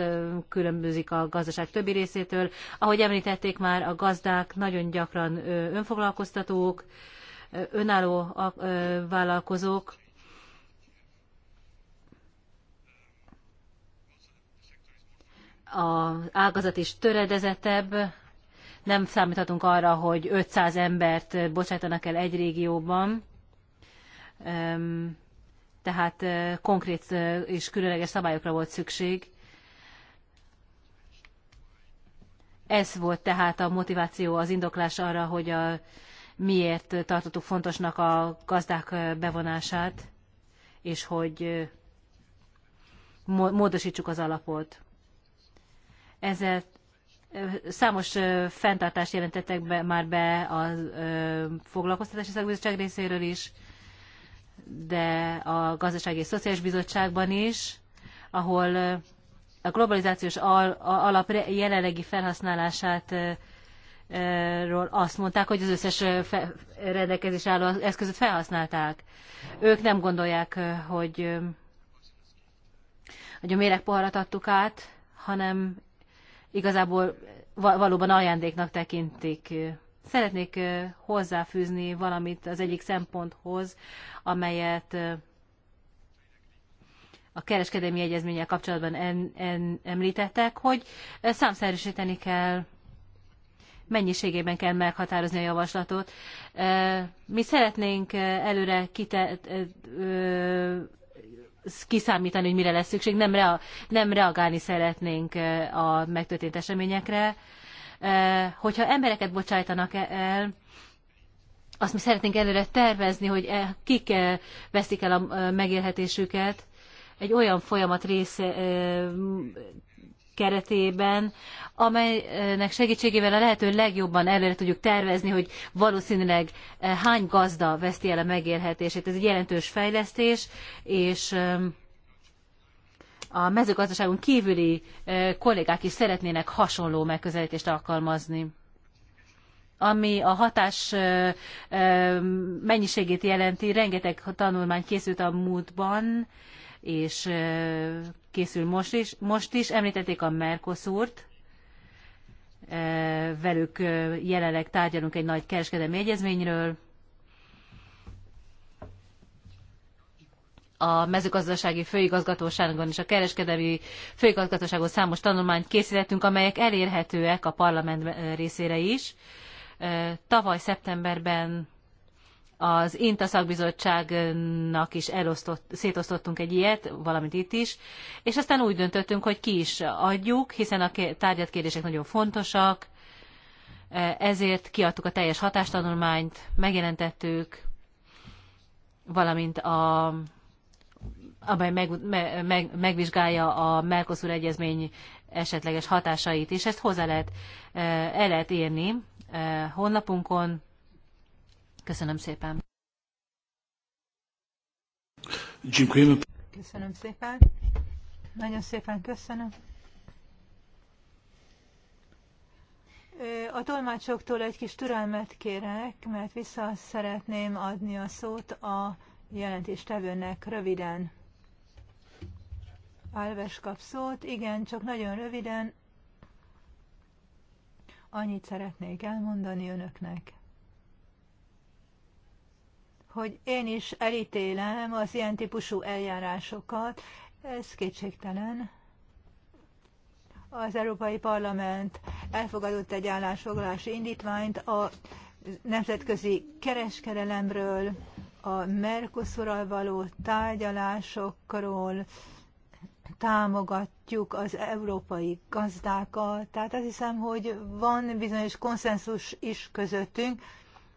különbözik a gazdaság többi részétől. Ahogy említették már, a gazdák nagyon gyakran önfoglalkoztatók, önálló vállalkozók, az ágazat is töredezetebb, nem számíthatunk arra, hogy 500 embert bocsátanak el egy régióban, tehát konkrét és különleges szabályokra volt szükség. Ez volt tehát a motiváció, az indoklás arra, hogy a miért tartottuk fontosnak a gazdák bevonását, és hogy módosítsuk az alapot. Ezzel számos fenntartást jelentettek be, már be a foglalkoztatási szakbizottság részéről is, de a Gazdasági és Szociális Bizottságban is, ahol a globalizációs alap jelenlegi felhasználását ról azt mondták, hogy az összes fe, rendelkezés álló eszközöt felhasználták. Ők nem gondolják, hogy, hogy a méregpoharat adtuk át, hanem igazából valóban ajándéknak tekintik. Szeretnék hozzáfűzni valamit az egyik szemponthoz, amelyet a kereskedelmi egyezménnyel kapcsolatban en, en, említettek, hogy számszerűsíteni kell mennyiségében kell meghatározni a javaslatot. Mi szeretnénk előre kite, kiszámítani, hogy mire lesz szükség, nem, rea, nem reagálni szeretnénk a megtörtént eseményekre. Hogyha embereket bocsájtanak e-, el, azt mi szeretnénk előre tervezni, hogy e-, kik veszik el a megélhetésüket. Egy olyan folyamat rész keretében, amelynek segítségével a lehető legjobban előre tudjuk tervezni, hogy valószínűleg eh, hány gazda veszti el a megélhetését. Ez egy jelentős fejlesztés, és a mezőgazdaságon kívüli eh, kollégák is szeretnének hasonló megközelítést alkalmazni ami a hatás eh, mennyiségét jelenti. Rengeteg tanulmány készült a múltban, és készül most is. Most is említették a Mercosurt, velük jelenleg tárgyalunk egy nagy kereskedelmi egyezményről. A mezőgazdasági főigazgatóságon és a kereskedelmi főigazgatóságon számos tanulmányt készítettünk, amelyek elérhetőek a parlament részére is. Tavaly szeptemberben az INTA szakbizottságnak is elosztott, szétosztottunk egy ilyet, valamint itt is, és aztán úgy döntöttünk, hogy ki is adjuk, hiszen a tárgyat kérdések nagyon fontosak, e, ezért kiadtuk a teljes hatástanulmányt, megjelentettük, valamint a amely meg, me, meg, megvizsgálja a Mercosur egyezmény esetleges hatásait, és ezt hozzá lehet, e, el lehet érni e, honlapunkon, Köszönöm szépen. Köszönöm szépen. Nagyon szépen köszönöm. A tolmácsoktól egy kis türelmet kérek, mert vissza szeretném adni a szót a jelentéstevőnek röviden. Álves kap szót, igen, csak nagyon röviden. Annyit szeretnék elmondani önöknek hogy én is elítélem az ilyen típusú eljárásokat, ez kétségtelen. Az Európai Parlament elfogadott egy állásfoglalási indítványt a nemzetközi kereskedelemről, a Mercosurral való tárgyalásokról, támogatjuk az európai gazdákat, tehát azt hiszem, hogy van bizonyos konszenzus is közöttünk,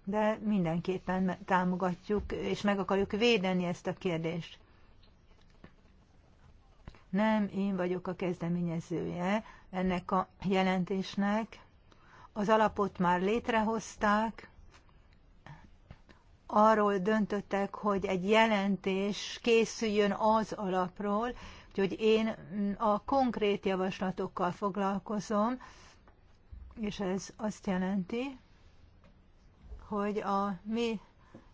de mindenképpen támogatjuk és meg akarjuk védeni ezt a kérdést. Nem én vagyok a kezdeményezője ennek a jelentésnek. Az alapot már létrehozták, arról döntöttek, hogy egy jelentés készüljön az alapról, úgyhogy én a konkrét javaslatokkal foglalkozom, és ez azt jelenti, hogy a mi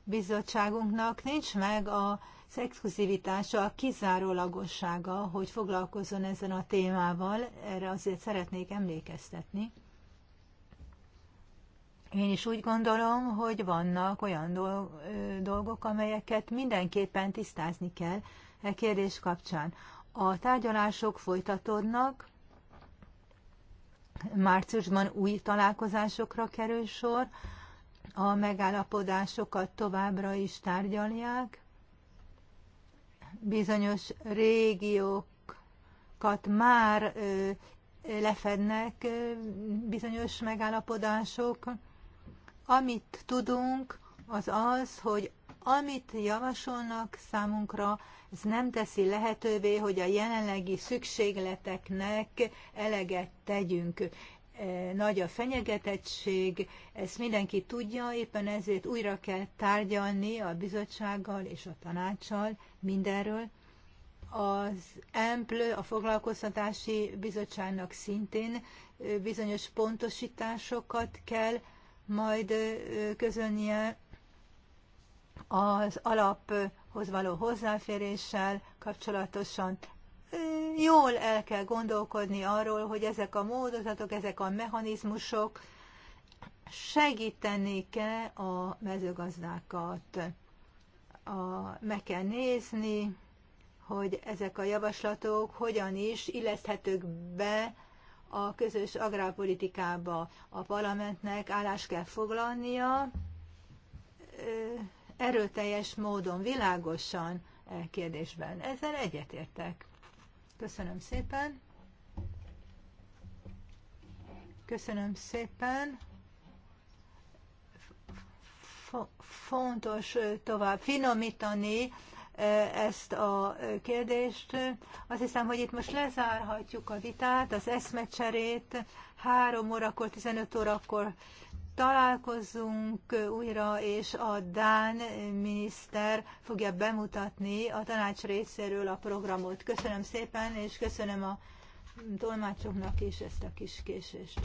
bizottságunknak nincs meg az exkluzivitása, a kizárólagossága, hogy foglalkozzon ezen a témával. Erre azért szeretnék emlékeztetni. Én is úgy gondolom, hogy vannak olyan dolgok, amelyeket mindenképpen tisztázni kell e kérdés kapcsán. A tárgyalások folytatódnak, márciusban új találkozásokra kerül sor, a megállapodásokat továbbra is tárgyalják. Bizonyos régiókat már lefednek bizonyos megállapodások. Amit tudunk, az az, hogy amit javasolnak számunkra, ez nem teszi lehetővé, hogy a jelenlegi szükségleteknek eleget tegyünk nagy a fenyegetettség, ezt mindenki tudja, éppen ezért újra kell tárgyalni a bizottsággal és a tanácssal mindenről. Az EMPLÖ, a Foglalkoztatási Bizottságnak szintén bizonyos pontosításokat kell majd közölnie az alaphoz való hozzáféréssel kapcsolatosan jól el kell gondolkodni arról, hogy ezek a módozatok, ezek a mechanizmusok segítenék-e a mezőgazdákat. A, meg kell nézni, hogy ezek a javaslatok hogyan is illeszthetők be a közös agrárpolitikába. A parlamentnek állást kell foglalnia erőteljes módon, világosan e kérdésben. Ezzel egyetértek. Köszönöm szépen. Köszönöm szépen. Fontos tovább finomítani ezt a kérdést. Azt hiszem, hogy itt most lezárhatjuk a vitát, az eszmecserét. 3 órakor, 15 órakor találkozunk újra, és a Dán miniszter fogja bemutatni a tanács részéről a programot. Köszönöm szépen, és köszönöm a tolmácsoknak is ezt a kis késést.